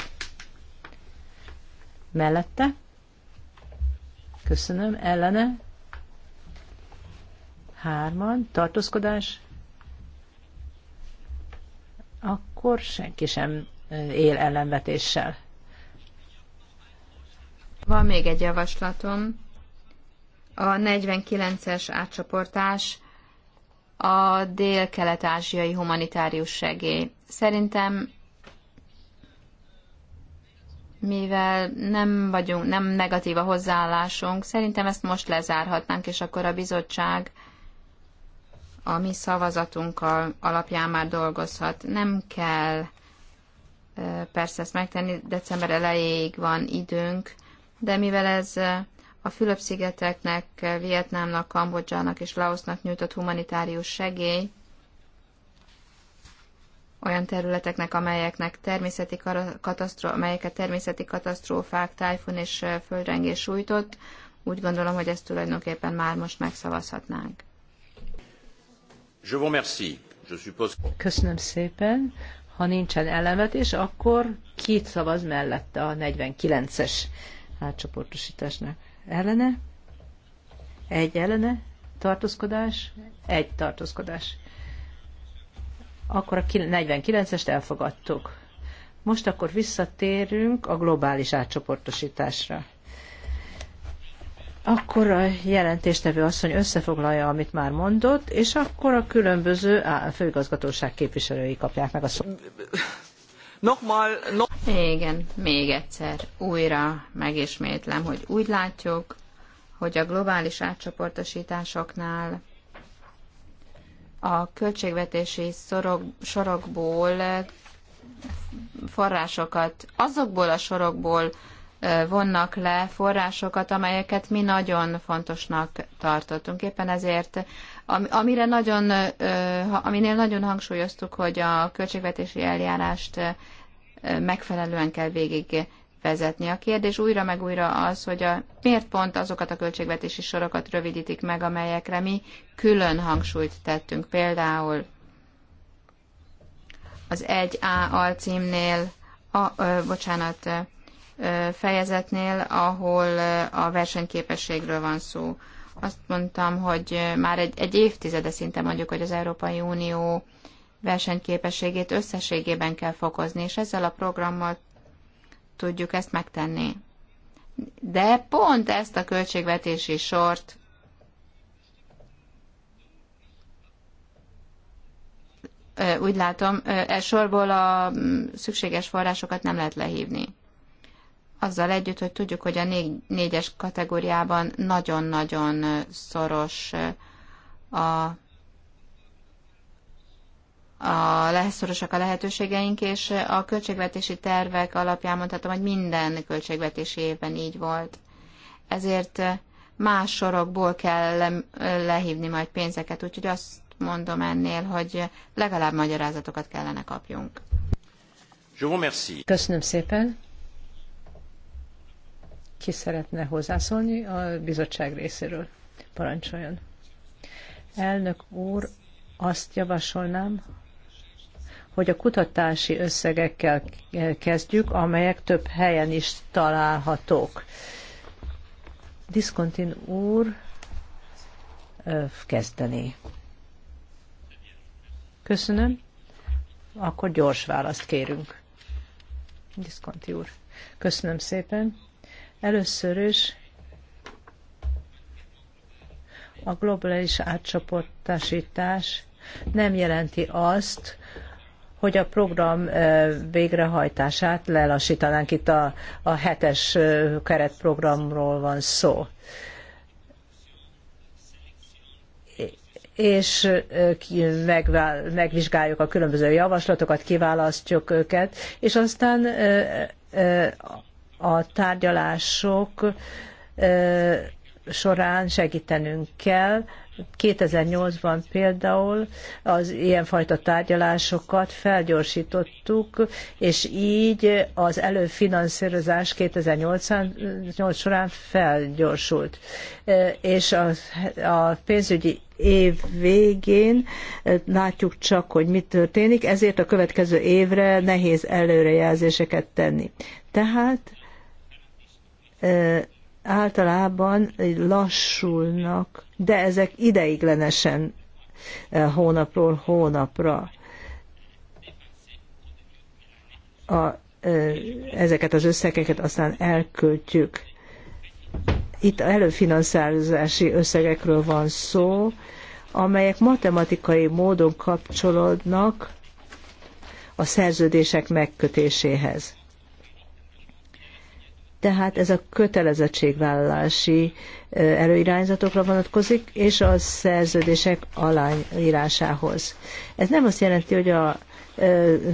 Mellette? Köszönöm. Ellene? Hárman. Tartózkodás? Akkor senki sem él ellenvetéssel. Van még egy javaslatom. A 49-es átcsoportás a dél-kelet-ázsiai humanitárius segély. Szerintem mivel nem vagyunk, nem negatív a hozzáállásunk, szerintem ezt most lezárhatnánk, és akkor a bizottság a mi szavazatunkkal alapján már dolgozhat. Nem kell persze ezt megtenni, december elejéig van időnk, de mivel ez a Fülöp-szigeteknek, Vietnámnak, Kambodzsának és Laosznak nyújtott humanitárius segély olyan területeknek, amelyeknek természeti katasztró- amelyeket természeti katasztrófák, tájfun és földrengés sújtott, úgy gondolom, hogy ezt tulajdonképpen már most megszavazhatnánk. Je vous remercie. Je suppose... Köszönöm szépen. Ha nincsen ellenvetés, akkor két szavaz mellette a 49-es átcsoportosításnak ellene, egy ellene, tartózkodás, egy tartózkodás. Akkor a 49-est elfogadtuk. Most akkor visszatérünk a globális átcsoportosításra. Akkor a jelentéstevő asszony összefoglalja, amit már mondott, és akkor a különböző á, főigazgatóság képviselői kapják meg a szót. Nochmal, no... Igen, még egyszer újra megismétlem, hogy úgy látjuk, hogy a globális átcsoportosításoknál a költségvetési sorokból forrásokat, azokból a sorokból vonnak le forrásokat, amelyeket mi nagyon fontosnak tartottunk. Éppen ezért, amire nagyon, aminél nagyon hangsúlyoztuk, hogy a költségvetési eljárást megfelelően kell végig vezetni. A kérdés újra meg újra az, hogy a, miért pont azokat a költségvetési sorokat rövidítik meg, amelyekre mi külön hangsúlyt tettünk. Például az 1A alcímnél, a, ö, bocsánat, fejezetnél, ahol a versenyképességről van szó. Azt mondtam, hogy már egy, egy évtizede szinte mondjuk, hogy az Európai Unió versenyképességét összességében kell fokozni, és ezzel a programmal tudjuk ezt megtenni. De pont ezt a költségvetési sort úgy látom, e sorból a szükséges forrásokat nem lehet lehívni azzal együtt, hogy tudjuk, hogy a négy, négyes kategóriában nagyon-nagyon szoros a, a leszorosak a lehetőségeink, és a költségvetési tervek alapján mondhatom, hogy minden költségvetési évben így volt. Ezért más sorokból kell le, lehívni majd pénzeket, úgyhogy azt mondom ennél, hogy legalább magyarázatokat kellene kapjunk. Köszönöm szépen. Ki szeretne hozzászólni a bizottság részéről? Parancsoljon. Elnök úr, azt javasolnám, hogy a kutatási összegekkel kezdjük, amelyek több helyen is találhatók. Diszkontin úr kezdeni. Köszönöm. Akkor gyors választ kérünk. Diszkonti úr. Köszönöm szépen. Először is a globális átcsoportosítás nem jelenti azt, hogy a program végrehajtását lelassítanánk. Itt a, a hetes keretprogramról van szó. és megvizsgáljuk a különböző javaslatokat, kiválasztjuk őket, és aztán a tárgyalások során segítenünk kell. 2008-ban például az ilyenfajta tárgyalásokat felgyorsítottuk, és így az előfinanszírozás 2008 során felgyorsult. És a, a pénzügyi év végén látjuk csak, hogy mi történik, ezért a következő évre nehéz előrejelzéseket tenni. Tehát általában lassulnak, de ezek ideiglenesen hónapról hónapra. A, ezeket az összegeket aztán elköltjük. Itt előfinanszározási összegekről van szó, amelyek matematikai módon kapcsolódnak a szerződések megkötéséhez. Tehát ez a kötelezettségvállalási előirányzatokra vonatkozik, és a szerződések aláírásához. Ez nem azt jelenti, hogy a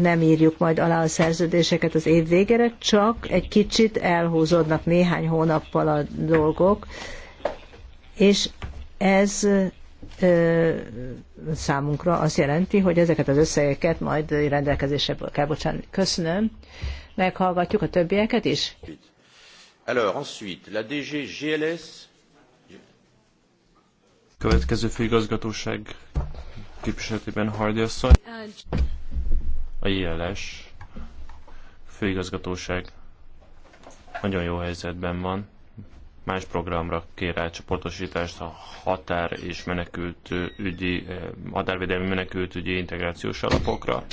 nem írjuk majd alá a szerződéseket az év végére, csak egy kicsit elhúzódnak néhány hónappal a dolgok, és ez ö, számunkra azt jelenti, hogy ezeket az összegeket majd rendelkezésre kell bocsánni. Köszönöm. Meghallgatjuk a többieket is. Így ensuite, la DG GLS. Következő főigazgatóság képviseletében Hardy asszony. A JLS főigazgatóság nagyon jó helyzetben van. Más programra kér átcsoportosítást a határ és menekült ügyi, eh, határvédelmi menekült ügyi integrációs alapokra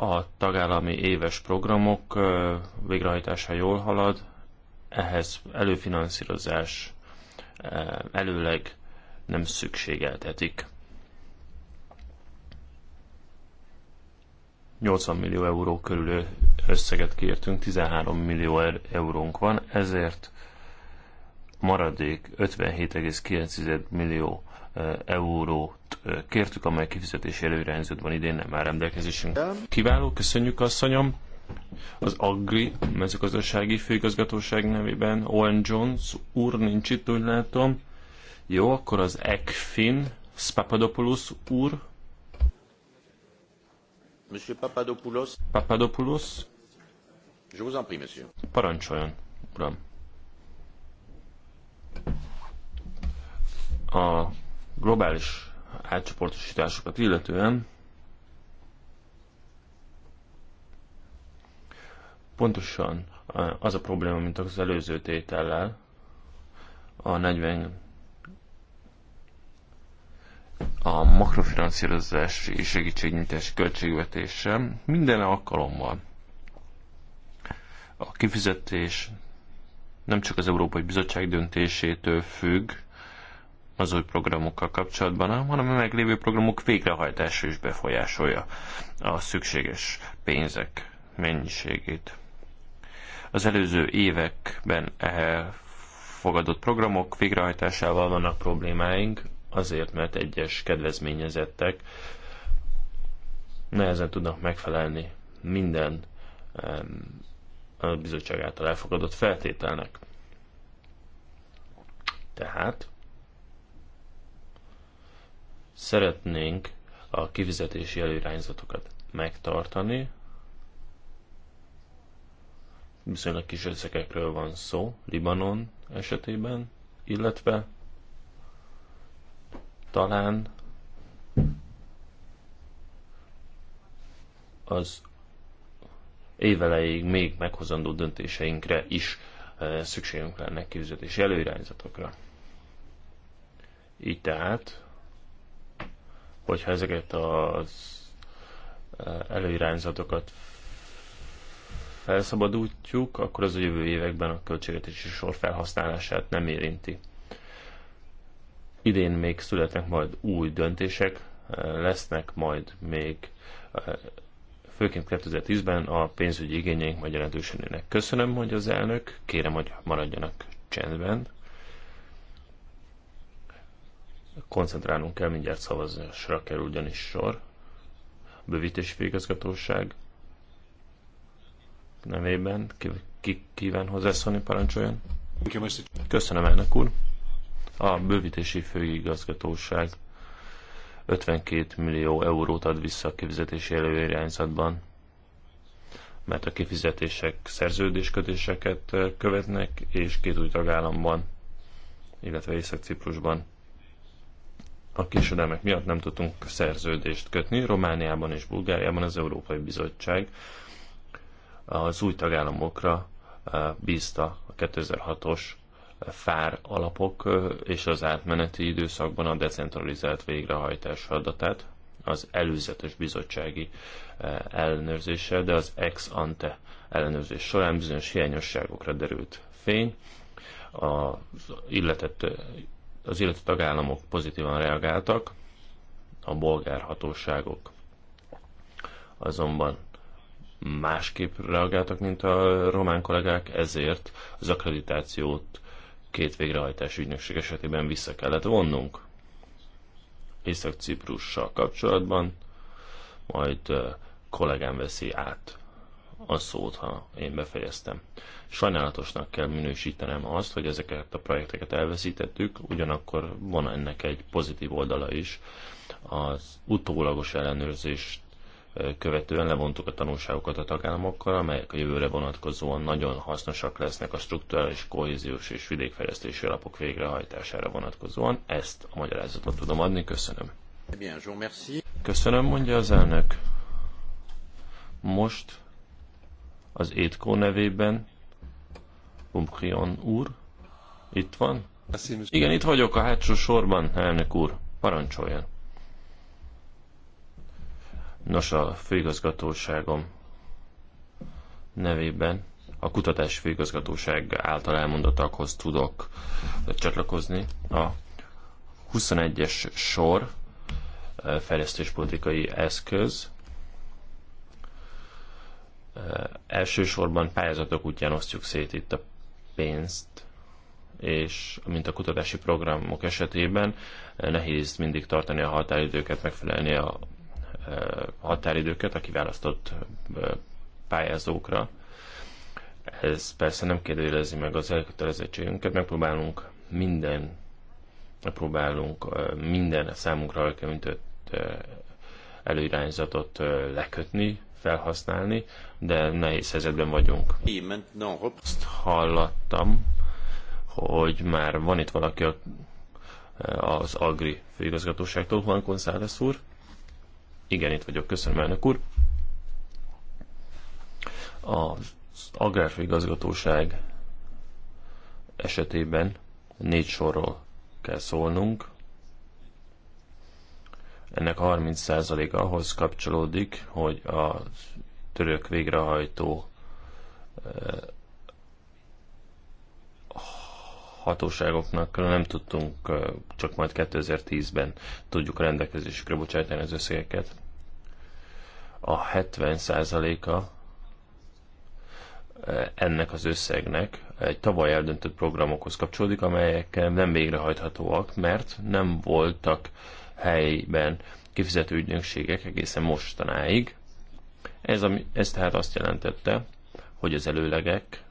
a tagállami éves programok végrehajtása jól halad, ehhez előfinanszírozás előleg nem szükségeltetik. 80 millió euró körül összeget kértünk, 13 millió er-, eurónk van, ezért maradék 57,9 millió eurót kértük, amely kifizetési előirányzat van idén, nem már rendelkezésünk. Kiváló, köszönjük asszonyom! Az Agri mezőgazdasági főigazgatóság nevében Owen Jones úr nincs itt, úgy látom. Jó, akkor az ECFIN Papadopoulos úr. Monsieur Papadopoulos. Papadopoulos. Je vous en prie, monsieur. Parancsoljon, uram. A globális átcsoportosításokat illetően pontosan az a probléma, mint az előző tétellel, a 40 a makrofinanszírozási segítségnyújtás költségvetése minden alkalommal a kifizetés nem csak az Európai Bizottság döntésétől függ, az új programokkal kapcsolatban, hanem a meglévő programok végrehajtása is befolyásolja a szükséges pénzek mennyiségét. Az előző években fogadott programok végrehajtásával vannak problémáink, azért, mert egyes kedvezményezettek nehezen tudnak megfelelni minden a bizottság által elfogadott feltételnek. Tehát Szeretnénk a kifizetési előirányzatokat megtartani. Viszonylag kis összegekről van szó Libanon esetében, illetve talán az éveleig még meghozandó döntéseinkre is eh, szükségünk lenne kifizetési előirányzatokra. Így tehát hogyha ezeket az eh, előirányzatokat felszabadultjuk, akkor az a jövő években a költségvetési sor felhasználását nem érinti. Idén még születnek majd új döntések, eh, lesznek majd még eh, főként 2010-ben a pénzügyi igényeink majd jelentősen Köszönöm, hogy az elnök, kérem, hogy maradjanak csendben koncentrálnunk kell, mindjárt szavazásra kerül ugyanis sor. bővítési főigazgatóság nevében ki, ki kíván hozzászólni, parancsoljon. Köszönöm, elnök úr. A bővítési főigazgatóság 52 millió eurót ad vissza a kifizetési előirányzatban, mert a kifizetések szerződéskötéseket követnek, és két új tagállamban, illetve Észak-Ciprusban a késedelmek miatt nem tudtunk szerződést kötni. Romániában és Bulgáriában az Európai Bizottság az új tagállamokra eh, bízta a 2006-os fár alapok eh, és az átmeneti időszakban a decentralizált végrehajtás adatát az előzetes bizottsági eh, ellenőrzése, de az ex ante ellenőrzés során bizonyos hiányosságokra derült fény. Az illetett az illető tagállamok pozitívan reagáltak, a bolgár hatóságok azonban másképp reagáltak, mint a román kollégák, ezért az akkreditációt két végrehajtás ügynökség esetében vissza kellett vonnunk. Észak-Ciprussal kapcsolatban, majd kollégám veszi át a szót, ha én befejeztem. Sajnálatosnak kell minősítenem azt, hogy ezeket a projekteket elveszítettük, ugyanakkor van ennek egy pozitív oldala is. Az utólagos ellenőrzést követően levontuk a tanulságokat a tagállamokkal, amelyek a jövőre vonatkozóan nagyon hasznosak lesznek a strukturális, kohéziós és vidékfejlesztési alapok végrehajtására vonatkozóan. Ezt a magyarázatot tudom adni. Köszönöm. Köszönöm, mondja az elnök. Most az Étkó nevében. Umkrion úr, itt van. Igen, itt vagyok a hátsó sorban, elnök úr. Parancsoljon. Nos, a főigazgatóságom nevében a kutatási főigazgatóság által elmondottakhoz tudok csatlakozni. A 21-es sor eh, fejlesztéspolitikai eszköz elsősorban pályázatok útján osztjuk szét itt a pénzt, és mint a kutatási programok esetében nehéz mindig tartani a határidőket, megfelelni a határidőket a kiválasztott pályázókra. Ez persze nem kérdőjelezi meg az elkötelezettségünket, megpróbálunk minden megpróbálunk minden számunkra elkövetett előirányzatot lekötni, felhasználni, de nehéz helyzetben vagyunk. Azt hallottam, hogy már van itt valaki a, az Agri főigazgatóságtól, Juan González úr. Igen, itt vagyok, köszönöm elnök úr. Az Agrárfőigazgatóság esetében négy sorról kell szólnunk, ennek 30% ahhoz kapcsolódik, hogy a török végrehajtó eh, hatóságoknak nem tudtunk, eh, csak majd 2010-ben tudjuk a rendelkezésükre bocsájtani az összegeket. A 70%-a eh, ennek az összegnek egy tavaly eldöntött programokhoz kapcsolódik, amelyek nem végrehajthatóak, mert nem voltak helyben kifizető ügynökségek egészen mostanáig. Ez, ez tehát azt jelentette, hogy az előlegek,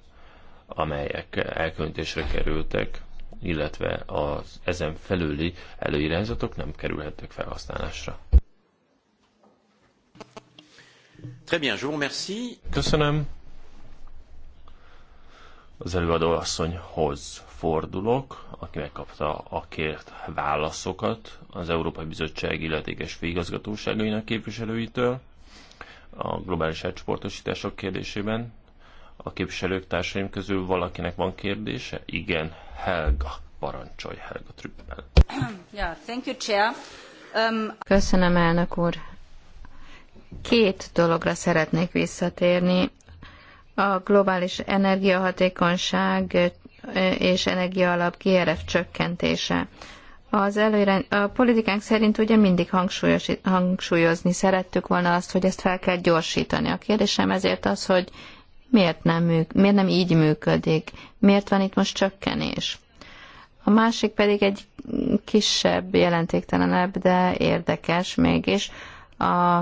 amelyek elkülönítésre kerültek, illetve az ezen felüli előirányzatok nem kerülhettek felhasználásra. Très bien, je vous remercie. Köszönöm az előadó asszonyhoz fordulok, aki megkapta a kért válaszokat az Európai Bizottság illetékes főigazgatóságainak képviselőitől a globális átcsoportosítások kérdésében. A képviselők társaim közül valakinek van kérdése? Igen, Helga. Parancsolj, Helga Trüppel. Yeah, thank you, Chair. Um... Köszönöm, elnök úr. Két dologra szeretnék visszatérni. A globális energiahatékonyság és energia alap GRF csökkentése. Az előre, a politikánk szerint ugye mindig hangsúlyozni szerettük volna azt, hogy ezt fel kell gyorsítani. A kérdésem ezért az, hogy miért nem, műk, miért nem így működik, miért van itt most csökkenés. A másik pedig egy kisebb, jelentéktelenebb, de érdekes mégis, a,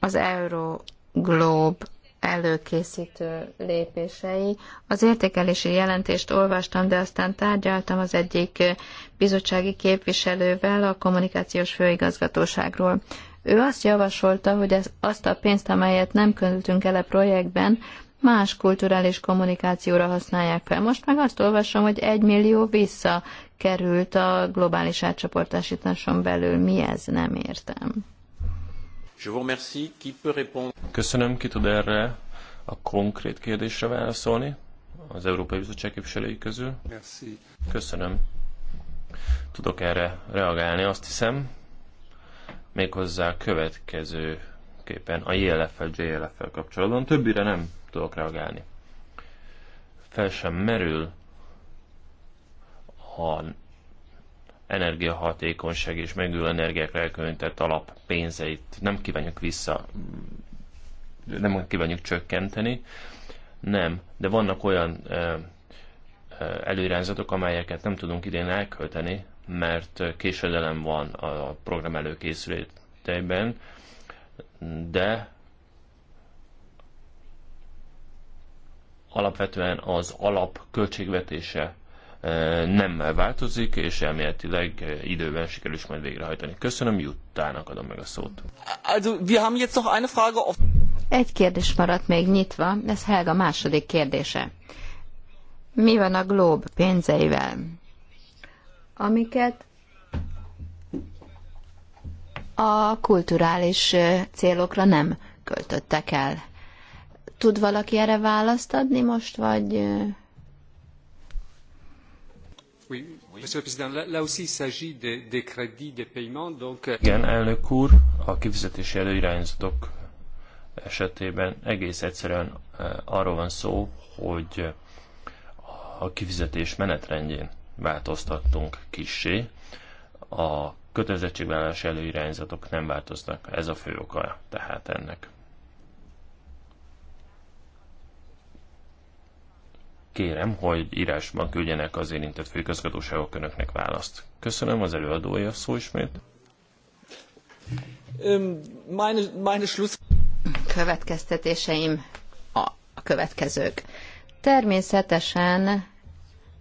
az Euroglobe előkészítő lépései. Az értékelési jelentést olvastam, de aztán tárgyaltam az egyik bizottsági képviselővel a kommunikációs főigazgatóságról. Ő azt javasolta, hogy ez, azt a pénzt, amelyet nem költünk el a projektben, más kulturális kommunikációra használják fel. Most meg azt olvasom, hogy egy millió visszakerült a globális átcsoportosításon belül. Mi ez? Nem értem. Je vous remercie. Qui peut répondre? Köszönöm, ki tud erre a konkrét kérdésre válaszolni az Európai Bizottság képviselői közül. Merci. Köszönöm. Tudok erre reagálni, azt hiszem, méghozzá következő képen a JLF-el, JLF-el kapcsolatban. Többire nem tudok reagálni. Fel sem merül a energiahatékonyság és megülő energiákra elkülönített alap pénzeit nem kívánjuk vissza, nem kívánjuk csökkenteni, nem, de vannak olyan ö, ö, előirányzatok, amelyeket nem tudunk idén elkölteni, mert késedelem van a program előkészületeiben, de alapvetően az alap költségvetése nem változik, és elméletileg időben sikerül is majd végrehajtani. Köszönöm, Juttának adom meg a szót. Also, wir haben jetzt noch eine Frage Egy kérdés maradt még nyitva, ez Helga második kérdése. Mi van a Globe pénzeivel? Amiket a kulturális célokra nem költöttek el. Tud valaki erre választ adni most, vagy Oui, Monsieur le Président, là, là aussi il s'agit des, des crédits, des paiements, donc... Euh, Igen, elnök úr, a kifizetési előirányzatok esetében egész egyszerűen eh, arról van szó, hogy a kifizetés menetrendjén változtattunk kissé. A kötelezettségvállalási előirányzatok nem változnak, ez a fő oka tehát ennek. kérem, hogy írásban küldjenek az érintett főigazgatóságok önöknek választ. Köszönöm az előadója szó ismét. Meine, meine Schluss... Következtetéseim a, a következők. Természetesen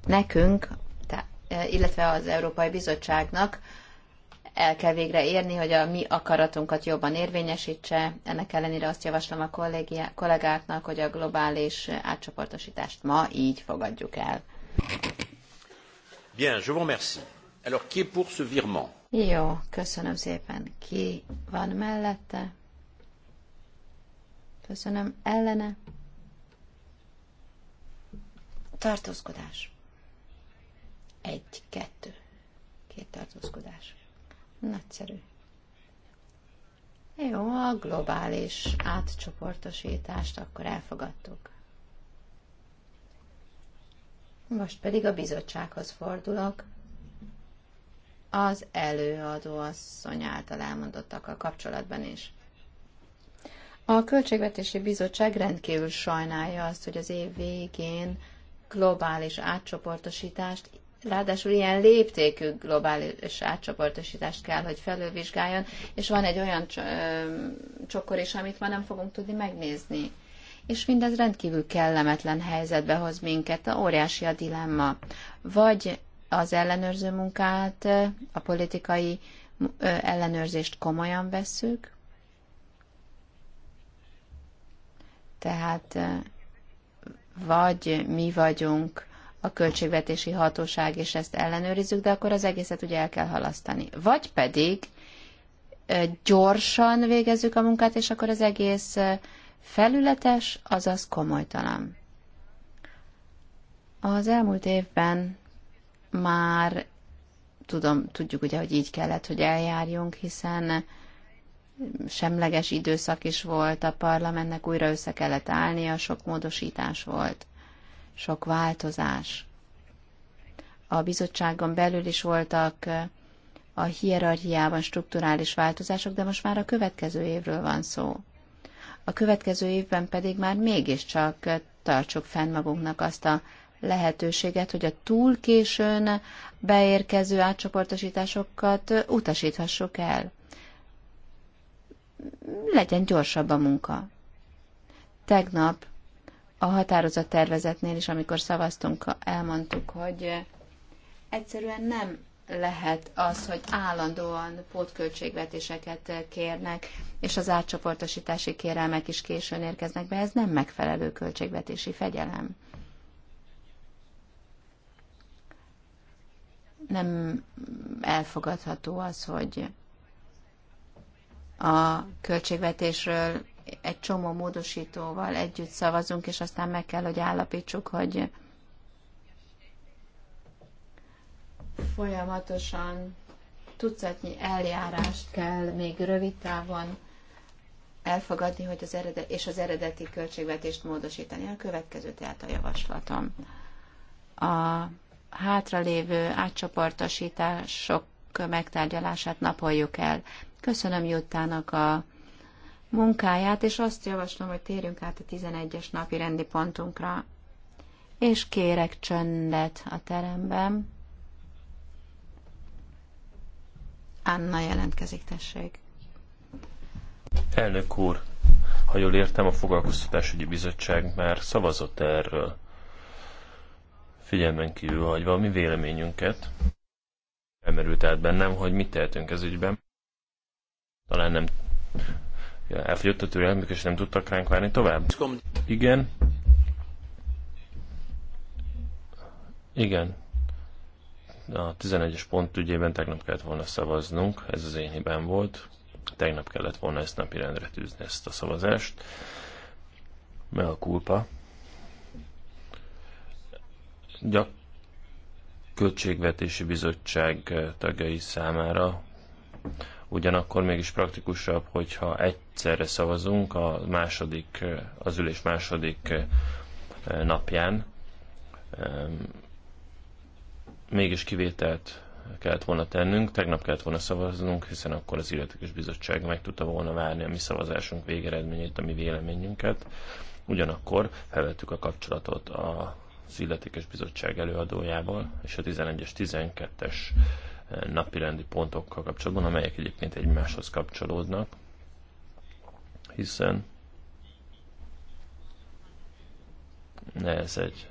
nekünk, illetve az Európai Bizottságnak el kell végre érni, hogy a mi akaratunkat jobban érvényesítse. Ennek ellenére azt javaslom a kollégia, kollégáknak, hogy a globális átcsoportosítást ma így fogadjuk el. Bien, je vous remercie. Alors, qui est pour ce virement? Jó, köszönöm szépen. Ki van mellette? Köszönöm. Ellene? Tartózkodás. Egy, kettő. Két tartózkodás. Nagyszerű. Jó, a globális átcsoportosítást akkor elfogadtuk. Most pedig a bizottsághoz fordulok. Az előadó asszony által elmondottakkal kapcsolatban is. A Költségvetési Bizottság rendkívül sajnálja azt, hogy az év végén globális átcsoportosítást ráadásul ilyen léptékű globális átcsoportosítást kell, hogy felülvizsgáljon, és van egy olyan csokor is, amit már nem fogunk tudni megnézni. És mindez rendkívül kellemetlen helyzetbe hoz minket, a óriási a dilemma. Vagy az ellenőrző munkát, a politikai ellenőrzést komolyan vesszük, tehát vagy mi vagyunk a költségvetési hatóság, és ezt ellenőrizzük, de akkor az egészet ugye el kell halasztani. Vagy pedig gyorsan végezzük a munkát, és akkor az egész felületes, azaz komolytalan. Az elmúlt évben már tudom, tudjuk ugye, hogy így kellett, hogy eljárjunk, hiszen semleges időszak is volt, a parlamentnek újra össze kellett állnia, sok módosítás volt sok változás. A bizottságon belül is voltak a hierarchiában strukturális változások, de most már a következő évről van szó. A következő évben pedig már mégiscsak tartsuk fenn magunknak azt a lehetőséget, hogy a túl későn beérkező átcsoportosításokat utasíthassuk el. Legyen gyorsabb a munka. Tegnap a határozat tervezetnél is, amikor szavaztunk, elmondtuk, hogy egyszerűen nem lehet az, hogy állandóan pótköltségvetéseket kérnek, és az átcsoportosítási kérelmek is későn érkeznek be, ez nem megfelelő költségvetési fegyelem. Nem elfogadható az, hogy a költségvetésről egy csomó módosítóval együtt szavazunk, és aztán meg kell, hogy állapítsuk, hogy folyamatosan tucatnyi eljárást kell még rövid távon elfogadni, hogy az eredet, és az eredeti költségvetést módosítani. A következő tehát a javaslatom. A hátralévő átcsoportosítások megtárgyalását napoljuk el. Köszönöm Juttának a munkáját, és azt javaslom, hogy térjünk át a 11-es napi rendi pontunkra. És kérek csöndet a teremben. Anna jelentkezik, tessék. Elnök úr, ha jól értem, a Foglalkoztatásügyi Bizottság már szavazott erről. Figyelmen kívül hagyva a mi véleményünket, elmerült át bennem, hogy mit tehetünk ez ügyben. Talán nem elfogyott a türelmük, és nem tudtak ránk várni tovább. Igen. Igen. A 11-es pont ügyében tegnap kellett volna szavaznunk, ez az én hibám volt. Tegnap kellett volna ezt napirendre tűzni, ezt a szavazást. Me a kulpa. Gyak költségvetési bizottság tagjai számára ugyanakkor mégis praktikusabb, hogyha egyszerre szavazunk a második, az ülés második eh, napján. Mégis kivételt kellett volna tennünk, tegnap kellett volna szavaznunk, hiszen akkor az illetékes bizottság meg tudta volna várni a mi szavazásunk végeredményét, a mi véleményünket. Ugyanakkor felvettük a kapcsolatot a az illetékes bizottság előadójával, és a 11-es, 12-es napirendi pontokkal kapcsolatban, amelyek egyébként egymáshoz kapcsolódnak, hiszen ez egy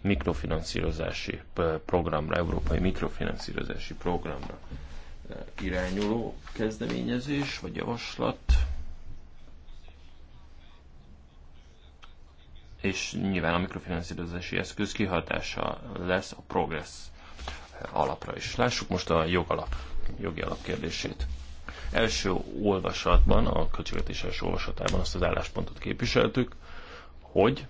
mikrofinanszírozási programra, európai mikrofinanszírozási programra e, irányuló kezdeményezés vagy javaslat, és nyilván a mikrofinanszírozási eszköz kihatása lesz a progress alapra is. Lássuk most a jogalap, jogi alap kérdését. Első olvasatban, a költségvetés első olvasatában azt az álláspontot képviseltük, hogy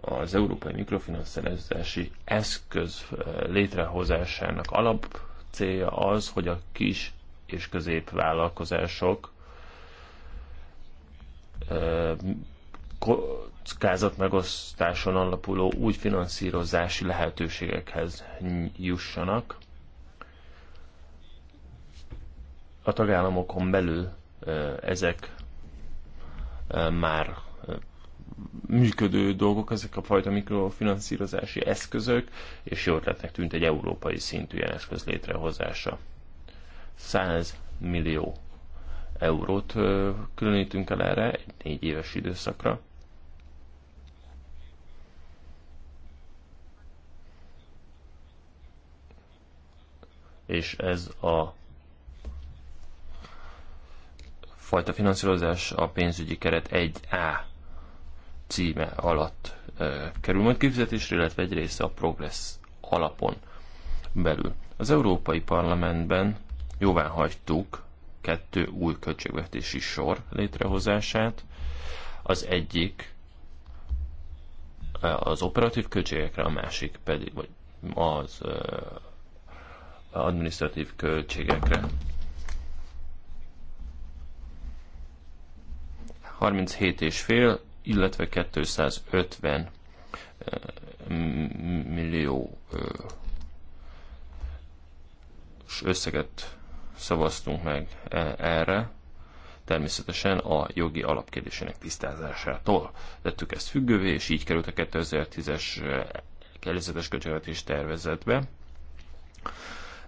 az európai mikrofinanszírozási eszköz létrehozásának alap célja az, hogy a kis és középvállalkozások kockázatmegosztáson alapuló új finanszírozási lehetőségekhez jussanak. A tagállamokon belül ezek már működő dolgok, ezek a fajta mikrofinanszírozási eszközök, és jó ötletnek tűnt egy európai szintű ilyen eszköz létrehozása. 100 millió eurót különítünk el erre egy négy éves időszakra. És ez a fajta finanszírozás a pénzügyi keret 1A címe alatt e, kerül majd kifizetésre, illetve egy része a Progress alapon belül. Az Európai Parlamentben jóvá hagytuk kettő új költségvetési sor létrehozását. Az egyik eh, az operatív költségekre, a másik pedig vagy az eh, administratív költségekre. 37,5, illetve 250 eh, millió összeget szavaztunk meg e, erre, természetesen a jogi alapkérdésének tisztázásától tettük ezt függővé, és így került a 2010-es előzetes költségvetés tervezetbe.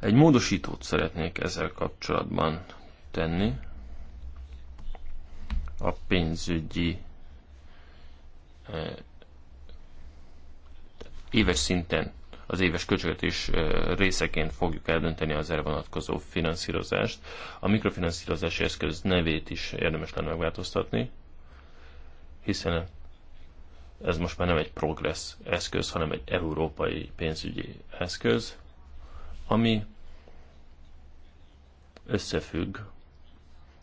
Egy módosítót szeretnék ezzel kapcsolatban tenni. A pénzügyi e, éves szinten az éves költségvetés részeként fogjuk eldönteni az erre vonatkozó finanszírozást. A mikrofinanszírozási eszköz nevét is érdemes lenne megváltoztatni, hiszen ez most már nem egy progress eszköz, hanem egy európai pénzügyi eszköz, ami összefügg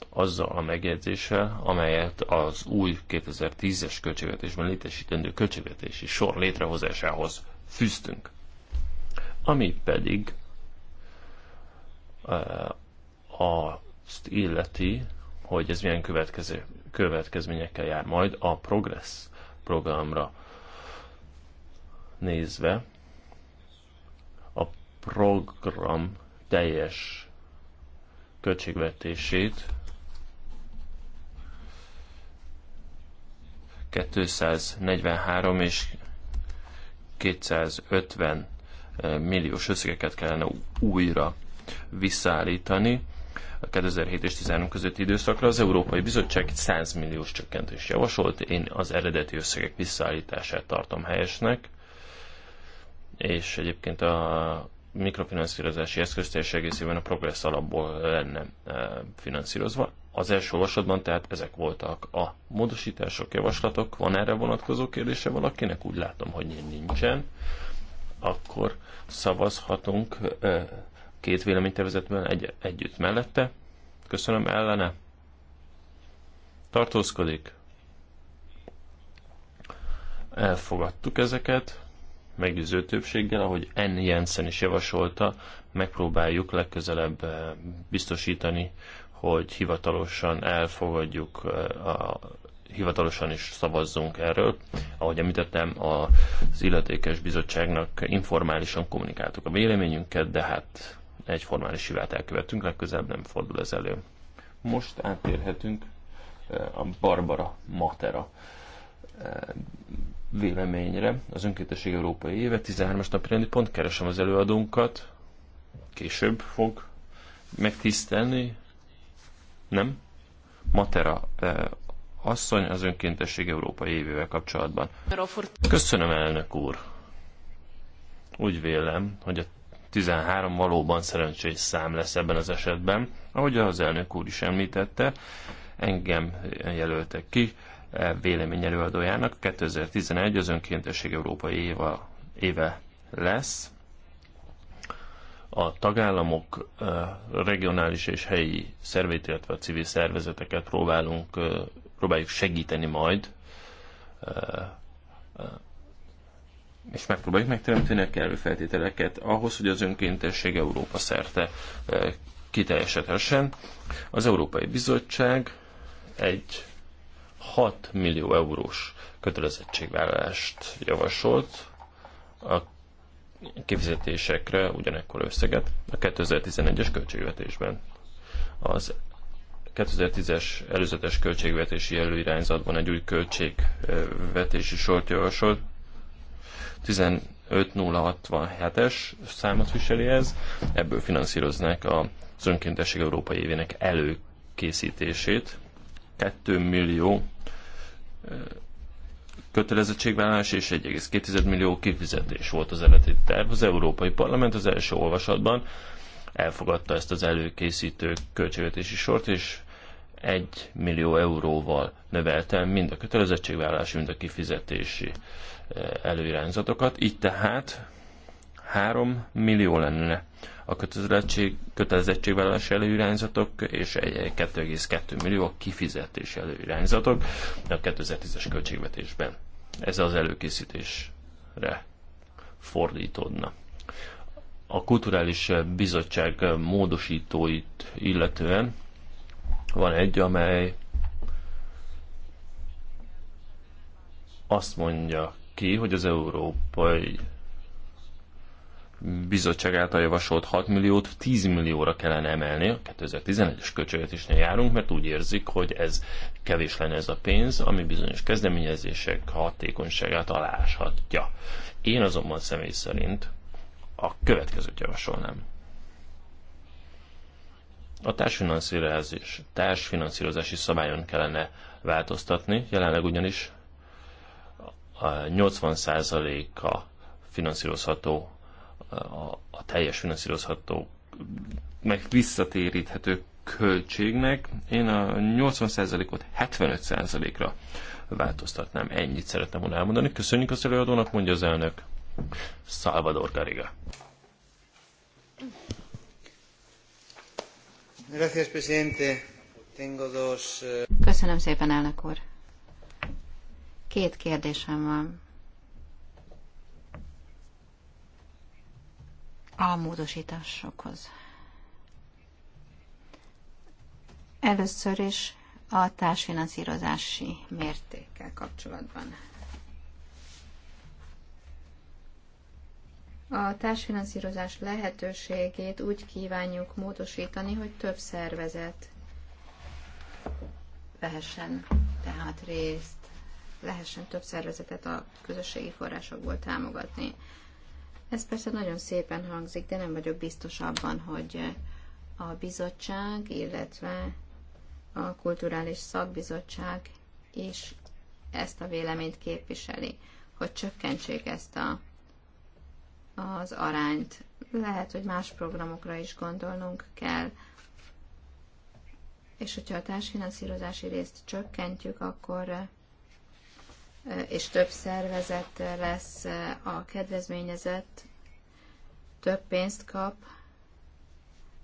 azzal a megjegyzéssel, amelyet az új 2010-es költségvetésben létesítendő költségvetési sor létrehozásához fűztünk. Ami pedig e, azt illeti, hogy ez milyen következő, következményekkel jár majd a Progress programra nézve, a program teljes költségvetését 243 és 250 milliós összegeket kellene újra visszaállítani a 2007 és 2013 közötti időszakra. Az Európai Bizottság 100 milliós csökkentést javasolt, én az eredeti összegek visszaállítását tartom helyesnek, és egyébként a mikrofinanszírozási eszköz teljes egészében a progress alapból lenne finanszírozva. Az első olvasatban tehát ezek voltak a módosítások, javaslatok. Van erre vonatkozó kérdése valakinek? Úgy látom, hogy nincsen akkor szavazhatunk két véleménytervezetben egy, együtt mellette. Köszönöm ellene. Tartózkodik. Elfogadtuk ezeket. Meggyőző többséggel, ahogy N. Jensen is javasolta, megpróbáljuk legközelebb biztosítani, hogy hivatalosan elfogadjuk a hivatalosan is szavazzunk erről. Ahogy említettem, az illetékes bizottságnak informálisan kommunikáltuk a véleményünket, de hát egy formális hivát elkövettünk, legközelebb nem fordul ez elő. Most átérhetünk eh, a Barbara Matera eh, véleményre. Az önkéntesség európai éve 13-as napi rendi pont, keresem az előadónkat, később fog megtisztelni, nem? Matera eh, asszony az önkéntesség Európai évével kapcsolatban. Köszönöm, elnök úr! Úgy vélem, hogy a 13 valóban szerencsés szám lesz ebben az esetben. Ahogy az elnök úr is említette, engem jelöltek ki e véleményelőadójának. 2011 az önkéntesség Európai éva, éve lesz. A tagállamok e, regionális és helyi szervét, illetve a civil szervezeteket próbálunk e, próbáljuk segíteni majd, és megpróbáljuk megteremteni a kellő feltételeket ahhoz, hogy az önkéntesség Európa szerte kiteljesedhessen. Az Európai Bizottság egy 6 millió eurós kötelezettségvállalást javasolt a kifizetésekre ugyanekkor összeget a 2011-es költségvetésben. Az 2010-es előzetes költségvetési előirányzatban egy új költségvetési sort javasolt. 15067-es számot viseli ez, ebből finanszíroznák a önkéntesség európai évének előkészítését. 2 millió kötelezettségvállalás és 1,2 millió kifizetés volt az eredeti terv. Az Európai Parlament az első olvasatban elfogadta ezt az előkészítő költségvetési sort, és 1 millió euróval növeltem mind a kötelezettségvállalási, mind a kifizetési eh, előirányzatokat. Így tehát 3 millió lenne a kötelezettség, kötelezettségvállalási előirányzatok és 2,2 millió a kifizetési előirányzatok a 2010-es költségvetésben. Ez az előkészítésre fordítódna. A Kulturális Bizottság módosítóit illetően van egy, amely azt mondja ki, hogy az Európai Bizottság által javasolt 6 milliót 10 millióra kellene emelni, a 2011-es költségvetésnél járunk, mert úgy érzik, hogy ez kevés lenne ez a pénz, ami bizonyos kezdeményezések hatékonyságát aláshatja. Én azonban személy szerint a következőt javasolnám. A társfinanszírozás, társfinanszírozási szabályon kellene változtatni, jelenleg ugyanis 80%-a finanszírozható, a teljes finanszírozható, meg visszatéríthető költségnek. Én a 80%-ot 75%-ra változtatnám. Ennyit szeretném volna elmondani. Köszönjük az előadónak, mondja az elnök. Salvador Garriga. Eh, Köszönöm szépen, elnök úr. Két kérdésem van. A módosításokhoz. Először is a társfinanszírozási mértékkel kapcsolatban. A társfinanszírozás lehetőségét úgy kívánjuk módosítani, hogy több szervezet vehessen tehát részt, lehessen több szervezetet a közösségi forrásokból támogatni. Ez persze nagyon szépen hangzik, de nem vagyok biztos abban, hogy a bizottság, illetve a kulturális szakbizottság is ezt a véleményt képviseli, hogy csökkentsék ezt a az arányt. Lehet, hogy más programokra is gondolnunk kell. És hogyha a társfinanszírozási részt csökkentjük, akkor eh, és több szervezet lesz eh, a kedvezményezett, több pénzt kap,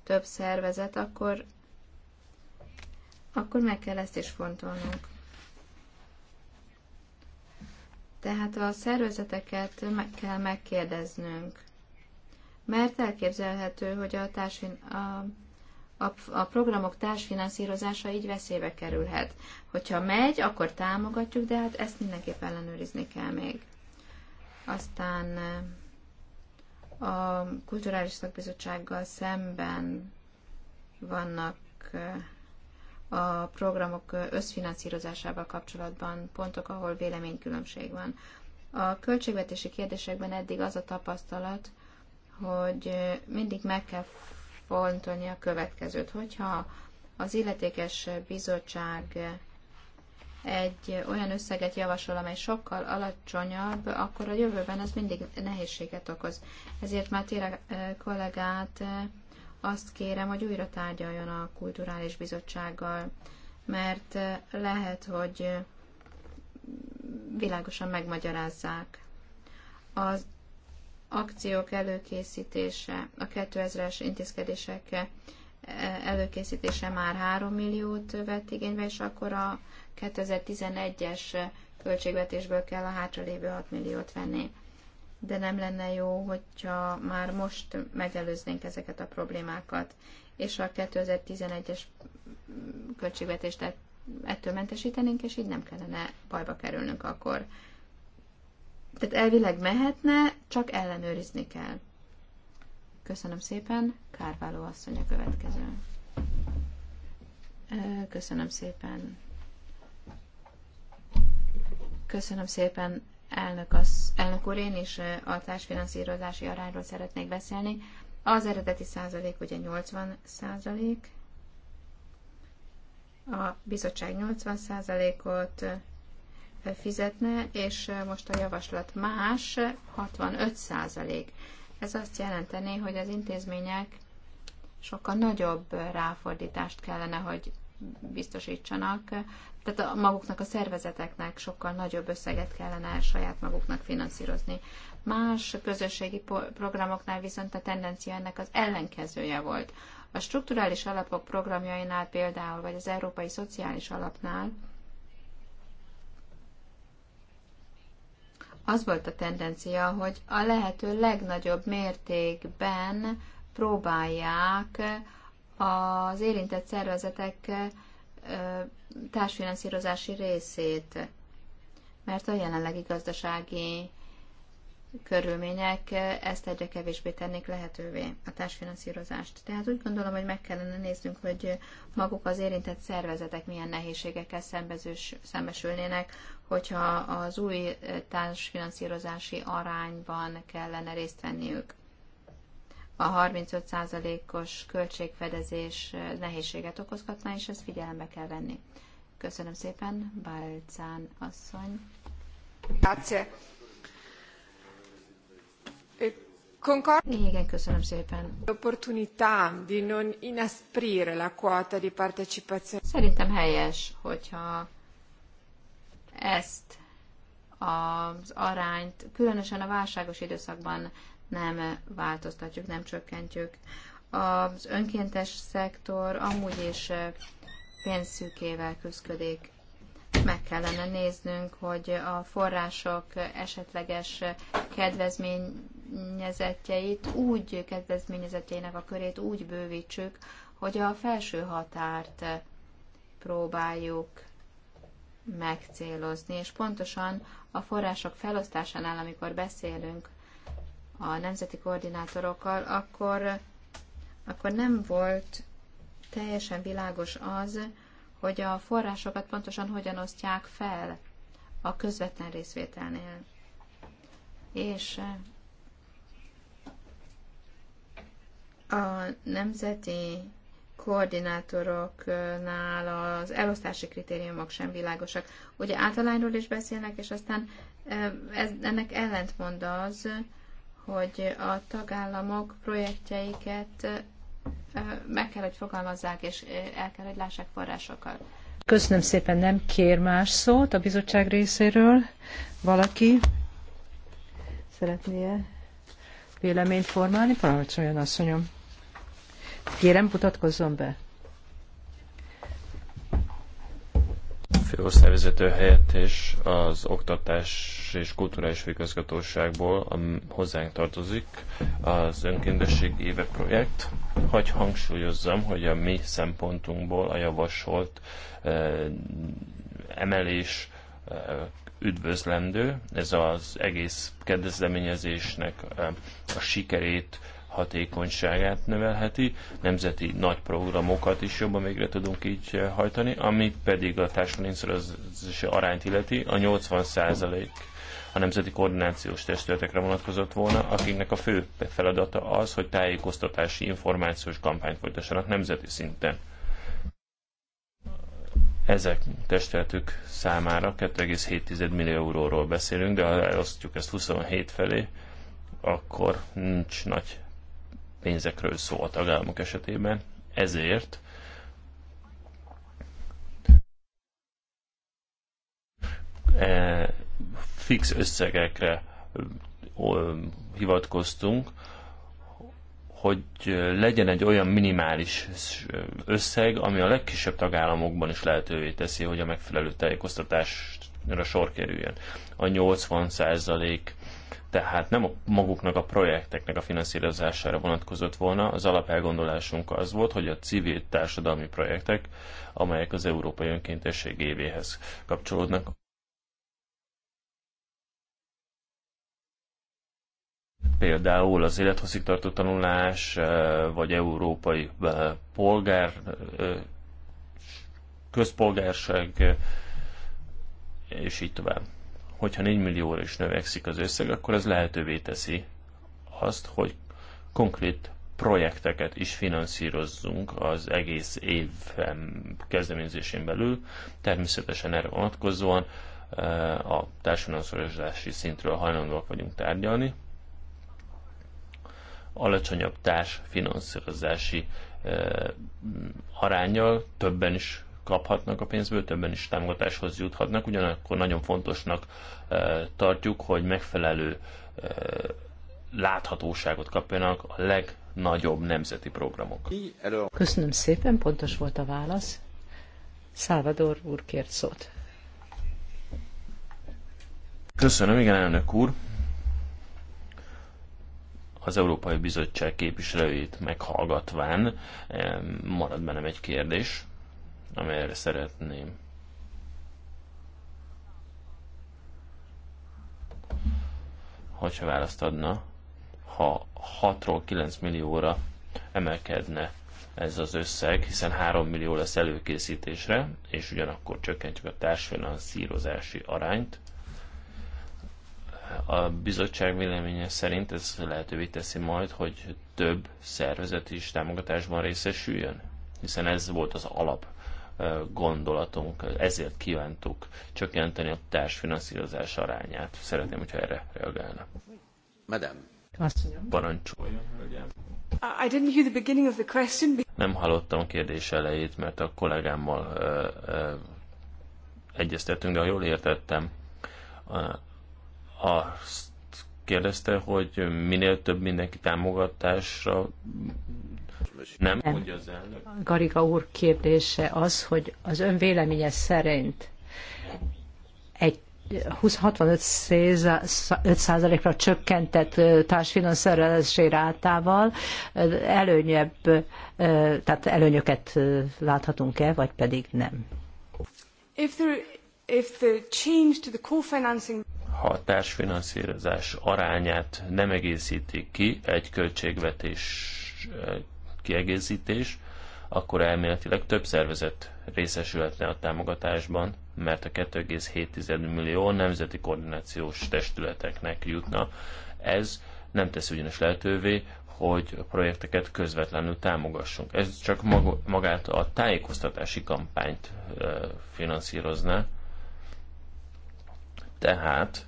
több szervezet, akkor, akkor meg kell ezt is fontolnunk. Tehát a szervezeteket meg kell megkérdeznünk, mert elképzelhető, hogy a, társfin, a, a, a programok társfinanszírozása így veszélybe kerülhet. Hogyha megy, akkor támogatjuk, de hát ezt mindenképp ellenőrizni kell még. Aztán eh, a kulturális szakbizottsággal szemben vannak eh, a programok összfinanszírozásával kapcsolatban pontok, ahol véleménykülönbség van. A költségvetési kérdésekben eddig az a tapasztalat, hogy mindig meg kell fontolni a következőt. Hogyha az illetékes bizottság egy olyan összeget javasol, amely sokkal alacsonyabb, akkor a jövőben ez mindig nehézséget okoz. Ezért már tényleg eh, kollégát eh, azt kérem, hogy újra tárgyaljon a Kulturális Bizottsággal, mert eh, lehet, hogy eh, világosan megmagyarázzák. Az akciók előkészítése, a 2000-es intézkedések eh, előkészítése már 3 milliót vett igénybe, és akkor a 2011-es költségvetésből kell a hátralévő 6 milliót venni de nem lenne jó, hogyha már most megelőznénk ezeket a problémákat, és a 2011-es költségvetést ettől mentesítenénk, és így nem kellene bajba kerülnünk akkor. Tehát elvileg mehetne, csak ellenőrizni kell. Köszönöm szépen, Kárváló asszony a következő. Köszönöm szépen. Köszönöm szépen Elnök, az, elnök úr, én is a társfinanszírozási arányról szeretnék beszélni. Az eredeti százalék ugye 80 százalék, a bizottság 80 százalékot fizetne, és most a javaslat más, 65 százalék. Ez azt jelenteni, hogy az intézmények sokkal nagyobb ráfordítást kellene, hogy biztosítsanak. Tehát a, maguknak a szervezeteknek sokkal nagyobb összeget kellene saját maguknak finanszírozni. Más közösségi programoknál viszont a tendencia ennek az ellenkezője volt. A strukturális alapok programjainál például, vagy az Európai Szociális Alapnál az volt a tendencia, hogy a lehető legnagyobb mértékben próbálják az érintett szervezetek társfinanszírozási részét, mert a jelenlegi gazdasági körülmények ezt egyre kevésbé tennék lehetővé, a társfinanszírozást. Tehát úgy gondolom, hogy meg kellene néznünk, hogy maguk az érintett szervezetek milyen nehézségekkel szembezős, szembesülnének, hogyha az új társfinanszírozási arányban kellene részt venniük a 35%-os költségfedezés nehézséget okozhatna, és ezt figyelembe kell venni. Köszönöm szépen, Balcán asszony. Grazie. E, Concord. Igen, köszönöm szépen. Opportunità di non inasprire la quota di partecipazione. Szerintem helyes, hogyha ezt az arányt, különösen a válságos időszakban nem változtatjuk, nem csökkentjük. Az önkéntes szektor amúgy is pénzszűkével küzdik. Meg kellene néznünk, hogy a források esetleges kedvezményezetjeit úgy, kedvezményezetjeinek a körét úgy bővítsük, hogy a felső határt próbáljuk megcélozni, és pontosan a források felosztásánál, amikor beszélünk a nemzeti koordinátorokkal, akkor, akkor nem volt teljesen világos az, hogy a forrásokat pontosan hogyan osztják fel a közvetlen részvételnél. És eh, a nemzeti koordinátoroknál az elosztási kritériumok sem világosak. Ugye általányról is beszélnek, és aztán eh, ez, ennek ellentmond az, hogy a tagállamok projektjeiket meg kell, hogy fogalmazzák, és el kell, hogy lássák forrásokat. Köszönöm szépen, nem kér más szót a bizottság részéről. Valaki szeretné -e véleményt formálni? Parancsoljon, asszonyom. Kérem, mutatkozzon be. főosztályvezető helyettes az Oktatás és Kulturális Főigazgatóságból a, hozzánk tartozik az önkéntesség éve projekt. Hogy hangsúlyozzam, hogy a mi szempontunkból a javasolt e, emelés e, üdvözlendő. Ez az egész kedvezményezésnek a sikerét hatékonyságát növelheti, nemzeti nagy programokat is jobban végre tudunk így eh, hajtani, ami pedig a társadalmi inszorozási arányt illeti, a 80 a nemzeti koordinációs testületekre vonatkozott volna, akiknek a fő feladata az, hogy tájékoztatási információs kampányt folytassanak nemzeti szinten. Ezek testületük számára 2,7 millió euróról beszélünk, de ha elosztjuk ezt 27 felé, akkor nincs nagy pénzekről szól a tagállamok esetében, ezért e, fix összegekre hivatkoztunk, hogy legyen egy olyan minimális összeg, ami a legkisebb tagállamokban is lehetővé teszi, hogy a megfelelő tájékoztatásra sor kerüljön. A 80 százalék tehát nem a maguknak a projekteknek a finanszírozására vonatkozott volna, az alapelgondolásunk az volt, hogy a civil társadalmi projektek, amelyek az Európai Önkéntesség évéhez kapcsolódnak, például az élethosszig tartó tanulás, eh, vagy európai eh, polgár, eh, közpolgárság, és így tovább hogyha 4 millióra is növekszik az összeg, akkor ez lehetővé teszi azt, hogy konkrét projekteket is finanszírozzunk az egész év kezdeményezésén belül, természetesen erre vonatkozóan eh, a társfinanszírozási szintről hajlandóak vagyunk tárgyalni. Alacsonyabb társfinanszírozási eh, arányjal többen is kaphatnak a pénzből, többen is támogatáshoz juthatnak, ugyanakkor nagyon fontosnak eh, tartjuk, hogy megfelelő eh, láthatóságot kapjanak a legnagyobb nemzeti programok. Köszönöm szépen, pontos volt a válasz. Salvador úr kért szót. Köszönöm, igen, elnök úr. Az Európai Bizottság képviselőjét meghallgatván marad bennem egy kérdés amelyre szeretném. Hogyha választ adna, ha 6-ról 9 millióra emelkedne ez az összeg, hiszen 3 millió lesz előkészítésre, és ugyanakkor csökkentjük a társfinanszírozási arányt. A bizottság véleménye szerint ez lehetővé teszi majd, hogy több szervezet is támogatásban részesüljön, hiszen ez volt az alap gondolatunk, ezért kívántuk csökkenteni a társfinanszírozás arányát. Szeretném, hogyha erre reagálna. Madam. Parancsoljon, hölgyem. Nem hallottam a kérdés elejét, mert a kollégámmal ö, ö, egyeztettünk, de ha jól értettem, azt kérdezte, hogy minél több mindenki támogatásra nem, mondja az elnök. Gariga úr kérdése az, hogy az ön véleménye szerint egy 65%-ra csökkentett társfinanszírozási rátával előnyebb, tehát előnyöket láthatunk-e, vagy pedig nem? If if the change to the co-financing ha a társfinanszírozás arányát nem egészíti ki egy költségvetés kiegészítés, akkor elméletileg több szervezet részesülhetne a támogatásban, mert a 2,7 millió nemzeti koordinációs testületeknek jutna. Ez nem tesz ugyanis lehetővé, hogy a projekteket közvetlenül támogassunk. Ez csak magát a tájékoztatási kampányt finanszírozná. Tehát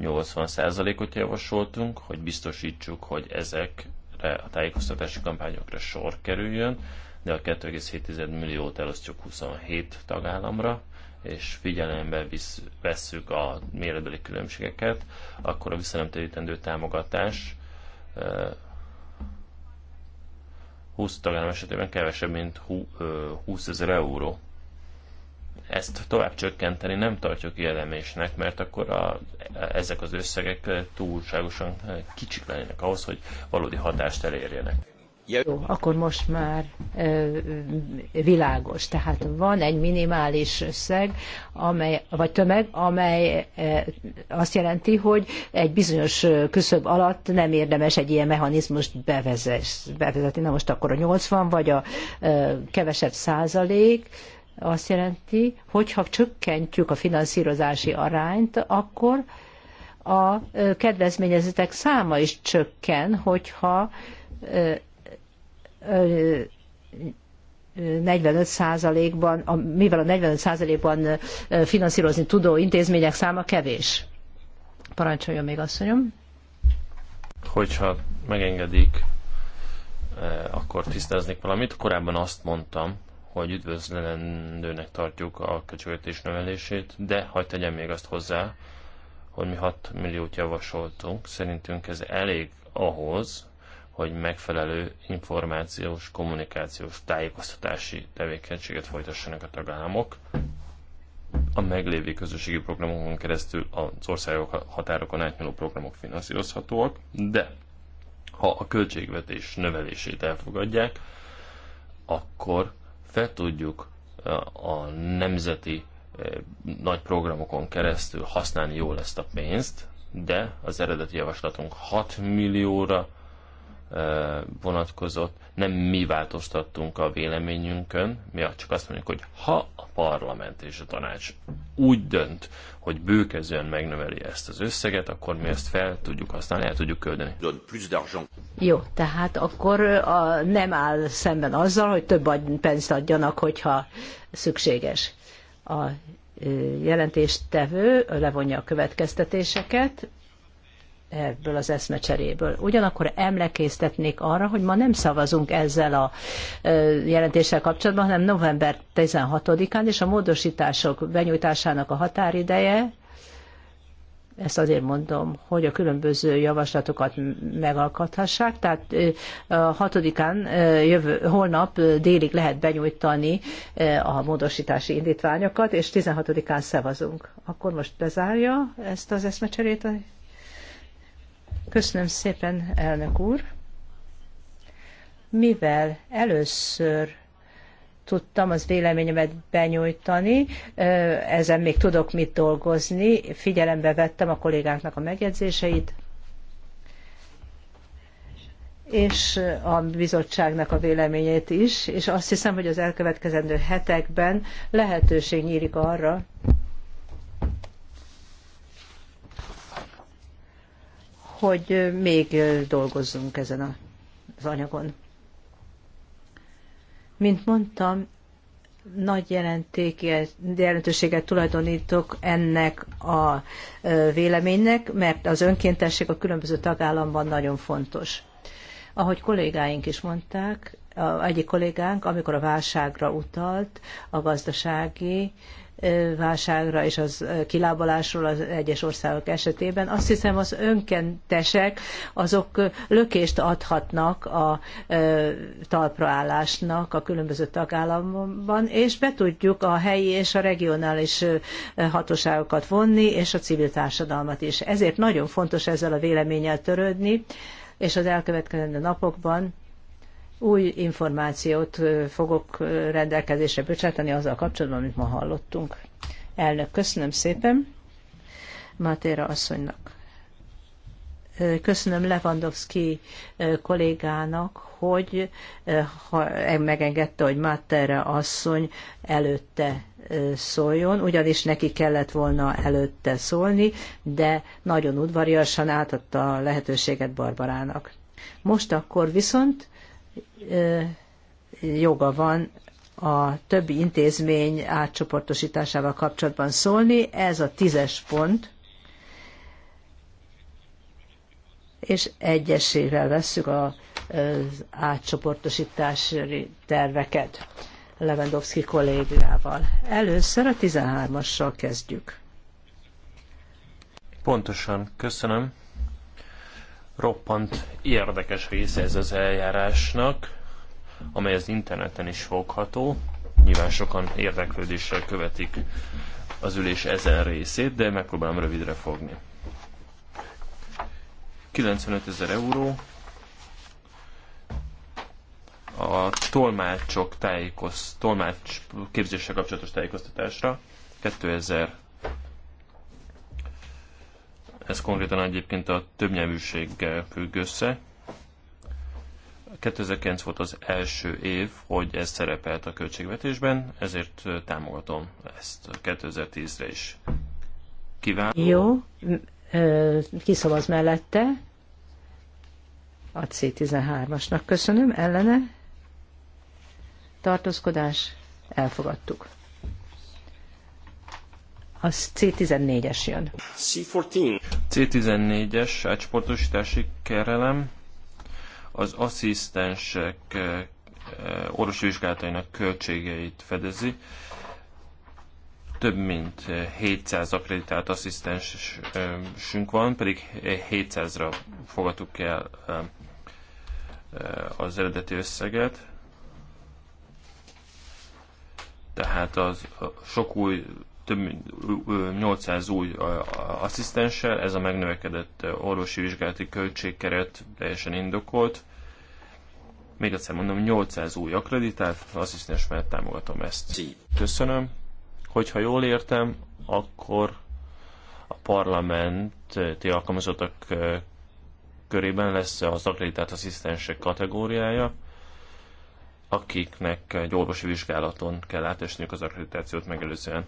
80%-ot javasoltunk, hogy biztosítsuk, hogy ezekre a tájékoztatási kampányokra sor kerüljön, de a 2,7 milliót elosztjuk 27 tagállamra, és figyelembe vesszük a méretbeli különbségeket, akkor a visszanemtérítendő támogatás 20 tagállam esetében kevesebb, mint 20 ezer euró ezt tovább csökkenteni nem tartjuk jellemésnek, mert akkor a, ezek az összegek túlságosan kicsik lennének ahhoz, hogy valódi hatást elérjenek. Jó, akkor most már ö, világos. Tehát van egy minimális összeg, amely, vagy tömeg, amely ö, azt jelenti, hogy egy bizonyos küszöb alatt nem érdemes egy ilyen mechanizmust bevezetni. Na most akkor a 80 vagy a ö, kevesebb százalék, ö, azt jelenti, hogyha csökkentjük a finanszírozási arányt, akkor a kedvezményezetek száma is csökken, hogyha 45%-ban, mivel a 45%-ban finanszírozni tudó intézmények száma kevés. Parancsoljon még, asszonyom. Hogyha megengedik, akkor tisztáznék valamit. Korábban azt mondtam, hogy üdvözlendőnek tartjuk a költségvetés növelését, de hagyd tegyem még azt hozzá, hogy mi 6 milliót javasoltunk. Szerintünk ez elég ahhoz, hogy megfelelő információs, kommunikációs, tájékoztatási tevékenységet folytassanak a tagállamok. A meglévő közösségi programokon keresztül az országok határokon átnyúló programok finanszírozhatóak, de ha a költségvetés növelését elfogadják, akkor fel tudjuk a nemzeti nagy programokon keresztül használni jól ezt a pénzt, de az eredeti javaslatunk 6 millióra vonatkozott, nem mi változtattunk a véleményünkön, mi csak azt mondjuk, hogy ha a parlament és a tanács úgy dönt, hogy bőkezően megnöveli ezt az összeget, akkor mi ezt fel tudjuk használni, el tudjuk küldeni. Jó, tehát akkor a, nem áll szemben azzal, hogy több pénzt adjanak, hogyha szükséges. A jelentéstevő levonja a következtetéseket, ebből az eszmecseréből. Ugyanakkor emlékeztetnék arra, hogy ma nem szavazunk ezzel a jelentéssel kapcsolatban, hanem november 16-án, és a módosítások benyújtásának a határideje, ezt azért mondom, hogy a különböző javaslatokat megalkathassák, tehát a hatodikán jövő, holnap délig lehet benyújtani a módosítási indítványokat, és 16-án szavazunk. Akkor most bezárja ezt az eszmecserét a Köszönöm szépen, elnök úr. Mivel először tudtam az véleményemet benyújtani, ezen még tudok mit dolgozni, figyelembe vettem a kollégáknak a megjegyzéseit, és a bizottságnak a véleményét is, és azt hiszem, hogy az elkövetkezendő hetekben lehetőség nyílik arra, hogy még dolgozzunk ezen a, az anyagon. Mint mondtam, nagy jelentőséget tulajdonítok ennek a véleménynek, mert az önkéntesség a különböző tagállamban nagyon fontos. Ahogy kollégáink is mondták, egyik kollégánk, amikor a válságra utalt, a gazdasági válságra és az kilábalásról az egyes országok esetében. Azt hiszem az önkentesek azok lökést adhatnak a talpraállásnak a különböző tagállamokban, és be tudjuk a helyi és a regionális hatóságokat vonni, és a civil társadalmat is. Ezért nagyon fontos ezzel a véleménnyel törődni, és az elkövetkezendő napokban új információt fogok rendelkezésre bocsátani azzal kapcsolatban, amit ma hallottunk. Elnök, köszönöm szépen Matéra asszonynak. Köszönöm Lewandowski kollégának, hogy ha e- megengedte, hogy Mátere asszony előtte szóljon, ugyanis neki kellett volna előtte szólni, de nagyon udvariasan átadta a lehetőséget Barbarának. Most akkor viszont joga van a többi intézmény átcsoportosításával kapcsolatban szólni. Ez a tízes pont, és egyesével vesszük az átcsoportosítási terveket Lewandowski kollégával. Először a 13-assal kezdjük. Pontosan, köszönöm roppant érdekes része ez az eljárásnak, amely az interneten is fogható. Nyilván sokan érdeklődéssel követik az ülés ezen részét, de megpróbálom rövidre fogni. 95 ezer euró. A tolmácsok tájékoz, tolmács képzéssel kapcsolatos tájékoztatásra 2000 ez konkrétan egyébként a többnyelvűséggel függ össze. 2009 volt az első év, hogy ez szerepelt a költségvetésben, ezért támogatom ezt 2010-re is. Kívánom. Jó, kiszavaz mellette. A C13-asnak köszönöm, ellene. Tartózkodás, elfogadtuk az C14-es jön. C14. C14-es átcsoportosítási kerelem az asszisztensek eh, eh, orvosi vizsgálatainak költségeit fedezi. Több mint 700 eh, akreditált asszisztensünk van, pedig 700-ra fogadtuk el az eredeti összeget. Tehát az sok új több mint 800 új asszisztenssel, ez a megnövekedett orvosi vizsgálati költségkeret teljesen indokolt. Még egyszer mondom, 800 új akreditált asszisztens mellett támogatom ezt. Köszönöm. Hogyha jól értem, akkor a parlamenti alkalmazottak körében lesz az akreditált asszisztensek kategóriája, akiknek egy orvosi vizsgálaton kell átesniük az akreditációt megelőzően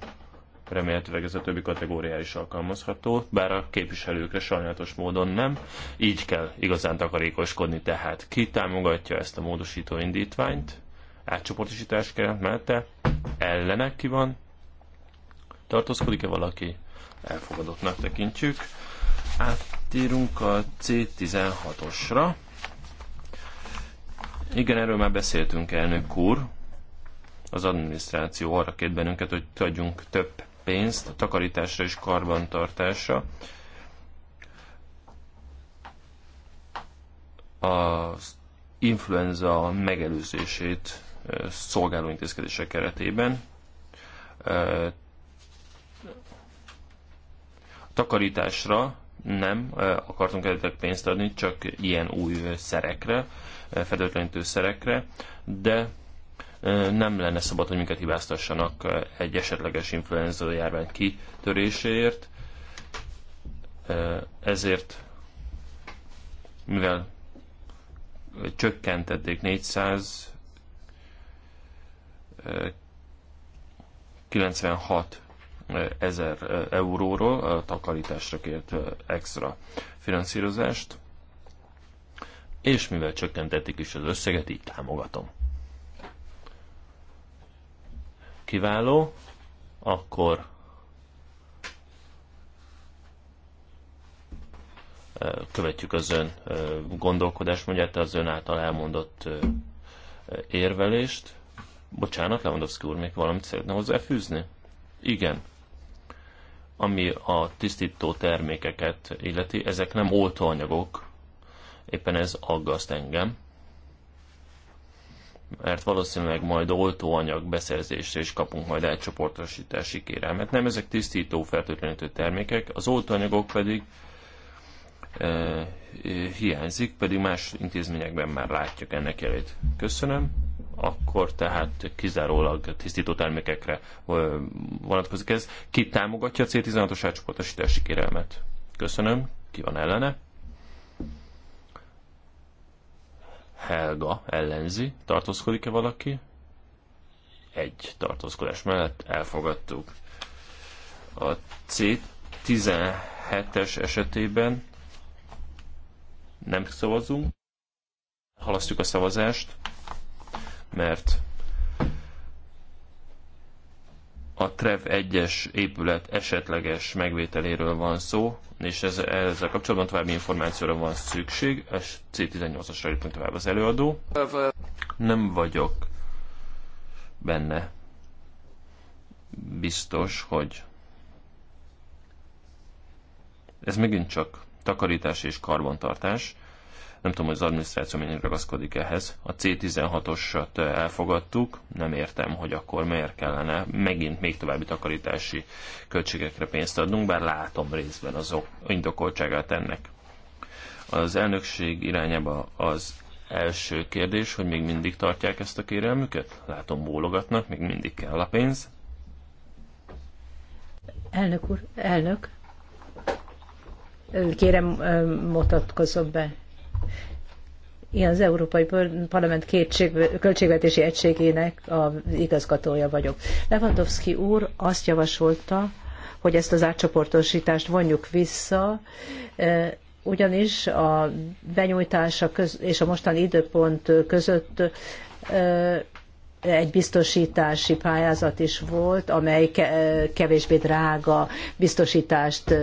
remélhetőleg ez a többi kategóriára is alkalmazható, bár a képviselőkre sajnálatos módon nem. Így kell igazán takarékoskodni, tehát ki támogatja ezt a módosító indítványt, átcsoportosítás kell mellette, ellenek ki van, tartózkodik-e valaki, elfogadottnak tekintjük. Áttérünk a C16-osra. Igen, erről már beszéltünk, elnök úr, az adminisztráció arra kért bennünket, hogy adjunk több pénzt a takarításra és karbantartásra. Az influenza megelőzését szolgáló intézkedések keretében. A takarításra nem akartunk eredetileg pénzt adni, csak ilyen új szerekre, fedőtlenítő szerekre, de nem lenne szabad, hogy minket hibáztassanak egy esetleges influenza járvány kitöréséért. Ezért, mivel csökkentették 400 96 ezer euróról a takarításra kért extra finanszírozást, és mivel csökkentették is az összeget, így támogatom. Kiváló. Akkor követjük az ön gondolkodás, mondja, az ön által elmondott érvelést. Bocsánat, Lewandowski úr, még valamit szeretne hozzáfűzni? Igen. Ami a tisztító termékeket illeti, ezek nem oltóanyagok, éppen ez aggaszt engem mert valószínűleg majd oltóanyag beszerzésre is kapunk majd elcsoportosítási kérelmet. Nem ezek tisztító, fertőtlenítő termékek, az oltóanyagok pedig e, e, hiányzik, pedig más intézményekben már látjuk ennek jelét. Köszönöm. Akkor tehát kizárólag tisztító termékekre vonatkozik ez. Ki támogatja a C16-os elcsoportosítási kérelmet? Köszönöm. Ki van ellene? Helga ellenzi. Tartózkodik-e valaki? Egy tartózkodás mellett elfogadtuk. A C17-es esetében nem szavazunk. Halasztjuk a szavazást, mert a TREV 1-es épület esetleges megvételéről van szó, és ez, ezzel kapcsolatban további információra van szükség. És C18-asra jött tovább az előadó. Nem vagyok benne biztos, hogy ez megint csak takarítás és karbantartás. Nem tudom, hogy az adminisztráció mennyire ragaszkodik ehhez. A C16-osat elfogadtuk, nem értem, hogy akkor miért kellene megint még további takarítási költségekre pénzt adnunk, bár látom részben azok indokoltságát ennek. Az elnökség irányába az első kérdés, hogy még mindig tartják ezt a kérelmüket? Látom, bólogatnak, még mindig kell a pénz. Elnök úr, elnök, kérem mutatkozom be. Én az Európai Parlament kétség, költségvetési egységének a igazgatója vagyok. Lewandowski úr azt javasolta, hogy ezt az átcsoportosítást vonjuk vissza, e, ugyanis a benyújtása és a mostani időpont között e, egy biztosítási pályázat is volt, amely kevésbé drága biztosítást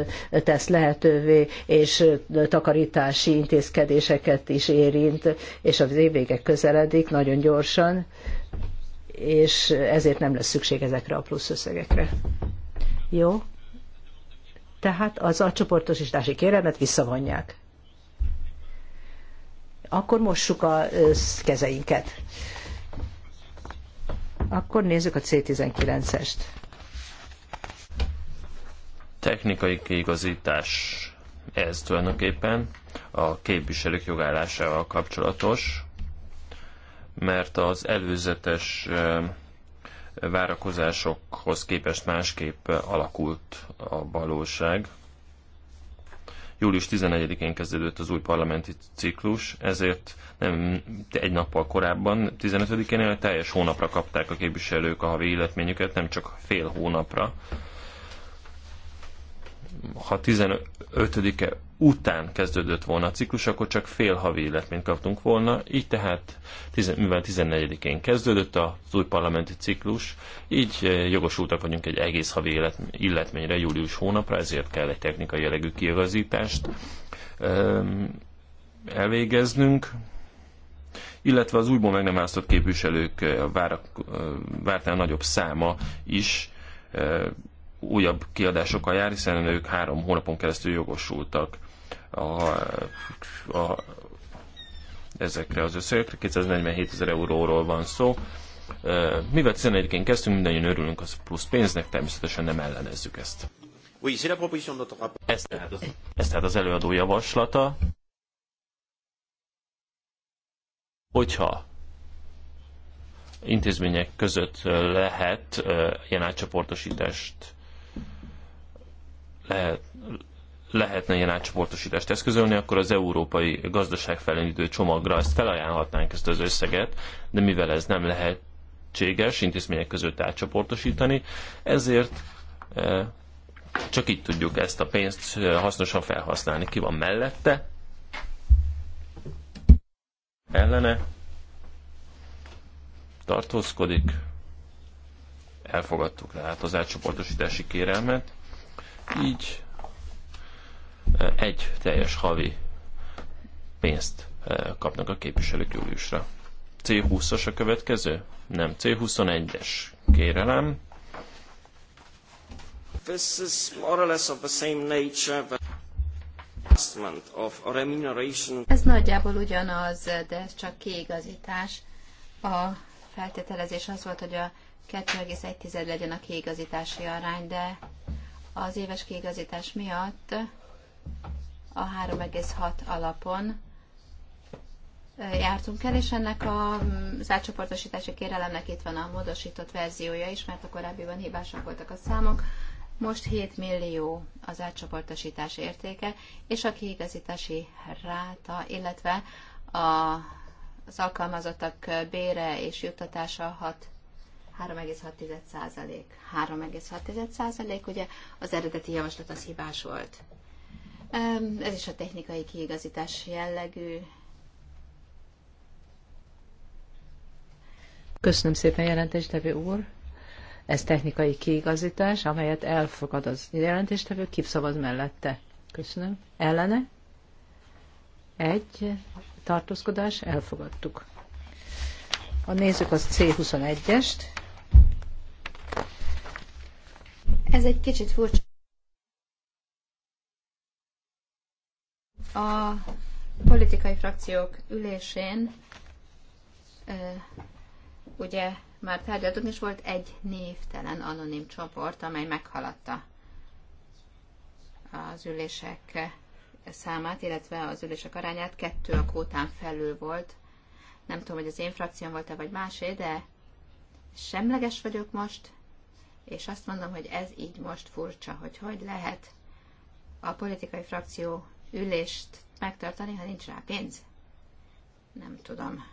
tesz lehetővé, és takarítási intézkedéseket is érint, és az évvége közeledik nagyon gyorsan, és ezért nem lesz szükség ezekre a plusz összegekre. Jó? Tehát az a csoportosítási kérelmet visszavonják. Akkor mossuk a kezeinket. Akkor nézzük a C19-est. Technikai kiigazítás ez tulajdonképpen a képviselők jogállásával kapcsolatos, mert az előzetes várakozásokhoz képest másképp alakult a valóság. Július 11-én kezdődött az új parlamenti ciklus, ezért egy nappal korábban, 15-én teljes hónapra kapták a képviselők a havi illetményüket, nem csak fél hónapra. Ha 15-e után kezdődött volna a ciklus, akkor csak fél havi illetményt kaptunk volna, így tehát, mivel 14-én kezdődött az új parlamenti ciklus, így eh, jogosultak vagyunk egy egész havi illetményre július hónapra, ezért kell egy technikai jellegű kiigazítást elvégeznünk illetve az újból meg nem választott képviselők vártnál nagyobb száma is újabb kiadásokkal jár, hiszen ők három hónapon keresztül jogosultak a, a, ezekre az összegekre. 247 ezer euróról van szó. Mivel 11-én kezdtünk, mindannyian örülünk az plusz pénznek, természetesen nem ellenezzük ezt. Ez tehát, az, ez tehát az előadó javaslata. Hogyha intézmények között lehet ilyen átcsoportosítást lehet, lehetne ilyen átcsoportosítást eszközölni, akkor az európai gazdaság felindítő csomagra ezt felajánlhatnánk ezt az összeget, de mivel ez nem lehetséges intézmények között átcsoportosítani, ezért csak így tudjuk ezt a pénzt hasznosan felhasználni. Ki van mellette? ellene tartózkodik. Elfogadtuk hát az átcsoportosítási kérelmet. Így e, egy teljes havi pénzt e, kapnak a képviselők júliusra. C20-as a következő? Nem, C21-es kérelem. This is more or less of the same nature, but... Ez nagyjából ugyanaz, de ez csak kiigazítás. A feltételezés az volt, hogy a 2,1 legyen a kiigazítási arány, de az éves kiigazítás miatt a 3,6 alapon jártunk el, és ennek a átcsoportosítási kérelemnek itt van a módosított verziója is, mert a korábbiban hibásak voltak a számok. Most 7 millió az átcsoportosítás értéke, és a kiigazítási ráta, illetve a, az alkalmazottak bére és juttatása 3,6 százalék. 3,6 százalék, ugye az eredeti javaslat az hibás volt. Ez is a technikai kiigazítás jellegű. Köszönöm szépen jelentést, Tevő úr. Ez technikai kiigazítás, amelyet elfogad az jelentéstevő, kipszavaz mellette. Köszönöm. Ellene? Egy tartózkodás, elfogadtuk. A nézzük az C21-est. Ez egy kicsit furcsa. A politikai frakciók ülésén ugye már tárgyaltunk, és volt egy névtelen anonim csoport, amely meghaladta az ülések számát, illetve az ülések arányát. Kettő a kótán felül volt. Nem tudom, hogy az én frakcióm volt-e, vagy másé, de semleges vagyok most, és azt mondom, hogy ez így most furcsa, hogy hogy lehet a politikai frakció ülést megtartani, ha nincs rá pénz. Nem tudom.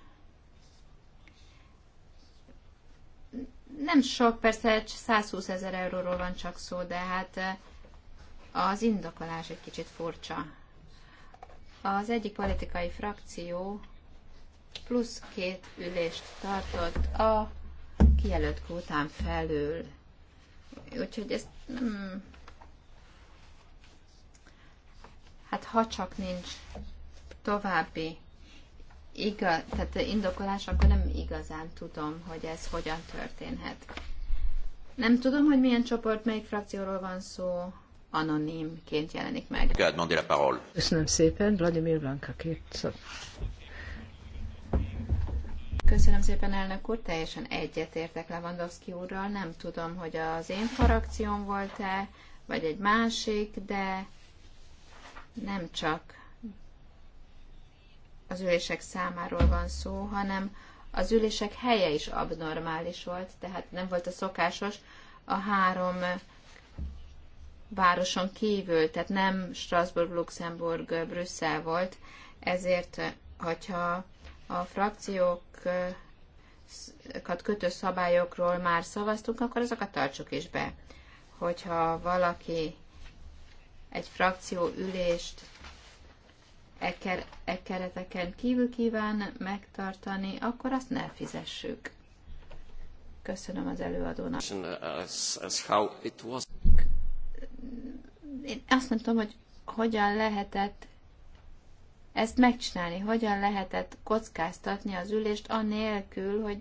nem sok, persze 120 ezer euróról van csak szó, de hát eh, az indokolás egy kicsit furcsa. Az egyik politikai frakció plusz két ülést tartott a kijelölt kvótán felül. Úgyhogy ezt nem... Hát ha csak nincs további igaz, tehát indokolás, akkor nem igazán tudom, hogy ez hogyan történhet. Nem tudom, hogy milyen csoport, melyik frakcióról van szó, anonimként jelenik meg. Köszönöm szépen, Vladimir Blanka két Köszönöm szépen, elnök úr, teljesen egyetértek Lewandowski úrral. Nem tudom, hogy az én frakcióm volt-e, vagy egy másik, de nem csak az ülések számáról van szó, hanem az ülések helye is abnormális volt, tehát nem volt a szokásos a három városon kívül, tehát nem Strasbourg, Luxemburg, Brüsszel volt, ezért, hogyha a frakciókat kötő szabályokról már szavaztunk, akkor azokat tartsuk is be. Hogyha valaki egy frakció ülést e, kereteken kívül kíván megtartani, akkor azt ne fizessük. Köszönöm az előadónak. Uh, Én azt nem tudom, hogy hogyan lehetett ezt megcsinálni, hogyan lehetett kockáztatni az ülést anélkül, hogy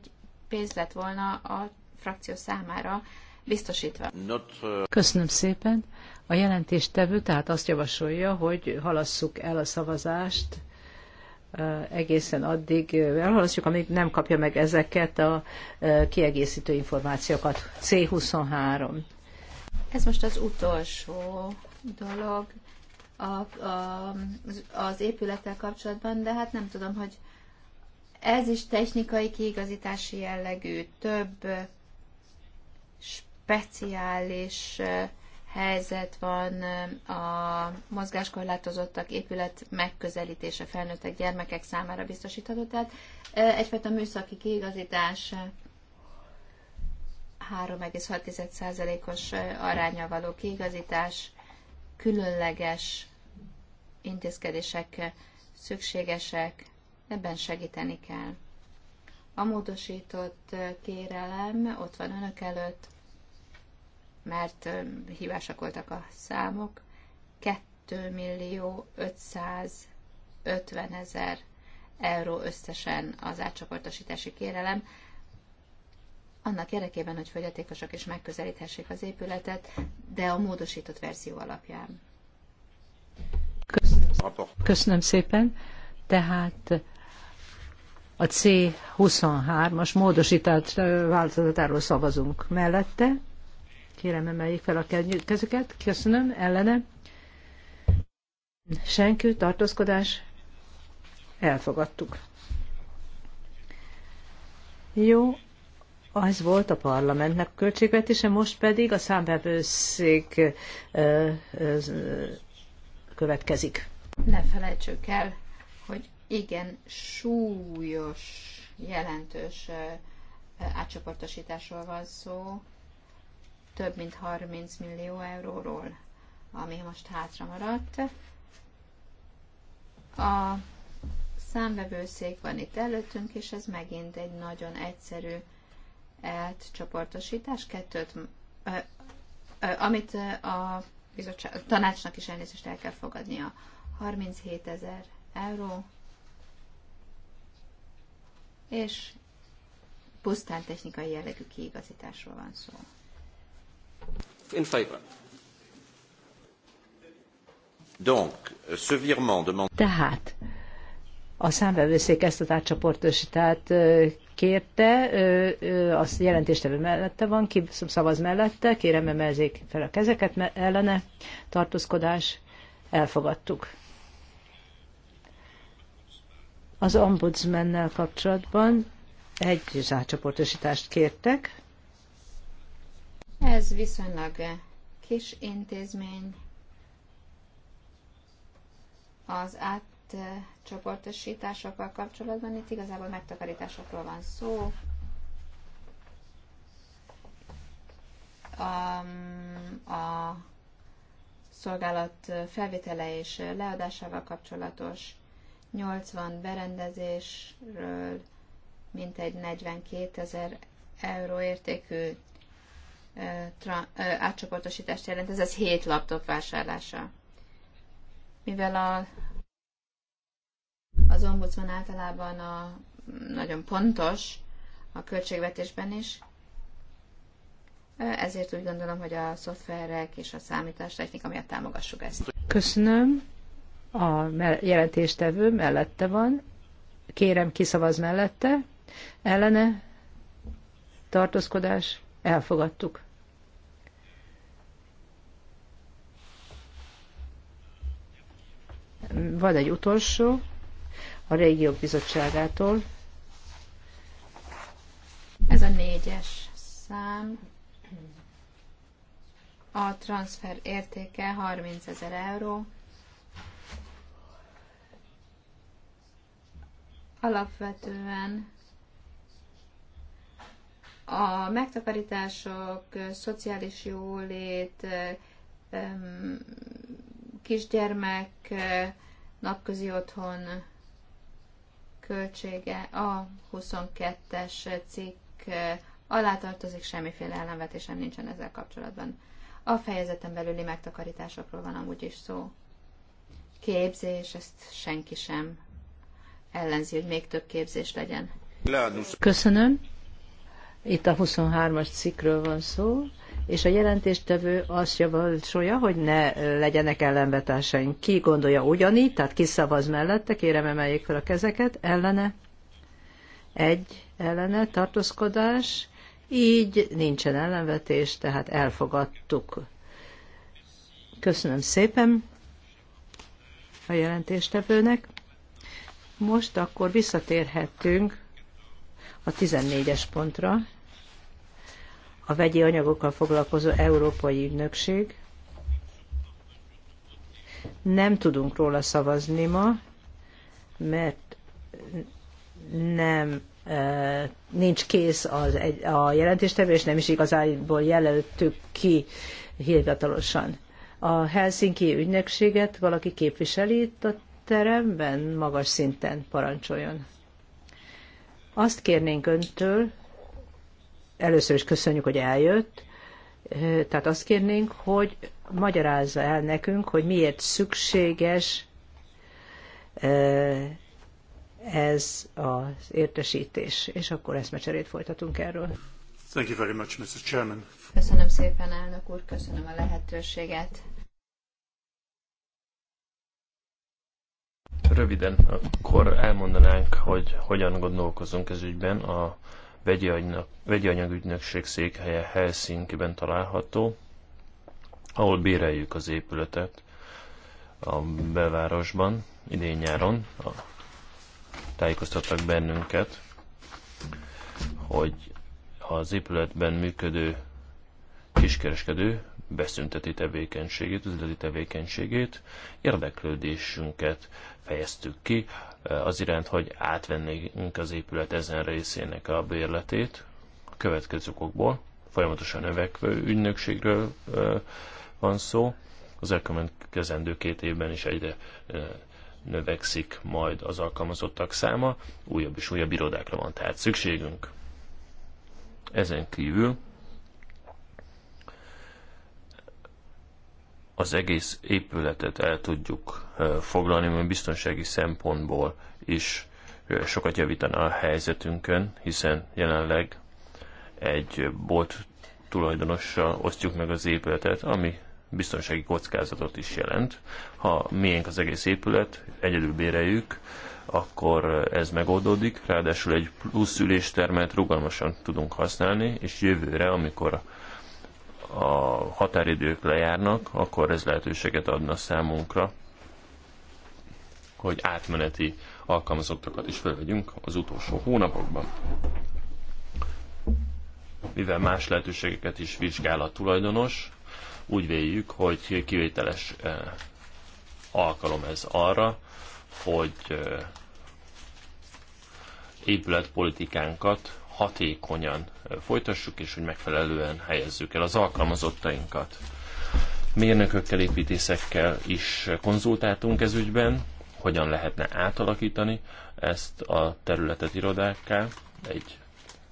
pénz lett volna a frakció számára biztosítva. Uh, Köszönöm szépen. A jelentéstevő tehát azt javasolja, hogy halasszuk el a szavazást egészen addig, elhalasztjuk, amíg nem kapja meg ezeket a kiegészítő információkat. C23. Ez most az utolsó dolog a, a, az épülettel kapcsolatban, de hát nem tudom, hogy ez is technikai kiigazítási jellegű, több speciális helyzet van a mozgáskorlátozottak épület megközelítése felnőttek gyermekek számára biztosítható, tehát egyfajta műszaki kiigazítás 3,6%-os aránya való kiigazítás, különleges intézkedések szükségesek, ebben segíteni kell. A módosított kérelem ott van önök előtt, mert hívásak voltak a számok, 2 millió 550 ezer euró összesen az átcsoportosítási kérelem, annak érdekében, hogy fogyatékosok is megközelíthessék az épületet, de a módosított verzió alapján. Köszönöm, köszönöm szépen. Tehát a C23-as módosított változatáról szavazunk mellette. Kérem, emeljék fel a kezüket. Köszönöm. Ellene. Senkő, Tartózkodás. Elfogadtuk. Jó, az volt a parlamentnek költségvetése, most pedig a számbevőszék következik. Ne felejtsük el, hogy igen, súlyos, jelentős átcsoportosításról van szó, több mint 30 millió euróról, ami most hátra maradt. A számvevőszék van itt előttünk, és ez megint egy nagyon egyszerű csoportosítás. Kettőt, ö, ö, amit a bizottság, a tanácsnak is elnézést el kell fogadnia. 37 ezer euró, és pusztán technikai jellegű kiigazításról van szó in favor. Donc, ce virement demande... Tehát a számvevőszék ezt az átcsoportosítást kérte, a jelentéstevő mellette van, ki szavaz mellette, kérem emelzék fel a kezeket ellene, tartózkodás, elfogadtuk. Az ombudsmannel kapcsolatban egy zárcsoportosítást kértek, ez viszonylag kis intézmény. Az átcsoportosításokkal kapcsolatban itt igazából megtakarításokról van szó. A, a szolgálat felvétele és leadásával kapcsolatos 80 berendezésről mintegy 42 ezer euró értékű átcsoportosítást jelent, ez az 7 laptop vásárlása. Mivel a, az ombudsman általában a, nagyon pontos a költségvetésben is, ezért úgy gondolom, hogy a szoftverek és a számítástechnika miatt támogassuk ezt. Köszönöm. A jelentéstevő mellette van. Kérem, kiszavaz mellette. Ellene? Tartózkodás? Elfogadtuk. Van egy utolsó, a régiók bizottságától. Ez a négyes szám. A transfer értéke 30 ezer euró. Alapvetően a megtakarítások, szociális jólét, kisgyermek, napközi otthon költsége a 22-es cikk alá tartozik, semmiféle ellenvetésem nincsen ezzel kapcsolatban. A fejezeten belüli megtakarításokról van amúgy is szó. Képzés, ezt senki sem ellenzi, hogy még több képzés legyen. Köszönöm. Itt a 23-as cikkről van szó és a jelentéstevő azt javasolja, hogy ne legyenek ellenvetásaink. Ki gondolja ugyanígy, tehát ki szavaz mellette, kérem emeljék fel a kezeket, ellene, egy ellene, tartózkodás, így nincsen ellenvetés, tehát elfogadtuk. Köszönöm szépen a jelentéstevőnek. Most akkor visszatérhetünk a 14-es pontra a vegyi anyagokkal foglalkozó Európai Ügynökség. Nem tudunk róla szavazni ma, mert nem e, nincs kész az, a jelentéstevő, és nem is igazából jelöltük ki hivatalosan. A Helsinki ügynökséget valaki képviseli itt a teremben, magas szinten parancsoljon. Azt kérnénk öntől, először is köszönjük, hogy eljött. Tehát azt kérnénk, hogy magyarázza el nekünk, hogy miért szükséges ez az értesítés. És akkor eszmecserét folytatunk erről. Thank you very much, Mr. Chairman. Köszönöm szépen, elnök úr, köszönöm a lehetőséget. Röviden akkor elmondanánk, hogy hogyan gondolkozunk ez ügyben. A vegyi, anyagügynökség székhelye Helsinki-ben található, ahol béreljük az épületet a belvárosban idén-nyáron. Tájékoztattak bennünket, hogy az épületben működő kiskereskedő beszünteti tevékenységét, üzleti tevékenységét, érdeklődésünket fejeztük ki az iránt, hogy átvennénk az épület ezen részének a bérletét, a következő okokból, folyamatosan növekvő ügynökségről van szó, az elkövetkezendő két évben is egyre növekszik majd az alkalmazottak száma, újabb és újabb irodákra van tehát szükségünk. Ezen kívül az egész épületet el tudjuk foglalni, mert biztonsági szempontból is sokat javítana a helyzetünkön, hiszen jelenleg egy bolt tulajdonossal osztjuk meg az épületet, ami biztonsági kockázatot is jelent. Ha miénk az egész épület, egyedül béreljük, akkor ez megoldódik, ráadásul egy plusz üléstermet rugalmasan tudunk használni, és jövőre, amikor a határidők lejárnak, akkor ez lehetőséget adna számunkra, hogy átmeneti alkalmazottakat is felvegyünk az utolsó hónapokban. Mivel más lehetőségeket is vizsgál a tulajdonos, úgy véljük, hogy kivételes eh, alkalom ez arra, hogy eh, épületpolitikánkat hatékonyan folytassuk, és hogy megfelelően helyezzük el az alkalmazottainkat. Mérnökökkel, építészekkel is konzultáltunk ez ügyben, hogyan lehetne átalakítani ezt a területet irodákká, egy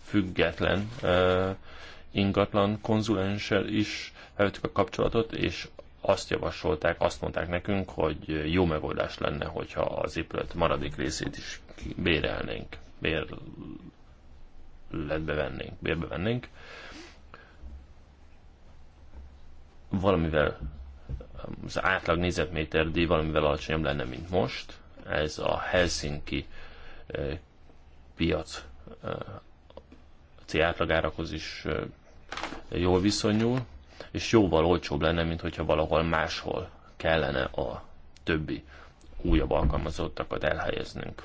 független uh, ingatlan konzulenssel is felvettük a kapcsolatot, és azt javasolták, azt mondták nekünk, hogy jó megoldás lenne, hogyha az épület maradék részét is bérelnénk, bér, letbe vennénk, bérbe vennénk, valamivel az átlag nézetméter díj valamivel alacsonyabb lenne, mint most. Ez a Helsinki eh, piac eh, átlagárakhoz is eh, jól viszonyul, és jóval olcsóbb lenne, mint hogyha valahol máshol kellene a többi újabb alkalmazottakat elhelyeznünk.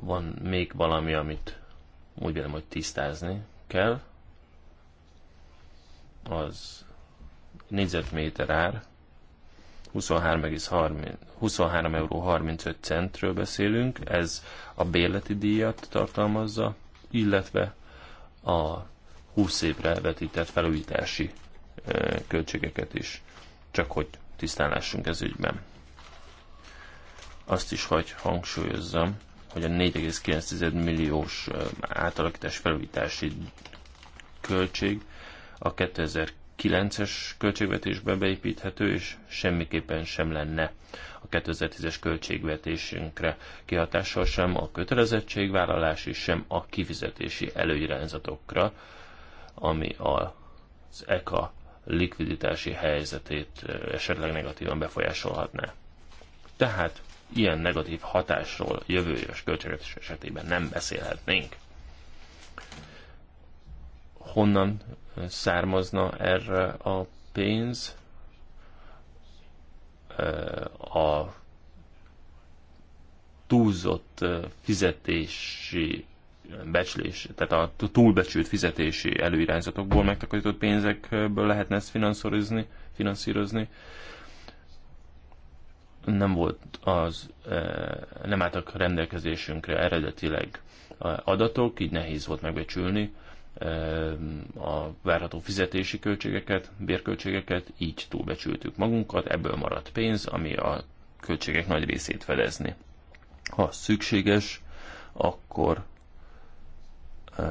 Van még valami, amit úgy vélem, hogy tisztázni kell. Az négyzetméter ár 23,30 euró 35 centről beszélünk, ez a bérleti díjat tartalmazza, illetve a 20 évre vetített felújítási költségeket is, csak hogy tisztán lássunk ez ügyben. Azt is, hogy hangsúlyozzam, hogy a 4,9 milliós átalakítás felújítási költség a 2009-es költségvetésbe beépíthető, és semmiképpen sem lenne a 2010-es költségvetésünkre kihatással sem a kötelezettségvállalási, sem a kifizetési előirányzatokra, ami az ECA likviditási helyzetét esetleg negatívan befolyásolhatná. Tehát ilyen negatív hatásról jövőjös költségvetés esetében nem beszélhetnénk. Honnan származna erre a pénz? A túlzott fizetési becslés, tehát a túlbecsült fizetési előirányzatokból megtakarított pénzekből lehetne ezt finanszírozni, finanszírozni nem volt az, e, nem álltak rendelkezésünkre eredetileg e, adatok, így nehéz volt megbecsülni e, a várható fizetési költségeket, bérköltségeket, így túlbecsültük magunkat, ebből maradt pénz, ami a költségek nagy részét fedezni. Ha szükséges, akkor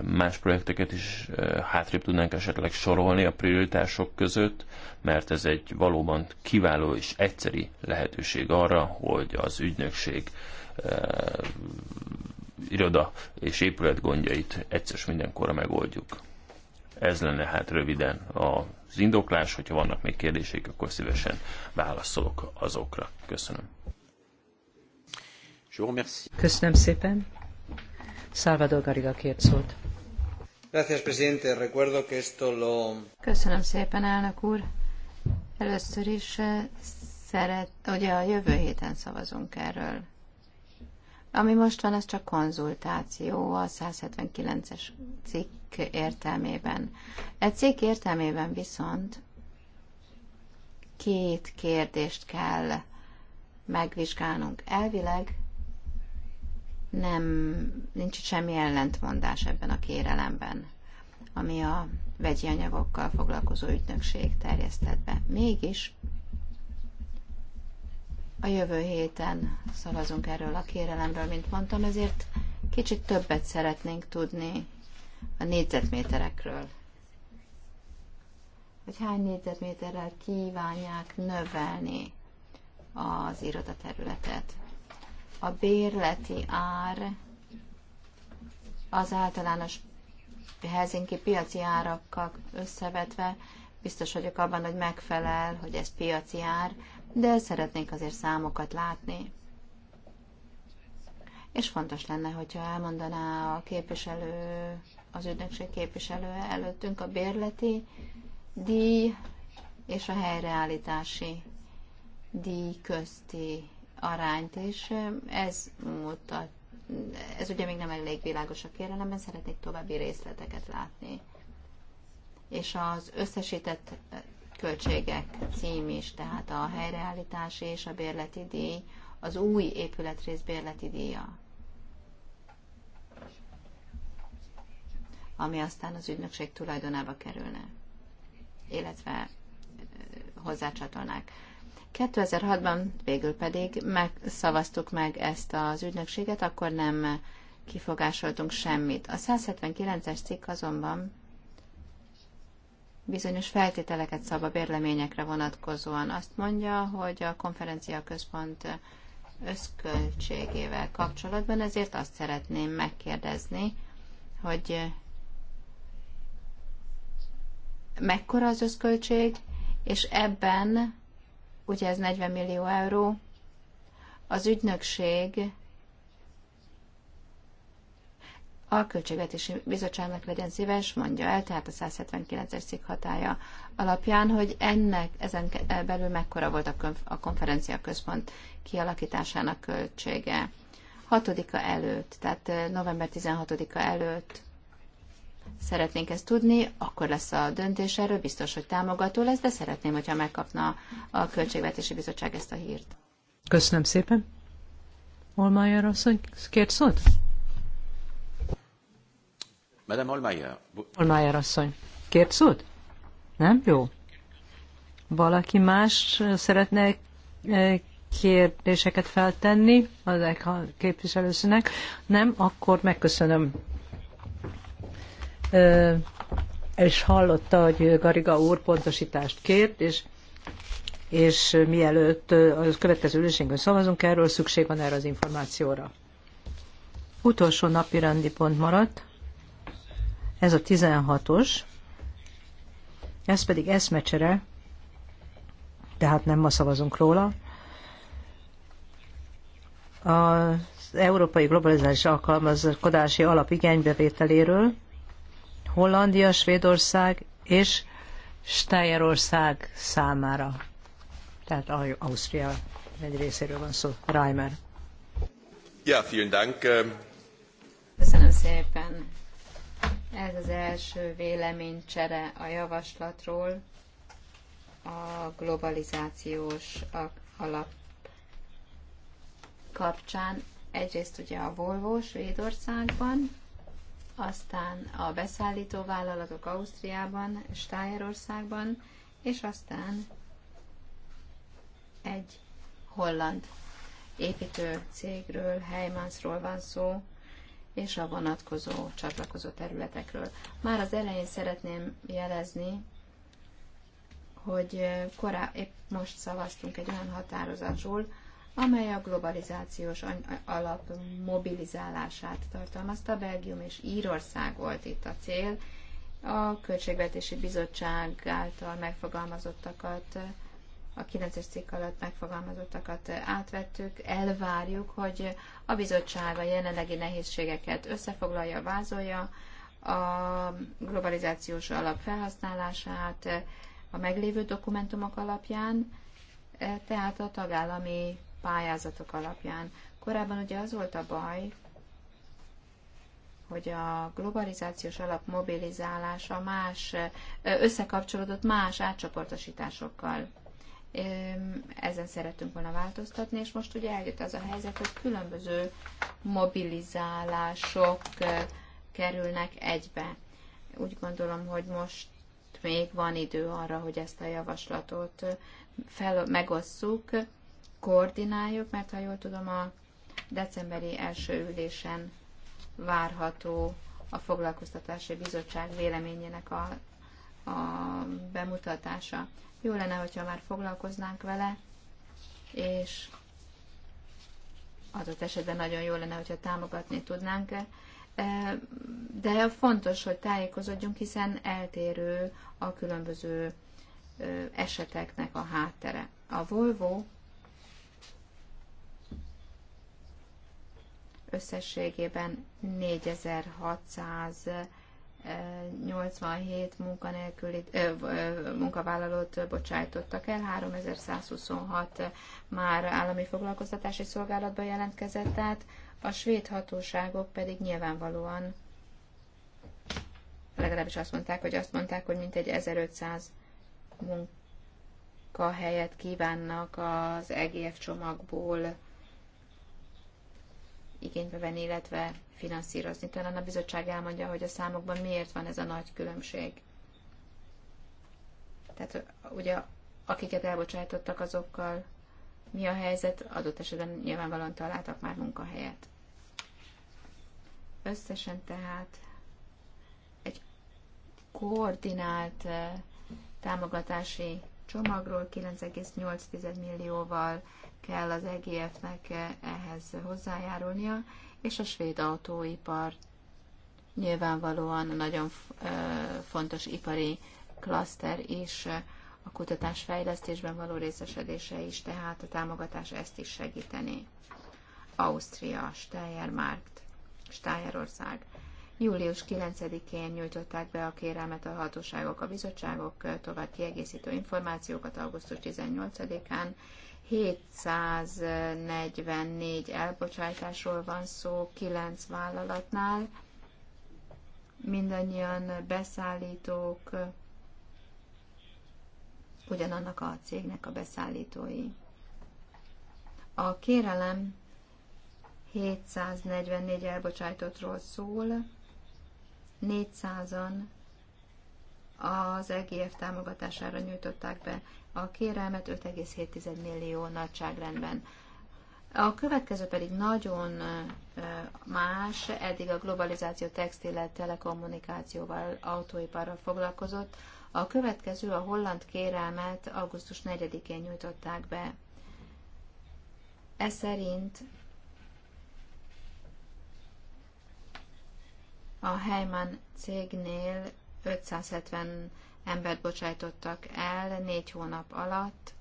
más projekteket is hátrébb tudnánk esetleg sorolni a prioritások között, mert ez egy valóban kiváló és egyszeri lehetőség arra, hogy az ügynökség iroda és épület gondjait egyszer mindenkorra megoldjuk. Ez lenne hát röviden az indoklás, hogyha vannak még kérdéseik, akkor szívesen válaszolok azokra. Köszönöm. Köszönöm szépen. Salvador Garriga kért szót. Köszönöm szépen, elnök úr. Először is eh, szeret, ugye a jövő héten szavazunk erről. Ami most van, az csak konzultáció a 179-es cikk értelmében. Egy cikk értelmében viszont két kérdést kell megvizsgálnunk. Elvileg nem, nincs semmi ellentmondás ebben a kérelemben, ami a vegyi anyagokkal foglalkozó ügynökség terjesztett be. Mégis a jövő héten szavazunk erről a kérelemről, mint mondtam, ezért kicsit többet szeretnénk tudni a négyzetméterekről. Hogy hány négyzetméterrel kívánják növelni az irodaterületet a bérleti ár az általános Helsinki piaci árakkal összevetve biztos vagyok abban, hogy megfelel, hogy ez piaci ár, de szeretnénk azért számokat látni. És fontos lenne, hogyha elmondaná a képviselő, az ügynökség képviselő előttünk a bérleti díj és a helyreállítási díj közti arányt, és ez mutat, ez ugye még nem elég világos a kérelemben, szeretnék további részleteket látni. És az összesített költségek cím is, tehát a helyreállítási és a bérleti díj, az új épületrész bérleti díja. ami aztán az ügynökség tulajdonába kerülne, illetve hozzácsatolnák. 2006-ban végül pedig megszavaztuk meg ezt az ügynökséget, akkor nem kifogásoltunk semmit. A 179-es cikk azonban bizonyos feltételeket szab a bérleményekre vonatkozóan. Azt mondja, hogy a konferencia központ összköltségével kapcsolatban, ezért azt szeretném megkérdezni, hogy mekkora az összköltség, és ebben ugye ez 40 millió euró, az ügynökség a Költségvetési Bizottságnak legyen szíves, mondja el, tehát a 179-es szik hatája alapján, hogy ennek ezen e belül mekkora volt a konferencia központ kialakításának költsége. 6-a előtt, tehát e, november 16-a előtt szeretnénk ezt tudni, akkor lesz a döntés erről, biztos, hogy támogató lesz, de szeretném, hogyha megkapna a Költségvetési Bizottság ezt a hírt. Köszönöm szépen. Olmayer asszony, kért szót? Madame Olmayer. Olmayer asszony, kért szót? Nem? Jó. Valaki más szeretne eh, kérdéseket feltenni az képviselőszínek? Nem? Akkor megköszönöm és hallotta, hogy Gariga úr pontosítást kért, és és mielőtt a következő ülésünkön szavazunk erről, szükség van erre az információra. Utolsó napi rendi pont maradt, ez a 16-os, ez pedig eszmecsere, tehát nem ma szavazunk róla, az Európai Globalizális Alkalmazkodási Alap igénybevételéről, Hollandia, Svédország és Stájerország számára. Tehát Ausztria egy részéről van szó. Reimer. Ja, vielen Dank. Köszönöm szépen. Ez az első véleménycsere a javaslatról a globalizációs alap kapcsán. Egyrészt ugye a Volvo Svédországban, aztán a beszállító vállalatok Ausztriában, Stájerországban, és aztán egy holland építő cégről, Heimansról van szó, és a vonatkozó csatlakozó területekről. Már az elején szeretném jelezni, hogy korá, épp most szavaztunk egy olyan határozatról, amely a globalizációs alap mobilizálását tartalmazta. Belgium és Írország volt itt a cél. A Költségvetési Bizottság által megfogalmazottakat, a 9-es cikk alatt megfogalmazottakat átvettük. Elvárjuk, hogy a bizottság a jelenlegi nehézségeket összefoglalja, vázolja, a globalizációs alap felhasználását a meglévő dokumentumok alapján, e, tehát a tagállami pályázatok alapján. Korábban ugye az volt a baj, hogy a globalizációs alap mobilizálása más, összekapcsolódott más átcsoportosításokkal. Ezen szeretünk volna változtatni, és most ugye eljött az a helyzet, hogy különböző mobilizálások kerülnek egybe. Úgy gondolom, hogy most még van idő arra, hogy ezt a javaslatot fel, megosszuk, koordináljuk, mert ha jól tudom, a decemberi első ülésen várható a foglalkoztatási bizottság véleményének a, a bemutatása. Jó lenne, hogyha már foglalkoznánk vele, és adott esetben nagyon jó lenne, hogyha támogatni tudnánk. E, de fontos, hogy tájékozódjunk, hiszen eltérő a különböző e, eseteknek a háttere. A Volvo összességében 4687 munkanélkülit, munkavállalót bocsájtottak el, 3126 már állami foglalkoztatási szolgálatba jelentkezett át, a svéd hatóságok pedig nyilvánvalóan legalábbis azt mondták, hogy azt mondták, hogy mintegy 1500 munkahelyet kívánnak az EGF csomagból igénybe venni, illetve finanszírozni. Talán a bizottság elmondja, hogy a számokban miért van ez a nagy különbség. Tehát ugye akiket elbocsájtottak azokkal, mi a helyzet, adott esetben nyilvánvalóan találtak már munkahelyet. Összesen tehát egy koordinált eh, támogatási csomagról 9,8 millióval kell az EGF-nek ehhez hozzájárulnia, és a svéd autóipar nyilvánvalóan nagyon fontos ipari klaszter is, a kutatás fejlesztésben való részesedése is, tehát a támogatás ezt is segíteni. Ausztria, Steiermarkt, Steierország. Július 9-én nyújtották be a kérelmet a hatóságok, a bizottságok tovább kiegészítő információkat augusztus 18-án, 744 elbocsátásról van szó 9 vállalatnál. Mindannyian beszállítók, ugyanannak a cégnek a beszállítói. A kérelem 744 elbocsájtottról szól, 400-an az EGF támogatására nyújtották be a kérelmet 5,7 millió nagyságrendben. A következő pedig nagyon más, eddig a globalizáció textile, telekommunikációval, autóiparral foglalkozott. A következő a holland kérelmet augusztus 4-én nyújtották be. Ez szerint a Heiman cégnél 570 embert bocsájtottak el négy hónap alatt.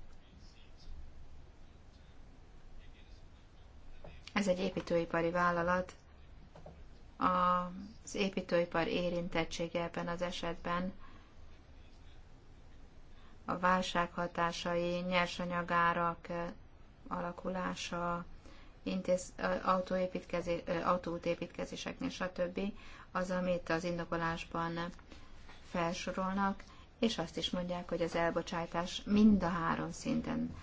Ez egy építőipari vállalat. Az építőipar érintettsége ebben az esetben a válság hatásai, nyersanyagárak eh, alakulása, intéz, autóépítkezés, autóútépítkezéseknél, stb. az, amit az indokolásban felsorolnak, és azt is mondják, hogy az elbocsátás mind a három szinten,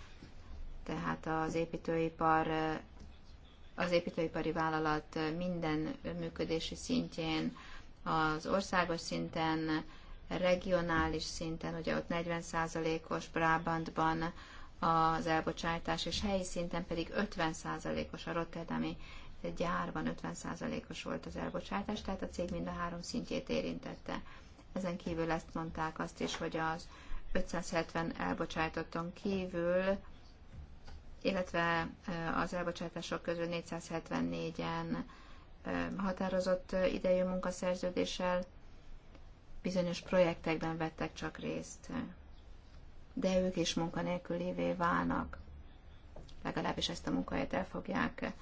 tehát az építőipar, az építőipari vállalat minden működési szintjén, az országos szinten, regionális szinten, ugye ott 40%-os Brabantban az elbocsátás, és helyi szinten pedig 50%-os a Rotterdami gyárban 50%-os volt az elbocsátás, tehát a cég mind a három szintjét érintette. Ezen kívül ezt mondták azt is, hogy az 570 elbocsájtotton kívül, illetve az elbocsátások közül 474-en határozott idejű munkaszerződéssel bizonyos projektekben vettek csak részt. De ők is munkanélkülévé válnak. Legalábbis ezt a munkahelyet el fogják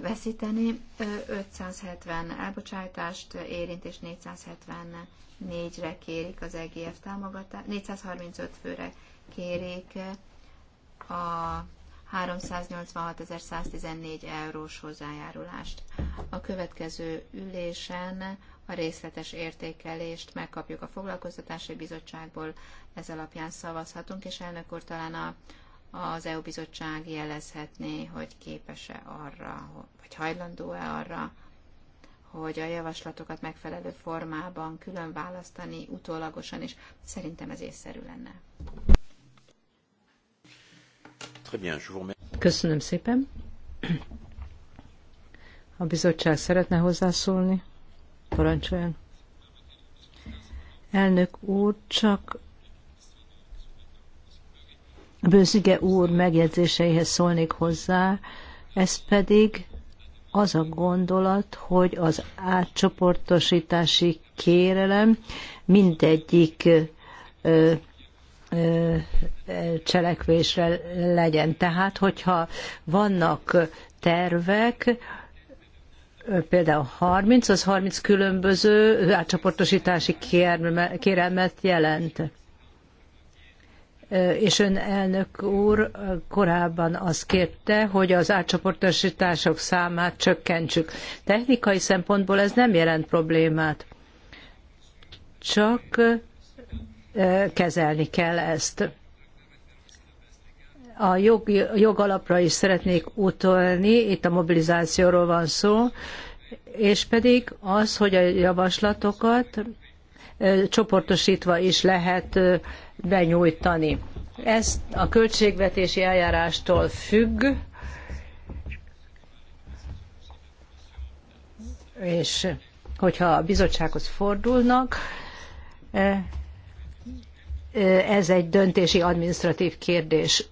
veszíteni. 570 elbocsátást érint, és 474-re kérik az EGF támogatást, 435 főre kérik a 386.114 eurós hozzájárulást. A következő ülésen a részletes értékelést megkapjuk a foglalkoztatási bizottságból, ez alapján szavazhatunk, és elnök úr talán a az EU bizottság jelezhetné, hogy képes-e arra, vagy hajlandó-e arra, hogy a javaslatokat megfelelő formában külön választani utólagosan, és szerintem ez észszerű lenne. Köszönöm szépen. A bizottság szeretne hozzászólni? Parancsoljon. Elnök úr, csak bőzige úr megjegyzéseihez szólnék hozzá, ez pedig az a gondolat, hogy az átcsoportosítási kérelem mindegyik ö, ö, cselekvésre legyen. Tehát, hogyha vannak tervek, például 30, az 30 különböző átcsoportosítási kérelmet jelent és ön elnök úr korábban azt kérte, hogy az átcsoportosítások számát csökkentsük. Technikai szempontból ez nem jelent problémát, csak kezelni kell ezt. A jog, jogalapra is szeretnék utalni, itt a mobilizációról van szó, és pedig az, hogy a javaslatokat csoportosítva is lehet benyújtani. Ez a költségvetési eljárástól függ, és hogyha a bizottsághoz fordulnak, ez egy döntési adminisztratív kérdés.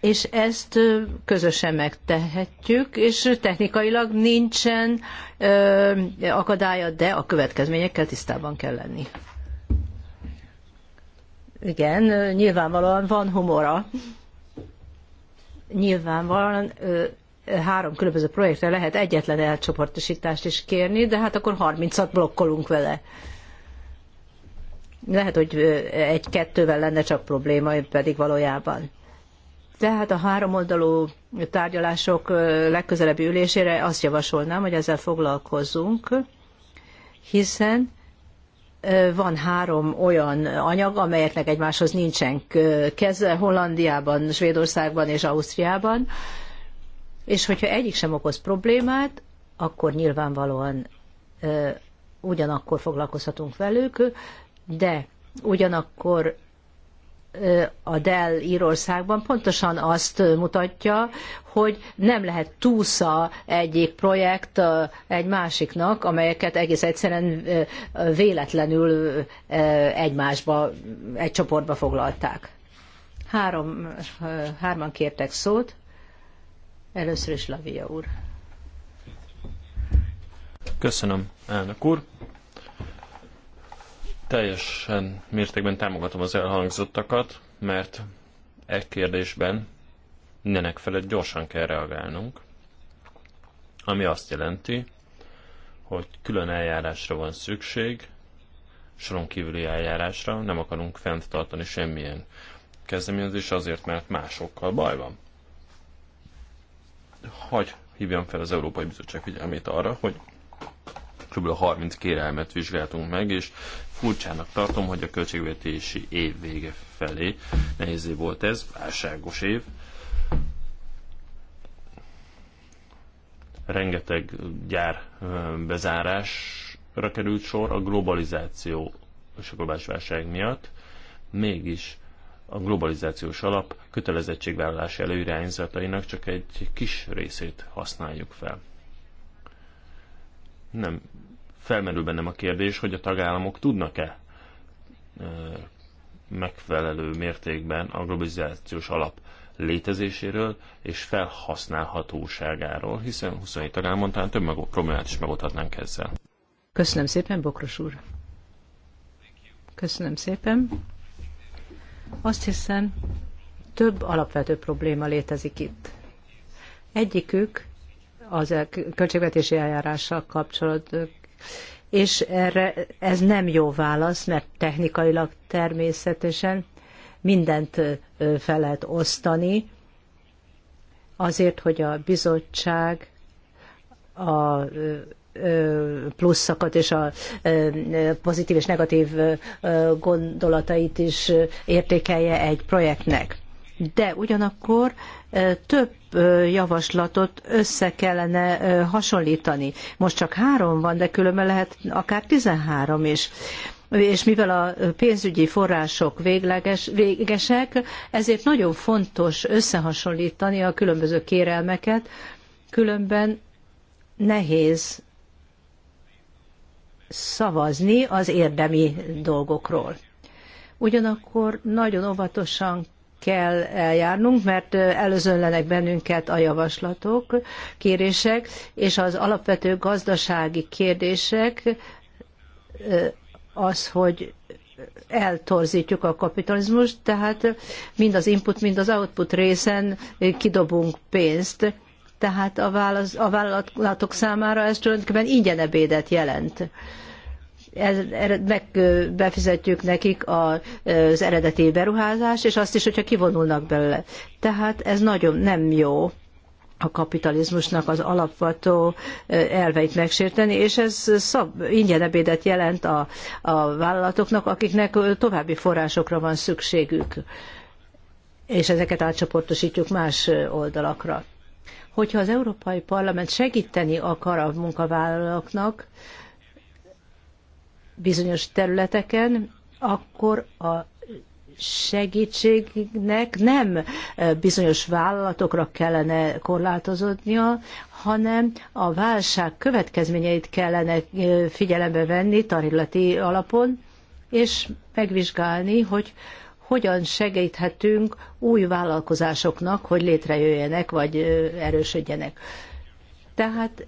és ezt közösen megtehetjük, és technikailag nincsen ö, akadálya, de a következményekkel tisztában kell lenni. Igen, nyilvánvalóan van humora. Nyilvánvalóan ö, három különböző projektre lehet egyetlen elcsoportosítást is kérni, de hát akkor 30-at blokkolunk vele. Lehet, hogy egy-kettővel lenne csak probléma, pedig valójában tehát a háromoldalú tárgyalások legközelebbi ülésére azt javasolnám, hogy ezzel foglalkozzunk, hiszen van három olyan anyag, amelyeknek egymáshoz nincsen keze Hollandiában, Svédországban és Ausztriában, és hogyha egyik sem okoz problémát, akkor nyilvánvalóan ugyanakkor foglalkozhatunk velük, de ugyanakkor a Dell Írországban pontosan azt mutatja, hogy nem lehet túsza egyik projekt egy másiknak, amelyeket egész egyszerűen véletlenül egymásba, egy csoportba foglalták. Három, hárman kértek szót. Először is Lavia úr. Köszönöm, elnök úr. Teljesen mértékben támogatom az elhangzottakat, mert egy kérdésben mindenek felett gyorsan kell reagálnunk, ami azt jelenti, hogy külön eljárásra van szükség, soron kívüli eljárásra, nem akarunk fenntartani semmilyen kezdeményezés azért, mert másokkal baj van. Hogy hívjam fel az Európai Bizottság figyelmét arra, hogy kb. 30 kérelmet vizsgáltunk meg, és Furcsának tartom, hogy a költségvetési év vége felé nehéz év volt ez, válságos év. Rengeteg gyár bezárásra került sor a globalizáció és a globális válság miatt. Mégis a globalizációs alap kötelezettségvállalás előirányzatainak csak egy kis részét használjuk fel. Nem felmerül bennem a kérdés, hogy a tagállamok tudnak-e megfelelő mértékben a globalizációs alap létezéséről és felhasználhatóságáról, hiszen 27 tagállamon talán több problémát is megoldhatnánk ezzel. Köszönöm szépen, Bokros úr. Köszönöm szépen. Azt hiszem, több alapvető probléma létezik itt. Egyikük az a költségvetési eljárással kapcsolat, és erre ez nem jó válasz, mert technikailag természetesen mindent fel lehet osztani, azért, hogy a bizottság a pluszakat és a pozitív és negatív gondolatait is értékelje egy projektnek. De ugyanakkor több javaslatot össze kellene hasonlítani. Most csak három van, de különben lehet akár 13 is és mivel a pénzügyi források végleges, végesek, ezért nagyon fontos összehasonlítani a különböző kérelmeket, különben nehéz szavazni az érdemi dolgokról. Ugyanakkor nagyon óvatosan kell eljárnunk, mert előzönlenek bennünket a javaslatok, kérések, és az alapvető gazdasági kérdések az, hogy eltorzítjuk a kapitalizmust, tehát mind az input, mind az output részen kidobunk pénzt, tehát a, válasz, a vállalatok számára ez tulajdonképpen ingyen ebédet jelent meg befizetjük nekik az eredeti beruházást, és azt is, hogyha kivonulnak belőle. Tehát ez nagyon nem jó a kapitalizmusnak az alapvető elveit megsérteni, és ez szab, ingyen ebédet jelent a, a vállalatoknak, akiknek további forrásokra van szükségük, és ezeket átcsoportosítjuk más oldalakra. Hogyha az Európai Parlament segíteni akar a munkavállalóknak, bizonyos területeken, akkor a segítségnek nem e, bizonyos vállalatokra kellene korlátozódnia, hanem a válság következményeit kellene e, figyelembe venni tarilati alapon, és megvizsgálni, hogy hogyan segíthetünk új vállalkozásoknak, hogy létrejöjjenek vagy e, erősödjenek. Tehát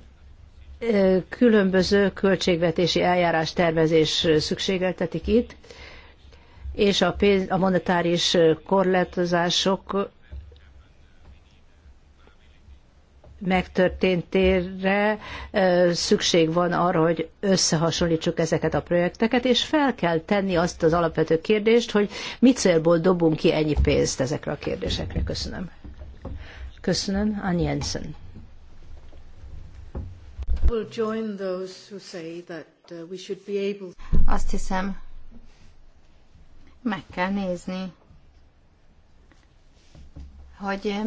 különböző költségvetési eljárás tervezés szükségeltetik itt, és a, pénz, a monetáris korlátozások megtörténtére szükség van arra, hogy összehasonlítsuk ezeket a projekteket, és fel kell tenni azt az alapvető kérdést, hogy mit célból dobunk ki ennyi pénzt ezekre a kérdésekre. Köszönöm. Köszönöm, Annyi Jensen. Azt hiszem, meg kell nézni, hogy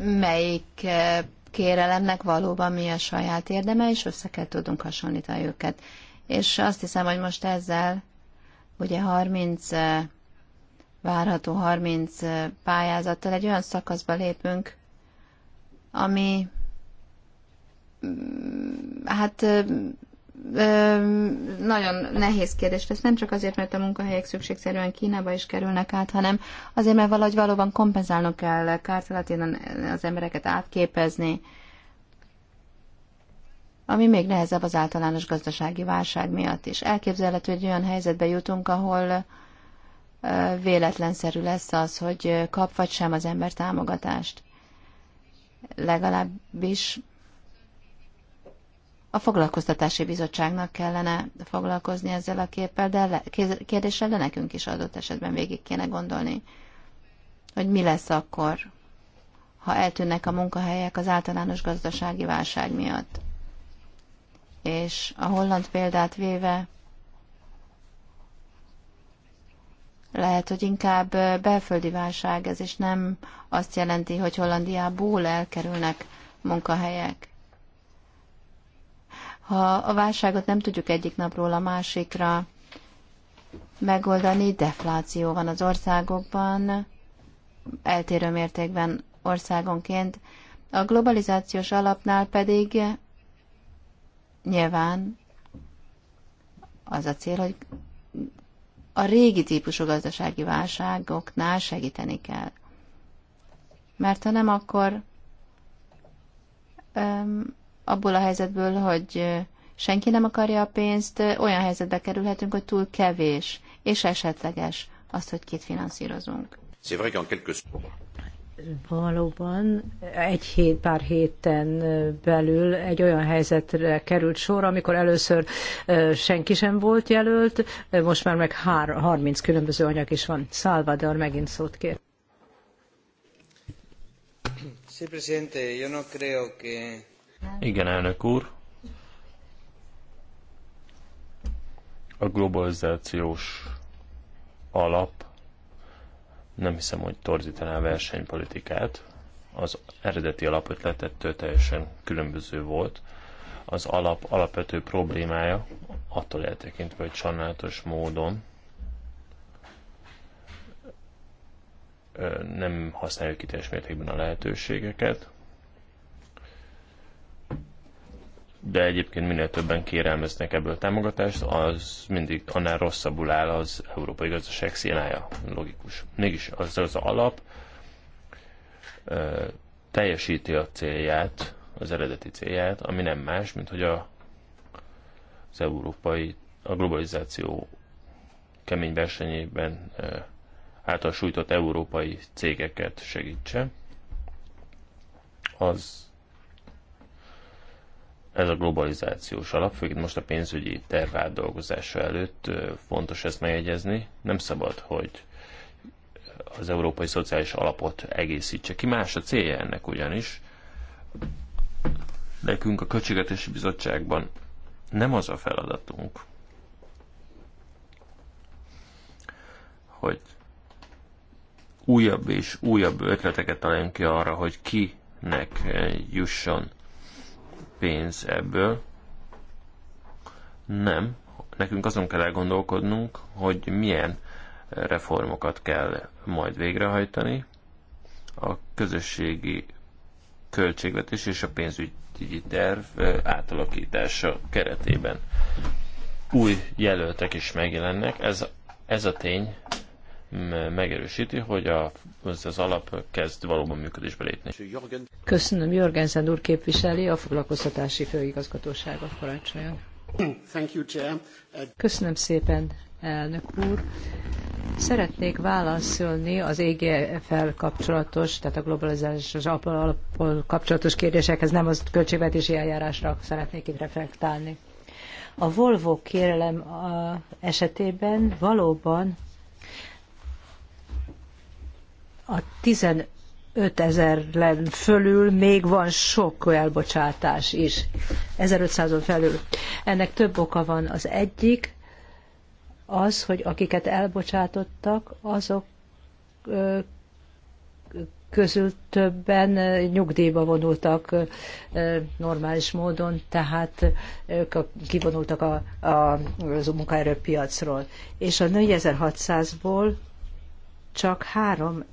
melyik e, kérelemnek valóban mi a saját érdeme, és össze kell tudunk hasonlítani őket. És azt hiszem, hogy most ezzel ugye 30 e, várható 30 e, pályázattal egy olyan szakaszba lépünk, ami Mm, hát nagyon nehéz kérdés lesz, nem csak azért, mert a munkahelyek szükségszerűen Kínába is kerülnek át, hanem azért, mert valahogy valóban kompenzálnunk kell kártalaténen az embereket átképezni, ami még nehezebb az általános gazdasági válság miatt is. Elképzelhető, hogy olyan helyzetbe jutunk, ahol véletlenszerű lesz az, hogy kap vagy sem az ember támogatást. Legalábbis a foglalkoztatási bizottságnak kellene foglalkozni ezzel a képpel, de le, kérdéssel, de nekünk is adott esetben végig kéne gondolni, hogy mi lesz akkor, ha eltűnnek a munkahelyek az általános gazdasági válság miatt. És a holland példát véve, lehet, hogy inkább belföldi válság ez, és nem azt jelenti, hogy Hollandiából elkerülnek munkahelyek. Ha a válságot nem tudjuk egyik napról a másikra megoldani, defláció van az országokban, eltérő mértékben országonként. A globalizációs alapnál pedig nyilván az a cél, hogy a régi típusú gazdasági válságoknál segíteni kell. Mert ha nem, akkor öm, abból a helyzetből, hogy senki nem akarja a pénzt, olyan helyzetbe kerülhetünk, hogy túl kevés és esetleges azt, hogy két finanszírozunk. Valóban egy hét, pár héten belül egy olyan helyzetre került sor, amikor először senki sem volt jelölt, most már meg 30 különböző anyag is van. Salvador megint szót kér. Sí, presidente, yo no creo que igen, elnök úr. A globalizációs alap nem hiszem, hogy torzítaná a versenypolitikát. Az eredeti alapötletettől teljesen különböző volt. Az alap alapvető problémája attól eltekintve, hogy sajnálatos módon nem használjuk ki teljes mértékben a lehetőségeket. de egyébként minél többen kérelmeznek ebből támogatást, az mindig annál rosszabbul áll az európai gazdaság színája. Logikus. Mégis az az alap ö, teljesíti a célját, az eredeti célját, ami nem más, mint hogy a, az európai, a globalizáció kemény versenyében ö, által sújtott európai cégeket segítse. Az ez a globalizációs alap, főként most a pénzügyi terv átdolgozása előtt fontos ezt megjegyezni. Nem szabad, hogy az európai szociális alapot egészítse ki. Más a célja ennek ugyanis. Nekünk a Költségvetési Bizottságban nem az a feladatunk, hogy újabb és újabb ötleteket találjunk ki arra, hogy kinek jusson pénz ebből. Nem. Nekünk azon kell elgondolkodnunk, hogy milyen reformokat kell majd végrehajtani. A közösségi költségvetés és a pénzügyi terv átalakítása keretében új jelöltek is megjelennek. Ez, ez a tény megerősíti, hogy a, az, az alap kezd valóban működésbe lépni. Köszönöm, Jörgensen úr képviseli a foglalkoztatási főigazgatóságot parancsoljon. Köszönöm szépen, elnök úr. Szeretnék válaszolni az EGFL kapcsolatos, tehát a globalizációs alapból kapcsolatos kérdésekhez, nem az költségvetési eljárásra szeretnék itt reflektálni. A Volvo kérelem esetében valóban a 15 ezeren fölül még van sok elbocsátás is, 1500-on felül. Ennek több oka van. Az egyik az, hogy akiket elbocsátottak, azok közül többen nyugdíjba vonultak normális módon, tehát ők kivonultak a, a, az munkaerőpiacról. És a 4600-ból csak három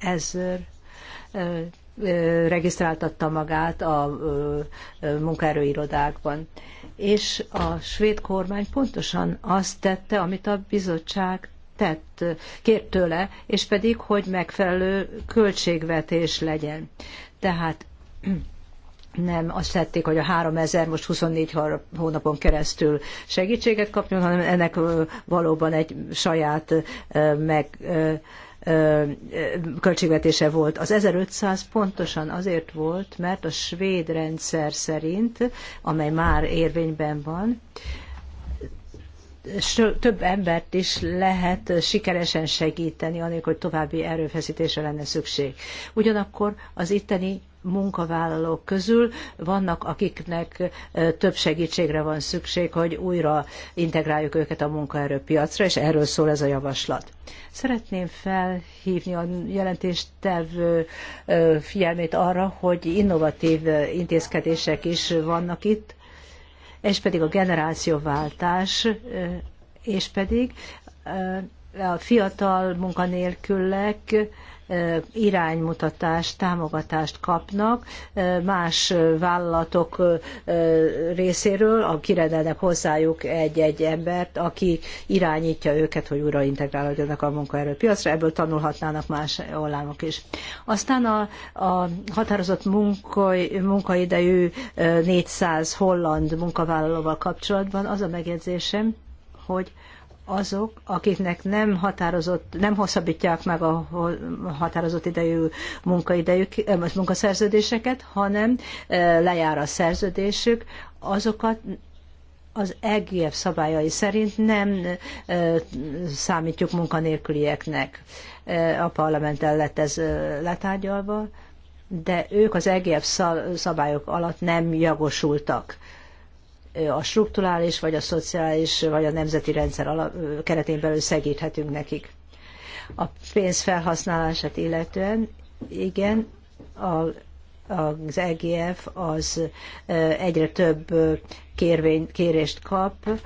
ezer regisztráltatta magát a munkaerőirodákban. És a svéd kormány pontosan azt tette, amit a bizottság tett, kért tőle, és pedig, hogy megfelelő költségvetés legyen. Tehát nem azt tették, hogy a 3000 most 24 hónapon keresztül segítséget kapjon, hanem ennek valóban egy saját meg költségvetése volt. Az 1500 pontosan azért volt, mert a svéd rendszer szerint, amely már érvényben van, több embert is lehet sikeresen segíteni, anélkül, hogy további erőfeszítésre lenne szükség. Ugyanakkor az itteni munkavállalók közül vannak, akiknek több segítségre van szükség, hogy újra integráljuk őket a munkaerőpiacra, és erről szól ez a javaslat. Szeretném felhívni a jelentéstevő figyelmét arra, hogy innovatív intézkedések is vannak itt, és pedig a generációváltás, és pedig a fiatal munkanélkülek, iránymutatást, támogatást kapnak más vállalatok részéről, a kirendelnek hozzájuk egy-egy embert, aki irányítja őket, hogy újra integrálódjanak a munkaerőpiacra, ebből tanulhatnának más olámok is. Aztán a, a határozott munka, munkaidejű 400 holland munkavállalóval kapcsolatban az a megjegyzésem, hogy azok, akiknek nem határozott, nem hosszabbítják meg a határozott idejű munkaidejük, munkaszerződéseket, hanem lejár a szerződésük, azokat az EGF szabályai szerint nem számítjuk munkanélkülieknek. A parlamenttel lett ez letárgyalva, de ők az EGF szabályok alatt nem jogosultak a strukturális, vagy a szociális, vagy a nemzeti rendszer alap, keretén belül segíthetünk nekik. A pénz felhasználását illetően, igen, a, az EGF az egyre több kérvény, kérést kap,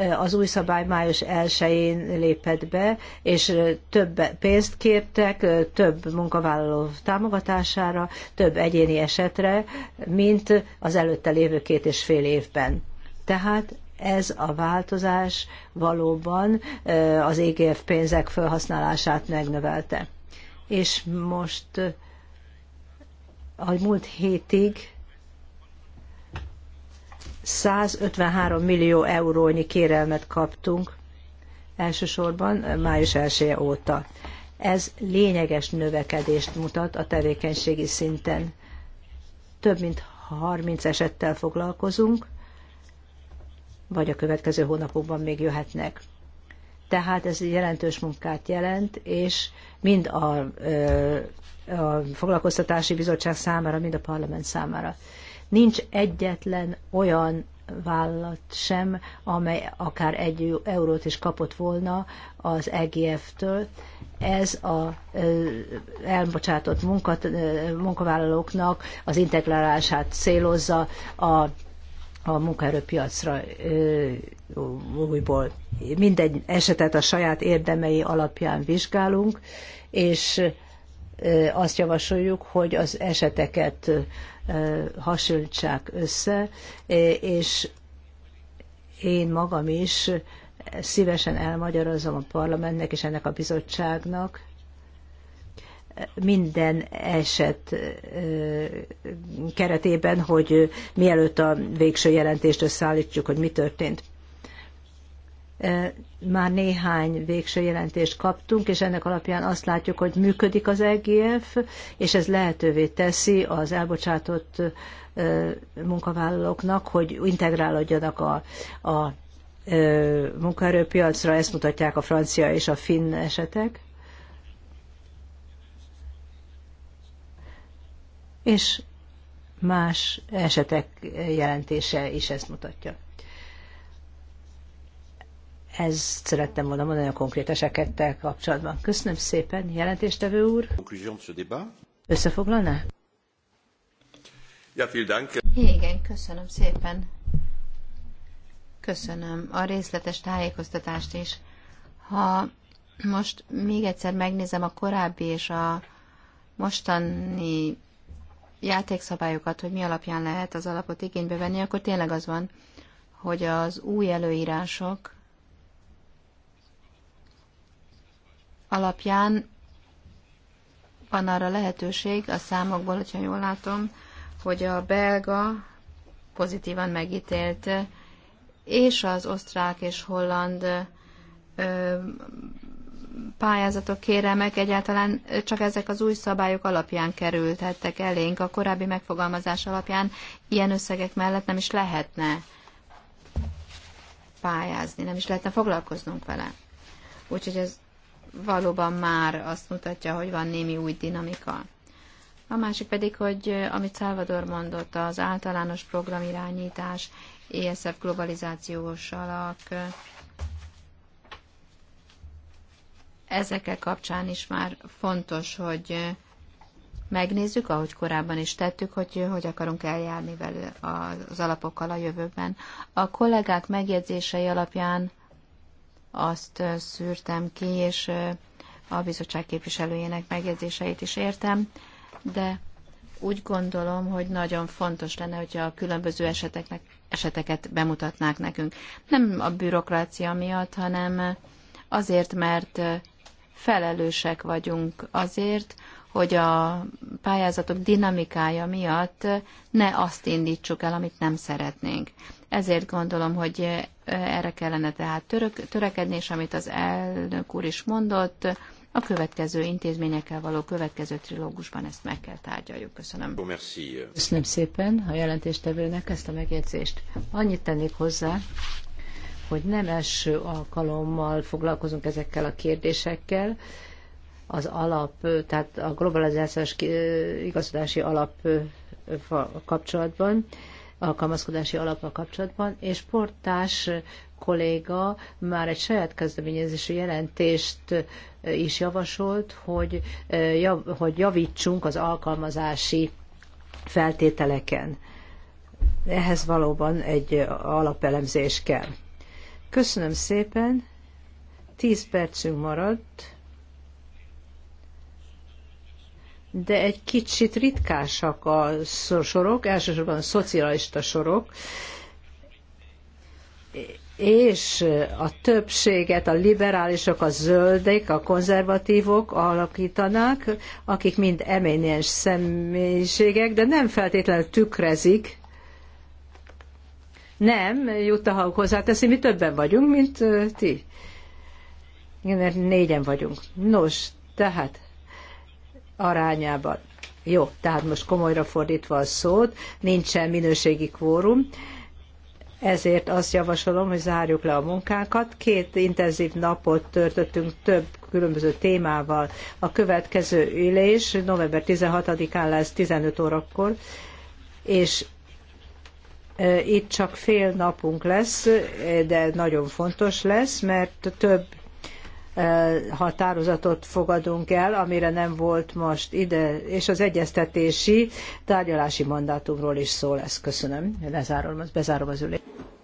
az új szabály május 1-én lépett be, és több pénzt kértek, több munkavállaló támogatására, több egyéni esetre, mint az előtte lévő két és fél évben. Tehát ez a változás valóban az EGF pénzek felhasználását megnövelte. És most, a múlt hétig 153 millió eurónyi kérelmet kaptunk elsősorban május 1 -e óta. Ez lényeges növekedést mutat a tevékenységi szinten. Több mint 30 esettel foglalkozunk, vagy a következő hónapokban még jöhetnek. Tehát ez jelentős munkát jelent, és mind a, a foglalkoztatási bizottság számára, mind a parlament számára. Nincs egyetlen olyan vállalat sem, amely akár egy eurót is kapott volna az EGF-től. Ez a elbocsátott munkat, munkavállalóknak az integrálását célozza a a munkaerőpiacra újból. Minden esetet a saját érdemei alapján vizsgálunk, és azt javasoljuk, hogy az eseteket hasonlítsák össze, és én magam is szívesen elmagyarázom a parlamentnek és ennek a bizottságnak, minden eset keretében, hogy mielőtt a végső jelentést összeállítjuk, hogy mi történt már néhány végső jelentést kaptunk, és ennek alapján azt látjuk, hogy működik az EGF, és ez lehetővé teszi az elbocsátott munkavállalóknak, hogy integrálódjanak a, a munkaerőpiacra, ezt mutatják a francia és a finn esetek. És más esetek jelentése is ezt mutatja. Ez szerettem volna mondani a konkrét esekettel kapcsolatban. Köszönöm szépen, jelentéstevő úr. Összefoglalná? Ja, Igen, köszönöm szépen. Köszönöm a részletes tájékoztatást is. Ha most még egyszer megnézem a korábbi és a mostani játékszabályokat, hogy mi alapján lehet az alapot igénybe venni, akkor tényleg az van, hogy az új előírások alapján van arra lehetőség a számokból, hogyha jól látom, hogy a belga pozitívan megítélt, és az osztrák és holland pályázatok, kéremek egyáltalán csak ezek az új szabályok alapján kerülthettek elénk, a korábbi megfogalmazás alapján ilyen összegek mellett nem is lehetne pályázni, nem is lehetne foglalkoznunk vele. Úgyhogy ez valóban már azt mutatja, hogy van némi új dinamika. A másik pedig, hogy amit Salvador mondott, az általános programirányítás, ESF globalizációs alak, ezekkel kapcsán is már fontos, hogy megnézzük, ahogy korábban is tettük, hogy hogy akarunk eljárni velő az alapokkal a jövőben. A kollégák megjegyzései alapján azt szűrtem ki, és a bizottság képviselőjének megjegyzéseit is értem, de úgy gondolom, hogy nagyon fontos lenne, hogyha a különböző eseteknek, eseteket bemutatnák nekünk. Nem a bürokrácia miatt, hanem azért, mert felelősek vagyunk azért, hogy a pályázatok dinamikája miatt ne azt indítsuk el, amit nem szeretnénk. Ezért gondolom, hogy erre kellene tehát török, törekedni, és amit az elnök úr is mondott, a következő intézményekkel való következő trilógusban ezt meg kell tárgyaljuk. Köszönöm. Köszönöm szépen a jelentéstevőnek ezt a megjegyzést. Annyit tennék hozzá, hogy nem első alkalommal foglalkozunk ezekkel a kérdésekkel, az alap, tehát a globalizációs igazodási alap kapcsolatban alkalmazkodási alapok kapcsolatban, és portás kolléga már egy saját kezdeményezésű jelentést is javasolt, hogy, hogy javítsunk az alkalmazási feltételeken. Ehhez valóban egy alapelemzés kell. Köszönöm szépen, 10 percünk maradt de egy kicsit ritkásak a sorok, elsősorban a szocialista sorok, és a többséget a liberálisok, a zöldek, a konzervatívok alakítanák, akik mind eminens személyiségek, de nem feltétlenül tükrezik. Nem, Jutta Haug hozzáteszi, mi többen vagyunk, mint ti. Igen, négyen vagyunk. Nos, tehát arányában. Jó, tehát most komolyra fordítva a szót, nincsen minőségi kvórum, ezért azt javasolom, hogy zárjuk le a munkánkat. Két intenzív napot törtöttünk több különböző témával. A következő ülés november 16-án lesz 15 órakor, és itt csak fél napunk lesz, de nagyon fontos lesz, mert több határozatot fogadunk el, amire nem volt most ide, és az egyeztetési tárgyalási mandátumról is szó lesz. Köszönöm. Lezárom, bezárom az ülést.